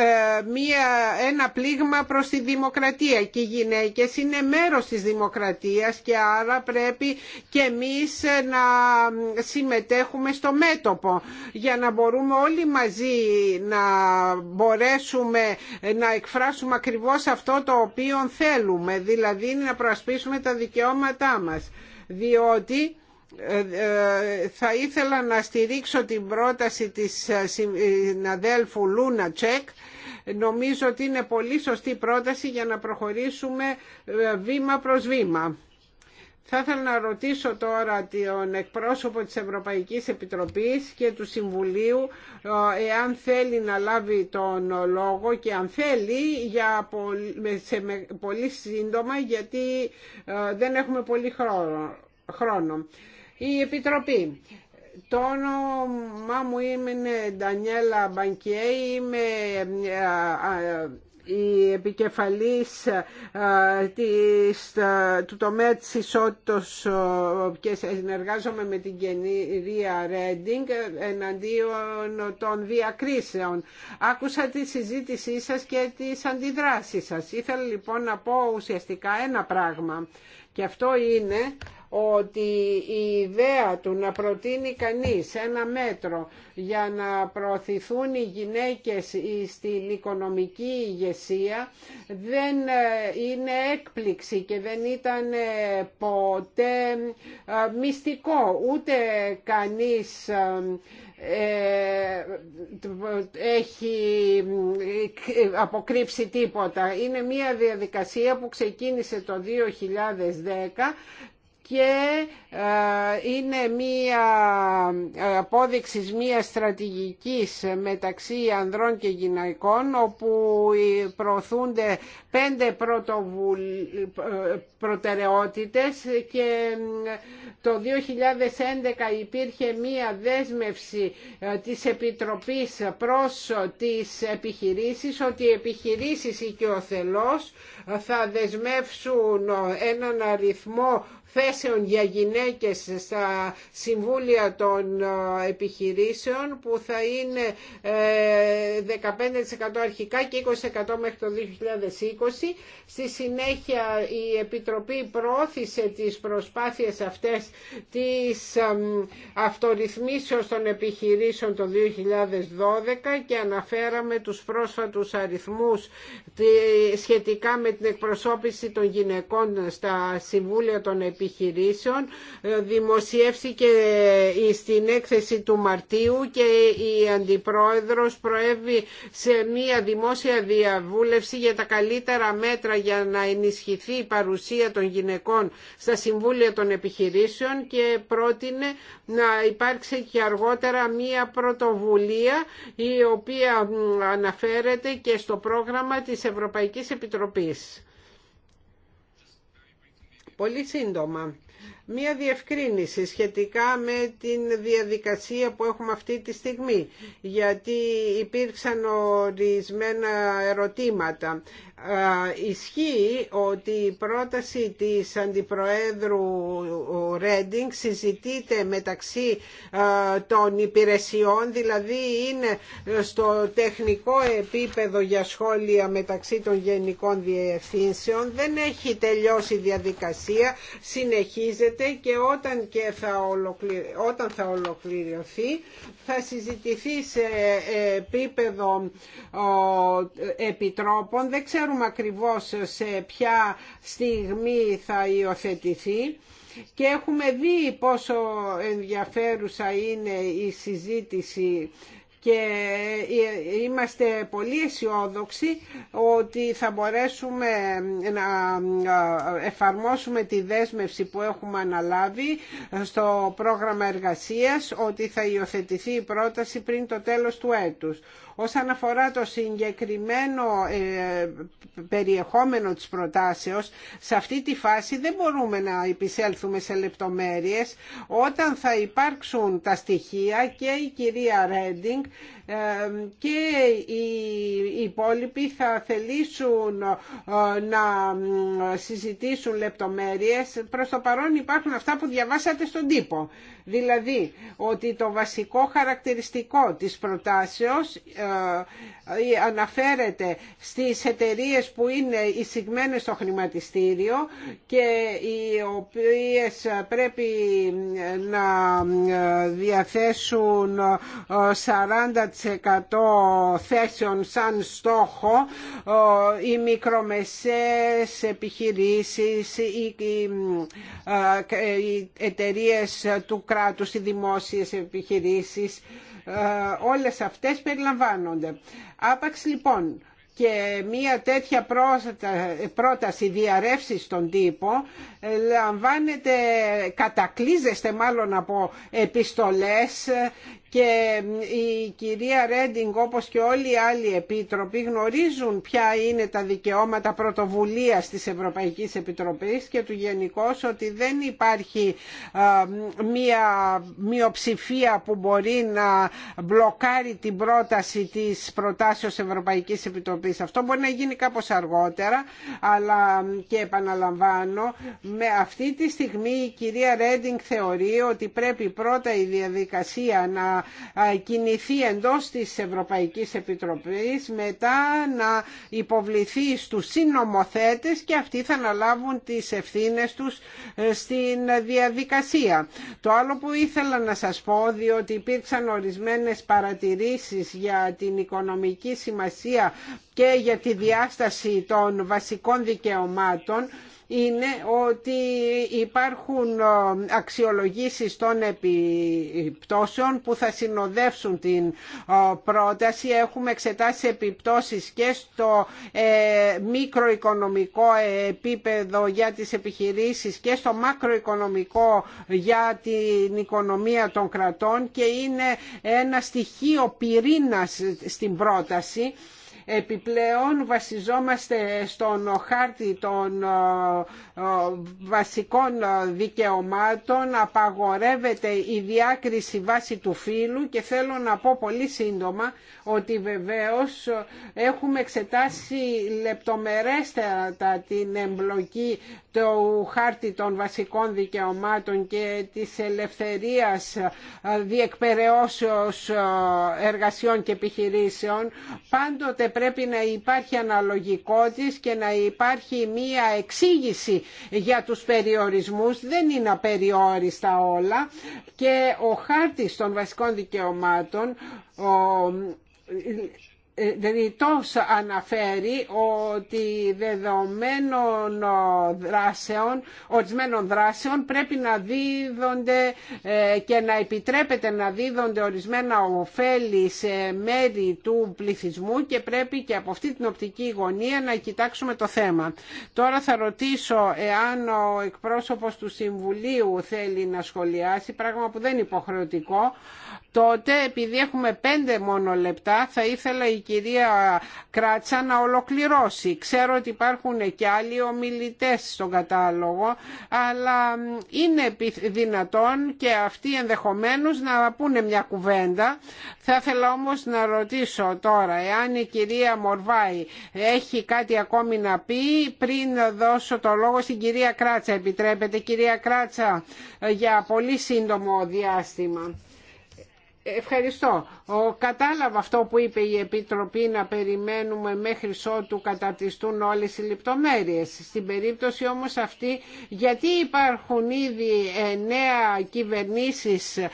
A: ε, μία, ένα πλήγμα προς τη δημοκρατία και οι γυναίκες είναι μέρος της δημοκρατίας και άρα πρέπει και εμείς ε, να συμμετέχουμε στο μέτωπο για να μπορούμε όλοι μαζί να μπορέσουμε να εκφράσουμε ακριβώς αυτό το οποίο θέλουμε, δηλαδή να προασπίσουμε τα δικαιώματά μας, διότι ε, ε, θα ήθελα να στηρίξω την πρόταση της ε, συναδέλφου Λούνα Τσεκ νομίζω ότι είναι πολύ σωστή πρόταση για να προχωρήσουμε βήμα προς βήμα. Θα ήθελα να ρωτήσω τώρα τον εκπρόσωπο της Ευρωπαϊκής Επιτροπής και του Συμβουλίου ε, εάν θέλει να λάβει τον λόγο και αν θέλει για πολύ σύντομα γιατί ε, δεν έχουμε πολύ χρόνο. Η Επιτροπή. Το όνομά μου είναι Ντανιέλα Μπανκιέ, είμαι ε, η επικεφαλής ε, της, ε, του τομέα της α, ε, και συνεργάζομαι με την Κενήρια Ρέντινγκ εναντίον των διακρίσεων. Άκουσα τη συζήτησή σας και τις αντιδράσεις σας. Ήθελα λοιπόν να πω ουσιαστικά ένα πράγμα και αυτό είναι ότι η ιδέα του να προτείνει κανείς ένα μέτρο για να προωθηθούν οι γυναίκες στην οικονομική ηγεσία δεν ε, είναι έκπληξη και δεν ήταν ε, ποτέ ε, μυστικό ούτε κανείς έχει αποκρύψει τίποτα. Είναι μια διαδικασία που ξεκίνησε το 2010 και ε, είναι μία ε, απόδειξη μία στρατηγικής μεταξύ ανδρών και γυναικών όπου προωθούνται πέντε πρωτοβουλ... Ε, προτεραιότητες και το 2011 υπήρχε μία δέσμευση της Επιτροπής προς τις επιχειρήσεις ότι οι επιχειρήσεις οικειοθελώς θα δεσμεύσουν έναν αριθμό θέσεων για γυναίκες στα συμβούλια των ε, επιχειρήσεων που θα είναι 15% ε, αρχικά και 20% μέχρι το 2020. Στη συνέχεια η Επιτροπή προώθησε τις προσπάθειες αυτές της αυτορυθμίσεως των επιχειρήσεων το 2012 και αναφέραμε τους πρόσφατους αριθμούς σχετικά με την εκπροσώπηση των γυναικών στα συμβούλια των επιχειρήσεων επιχειρήσεων ε, δημοσιεύθηκε στην έκθεση του Μαρτίου και η Αντιπρόεδρος προέβη σε μία δημόσια διαβούλευση για τα καλύτερα μέτρα για να ενισχυθεί η παρουσία των γυναικών στα Συμβούλια των Επιχειρήσεων και πρότεινε να υπάρξει και αργότερα μία πρωτοβουλία η οποία αναφέρεται και στο πρόγραμμα της Ευρωπαϊκής Επιτροπής. Πολύ σύντομα μία διευκρίνηση σχετικά με την διαδικασία που έχουμε αυτή τη στιγμή γιατί υπήρξαν ορισμένα ερωτήματα. Ισχύει ότι η πρόταση της Αντιπροέδρου Ρέντινγκ συζητείται μεταξύ των υπηρεσιών, δηλαδή είναι στο τεχνικό επίπεδο για σχόλια μεταξύ των γενικών διευθύνσεων. Δεν έχει τελειώσει η διαδικασία, συνεχίζεται και όταν, και θα, θα ολοκληρωθεί θα συζητηθεί σε επίπεδο επιτρόπων. Δεν ξέρουμε ακριβώς σε ποια στιγμή θα υιοθετηθεί και έχουμε δει πόσο ενδιαφέρουσα είναι η συζήτηση και ε, είμαστε πολύ αισιόδοξοι ότι θα μπορέσουμε να ε, εφαρμόσουμε τη δέσμευση που έχουμε αναλάβει στο πρόγραμμα εργασίας ότι θα υιοθετηθεί η πρόταση πριν το τέλος του έτους. Όσον αφορά το συγκεκριμένο ε, περιεχόμενο της προτάσεως, σε αυτή τη φάση δεν μπορούμε να επισέλθουμε σε λεπτομέρειες. Όταν θα υπάρξουν τα στοιχεία και η κυρία Ρέντινγκ και οι υπόλοιποι θα θελήσουν ε, να συζητήσουν λεπτομέρειες. Προς το παρόν υπάρχουν αυτά που διαβάσατε στον τύπο. Δηλαδή ότι το βασικό χαρακτηριστικό της προτάσεως ε, ε, αναφέρεται στις εταιρείες που είναι εισηγμένες στο χρηματιστήριο και οι οποίες πρέπει να διαθέσουν 40% 10% θέσεων σαν στόχο οι μικρομεσαίες επιχειρήσεις, ε, οι εταιρείες του κράτους, οι δημόσιες επιχειρήσεις, ε, όλες αυτές περιλαμβάνονται. Άπαξ λοιπόν και μια τέτοια πρόταση διαρρεύσης στον τύπο ε, λαμβάνεται, κατακλείζεστε μάλλον από επιστολές και η κυρία Ρέντινγκ όπως και όλοι οι άλλοι επίτροποι γνωρίζουν ποια είναι τα δικαιώματα πρωτοβουλίας της Ευρωπαϊκής Επιτροπής και του γενικώ ότι δεν υπάρχει ε, μία μειοψηφία που μπορεί να μπλοκάρει την πρόταση της προτάσεως Ευρωπαϊκής Επιτροπής. Αυτό μπορεί να γίνει κάπως αργότερα αλλά και επαναλαμβάνω με αυτή τη στιγμή η κυρία Ρέντινγκ θεωρεί ότι πρέπει πρώτα η διαδικασία να κινηθεί εντός της Ευρωπαϊκής Επιτροπής μετά να υποβληθεί στους συνομοθέτες και αυτοί θα αναλάβουν τις ευθύνες τους ε, στην διαδικασία. Το άλλο που ήθελα να σας πω, διότι υπήρξαν ορισμένες παρατηρήσεις για την οικονομική σημασία και για τη διάσταση των βασικών δικαιωμάτων, είναι ότι υπάρχουν ε, αξιολογήσεις των επιπτώσεων που θα συνοδεύσουν την ε, πρόταση. Έχουμε εξετάσει επιπτώσεις και στο ε, μικροοικονομικό επίπεδο για τις επιχειρήσεις και στο μακροοικονομικό για την οικονομία των κρατών και είναι ένα στοιχείο πυρήνας στην πρόταση Επιπλέον βασιζόμαστε στον χάρτη των βασικών δικαιωμάτων, απαγορεύεται η διάκριση βάση του φύλου και θέλω να πω πολύ σύντομα ότι βεβαίως έχουμε εξετάσει λεπτομερέστερα την εμπλοκή του χάρτη των βασικών δικαιωμάτων και της ελευθερίας διεκπαιρεώσεως εργασιών και επιχειρήσεων. Πάντοτε πρέπει να υπάρχει αναλογικότης και να υπάρχει μία εξήγηση για τους περιορισμούς. Δεν είναι απεριόριστα όλα και ο χάρτης των βασικών δικαιωμάτων ο, ε, δηλαδή, τόσο αναφέρει ότι δεδομένων δράσεων, ορισμένων δράσεων πρέπει να δίδονται ε, και να επιτρέπεται να δίδονται ορισμένα ωφέλη σε μέρη του πληθυσμού και πρέπει και από αυτή την οπτική γωνία να κοιτάξουμε το θέμα. Τώρα θα ρωτήσω εάν ο εκπρόσωπος του Συμβουλίου θέλει να σχολιάσει, πράγμα που δεν είναι υποχρεωτικό, τότε επειδή έχουμε πέντε μόνο λεπτά θα ήθελα κυρία Κράτσα να ολοκληρώσει. Ξέρω ότι υπάρχουν και άλλοι ομιλητές στον κατάλογο, αλλά είναι δυνατόν και αυτοί ενδεχομένως να πούνε μια κουβέντα. Θα ήθελα όμως να ρωτήσω τώρα, εάν η κυρία Μορβάη έχει κάτι ακόμη να πει, πριν δώσω το λόγο στην κυρία Κράτσα. Επιτρέπετε κυρία Κράτσα ε, για πολύ σύντομο διάστημα. Ευχαριστώ. Ο, κατάλαβα αυτό που είπε η Επιτροπή να περιμένουμε μέχρι ότου καταρτιστούν όλες οι λεπτομέρειες. Στην περίπτωση όμως αυτή, γιατί υπάρχουν ήδη νέα κυβερνήσεις ε,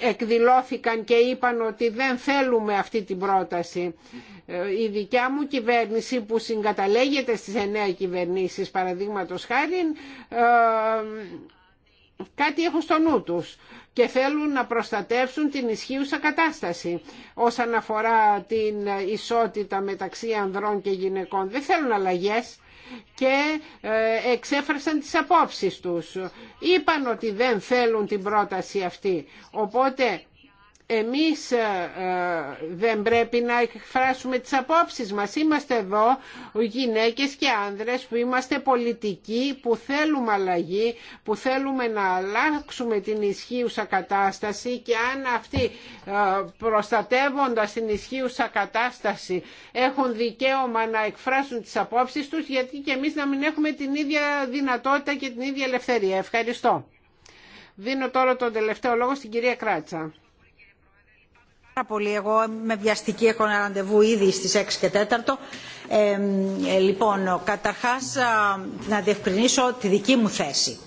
A: εκδηλώθηκαν και είπαν ότι δεν θέλουμε αυτή την πρόταση. Ε, η δικιά μου κυβέρνηση που συγκαταλέγεται στις εννέα κυβερνήσεις, παραδείγματος χάρη, ε, κάτι έχω στο νου τους και θέλουν να προστατεύσουν την ισχύουσα κατάσταση όσον αφορά την ισότητα μεταξύ ανδρών και γυναικών. Δεν θέλουν αλλαγές και ε, εξέφρασαν τις απόψεις τους. Είπαν ότι δεν θέλουν την πρόταση αυτή. Οπότε εμείς ε, ε, δεν πρέπει να εκφράσουμε τις απόψεις μας. Είμαστε εδώ γυναίκες και άνδρες που είμαστε πολιτικοί, που θέλουμε αλλαγή, που θέλουμε να αλλάξουμε την ισχύουσα κατάσταση και αν αυτοί ε, προστατεύοντας την ισχύουσα κατάσταση έχουν δικαίωμα να εκφράσουν τις απόψεις τους γιατί και εμείς να μην έχουμε την ίδια δυνατότητα και την ίδια ελευθερία. Ευχαριστώ. Δίνω τώρα τον τελευταίο λόγο στην κυρία Κράτσα πάρα πολύ. Εγώ είμαι βιαστική, έχω ένα ραντεβού ήδη στις
D: 6 και 4. Ε, λοιπόν, καταρχάς να διευκρινίσω τη δική μου θέση.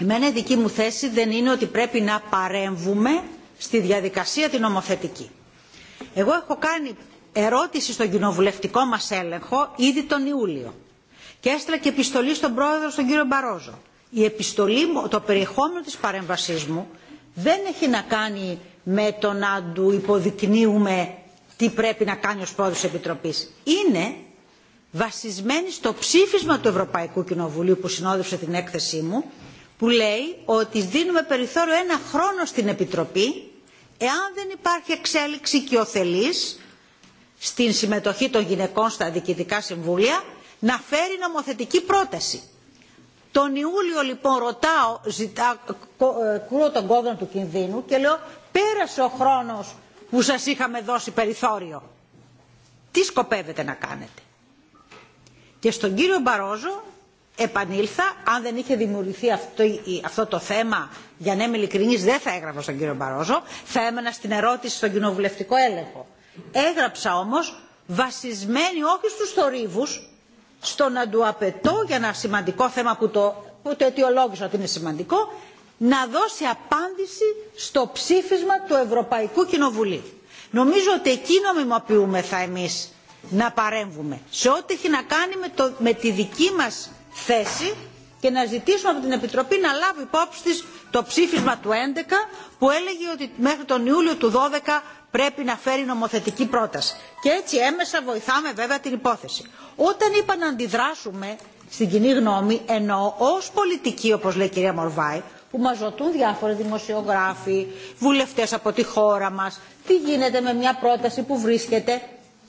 D: Εμένα η δική μου θέση δεν είναι ότι πρέπει να παρέμβουμε στη διαδικασία την νομοθετική. Εγώ έχω κάνει ερώτηση στον κοινοβουλευτικό μας έλεγχο ήδη τον Ιούλιο και έστειλα και επιστολή στον πρόεδρο στον κύριο Μπαρόζο. Η επιστολή μου, το περιεχόμενο της παρέμβασής μου δεν έχει να κάνει με το να του υποδεικνύουμε τι πρέπει να κάνει ως πρόεδρος Επιτροπής. Είναι βασισμένη στο ψήφισμα του Ευρωπαϊκού Κοινοβουλίου που συνόδευσε την έκθεσή μου, που λέει ότι δίνουμε περιθώριο ένα χρόνο στην Επιτροπή, εάν δεν υπάρχει εξέλιξη και οθελής στην συμμετοχή των γυναικών στα διοικητικά συμβούλια, να φέρει νομοθετική πρόταση. Τον Ιούλιο λοιπόν ρωτάω, ζητά, κούρω ε, τον κόδωνα του κινδύνου και λέω πέρασε ο χρόνος που σας είχαμε δώσει περιθώριο. Τι σκοπεύετε να κάνετε. Και στον κύριο Μπαρόζο επανήλθα, αν δεν είχε δημιουργηθεί αυτό, αυτό το θέμα, για να είμαι ειλικρινής δεν θα έγραφα στον κύριο Μπαρόζο, θα έμενα στην ερώτηση στον κοινοβουλευτικό έλεγχο. Έγραψα όμως βασισμένη όχι στους θορύβους, στο να του απαιτώ για ένα σημαντικό θέμα που το, που το αιτιολόγησα ότι είναι σημαντικό, να δώσει απάντηση στο ψήφισμα του Ευρωπαϊκού Κοινοβουλίου. Νομίζω ότι εκεί θα εμείς να παρέμβουμε σε ό,τι έχει να κάνει με, το, με τη δική μας θέση και να ζητήσουμε από την Επιτροπή να λάβει υπόψη της το ψήφισμα του 11 που έλεγε ότι μέχρι τον Ιούλιο του 12 πρέπει να φέρει νομοθετική πρόταση. Και έτσι έμεσα βοηθάμε βέβαια την υπόθεση. Όταν είπα να αντιδράσουμε στην κοινή γνώμη, ενώ ως πολιτική, όπως λέει η κυρία Μορβάη, που μας ρωτούν διάφοροι δημοσιογράφοι, βουλευτές από τη χώρα μας, τι γίνεται με μια πρόταση που βρίσκεται.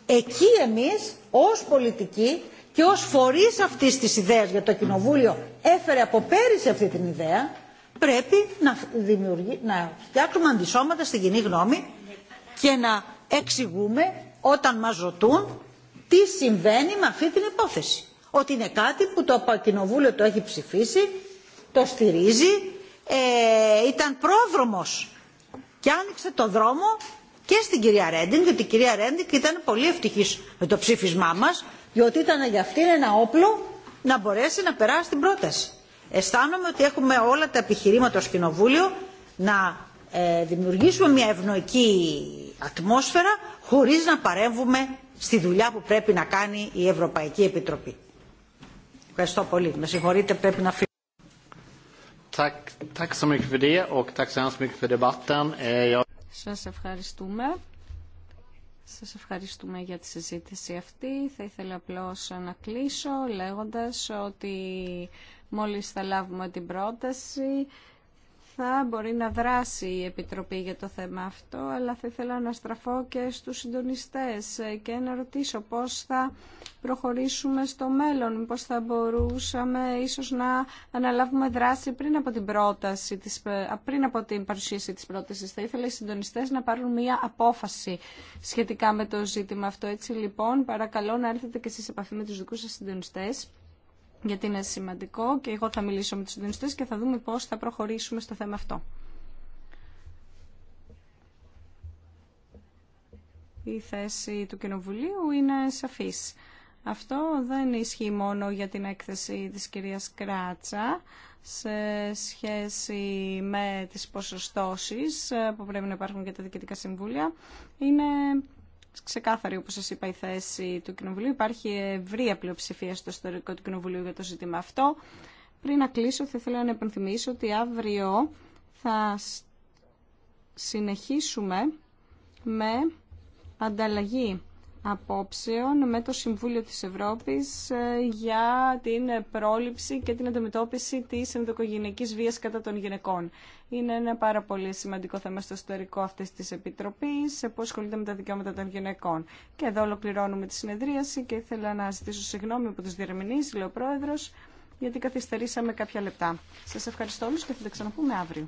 D: Εκεί εμείς ως πολιτικοί και ως φορείς αυτής της ιδέας για το Κοινοβούλιο έφερε από πέρυσι αυτή την ιδέα, πρέπει να, δημιουργεί, να φτιάξουμε αντισώματα στη κοινή γνώμη και να εξηγούμε όταν μας ρωτούν τι συμβαίνει με αυτή την υπόθεση. Ότι είναι κάτι που το Κοινοβούλιο το έχει ψηφίσει, το στηρίζει, ε, ήταν πρόδρομος και άνοιξε το δρόμο και στην κυρία Ρέντινγκ, γιατί η κυρία Ρέντινγκ ήταν πολύ ευτυχής με το ψήφισμά μας, διότι ήταν για αυτήν ένα όπλο να μπορέσει να περάσει την πρόταση. Αισθάνομαι ότι έχουμε όλα τα επιχειρήματα στο Κοινοβούλιο να ε, δημιουργήσουμε μια ευνοϊκή ατμόσφαιρα χωρίς να παρέμβουμε στη δουλειά που πρέπει να κάνει η Ευρωπαϊκή Επιτροπή. Ευχαριστώ πολύ. Με συγχωρείτε
C: πρέπει να φύγω.
B: Σας ευχαριστούμε. Σας ευχαριστούμε για τη συζήτηση αυτή. Θα ήθελα απλώς να κλείσω λέγοντας ότι μόλις θα λάβουμε την πρόταση θα μπορεί να δράσει η Επιτροπή για το θέμα αυτό, αλλά θα ήθελα να στραφώ και στους συντονιστές και να ρωτήσω πώς θα προχωρήσουμε στο μέλλον, πώς θα μπορούσαμε ίσως να αναλάβουμε δράση πριν από την, πρόταση, πριν από την παρουσίαση της πρότασης. Θα ήθελα οι συντονιστές να πάρουν μία απόφαση σχετικά με το ζήτημα αυτό. Έτσι λοιπόν παρακαλώ να έρθετε και εσείς σε επαφή με τους δικούς σας συντονιστές γιατί είναι σημαντικό και εγώ θα μιλήσω με τους συντονιστές και θα δούμε πώς θα προχωρήσουμε στο θέμα αυτό. Η θέση του Κοινοβουλίου είναι σαφής. Αυτό δεν ισχύει μόνο για την έκθεση της κυρίας Κράτσα σε σχέση με τις ποσοστώσεις που πρέπει να υπάρχουν για τα διοικητικά συμβούλια. Είναι ξεκάθαρη, όπως σας είπα, η θέση του Κοινοβουλίου. Υπάρχει ευρία πλειοψηφία στο ιστορικό του Κοινοβουλίου για το ζήτημα αυτό. Πριν να κλείσω, θα ήθελα να επενθυμίσω ότι αύριο θα συνεχίσουμε με ανταλλαγή απόψεων με το Συμβούλιο της Ευρώπης ε, για την πρόληψη και την αντιμετώπιση της ενδοκογενειακής βίας κατά των γυναικών. Είναι ένα πάρα πολύ σημαντικό θέμα στο ιστορικό αυτή τη επιτροπή, που ασχολείται με τα δικαιώματα των γυναικών. Και εδώ ολοκληρώνουμε τη συνεδρίαση και ήθελα να ζητήσω συγγνώμη από του διερμηνεί, λέει ο πρόεδρο, γιατί καθυστερήσαμε κάποια λεπτά. Σα ευχαριστώ όλους και θα τα ξαναπούμε αύριο.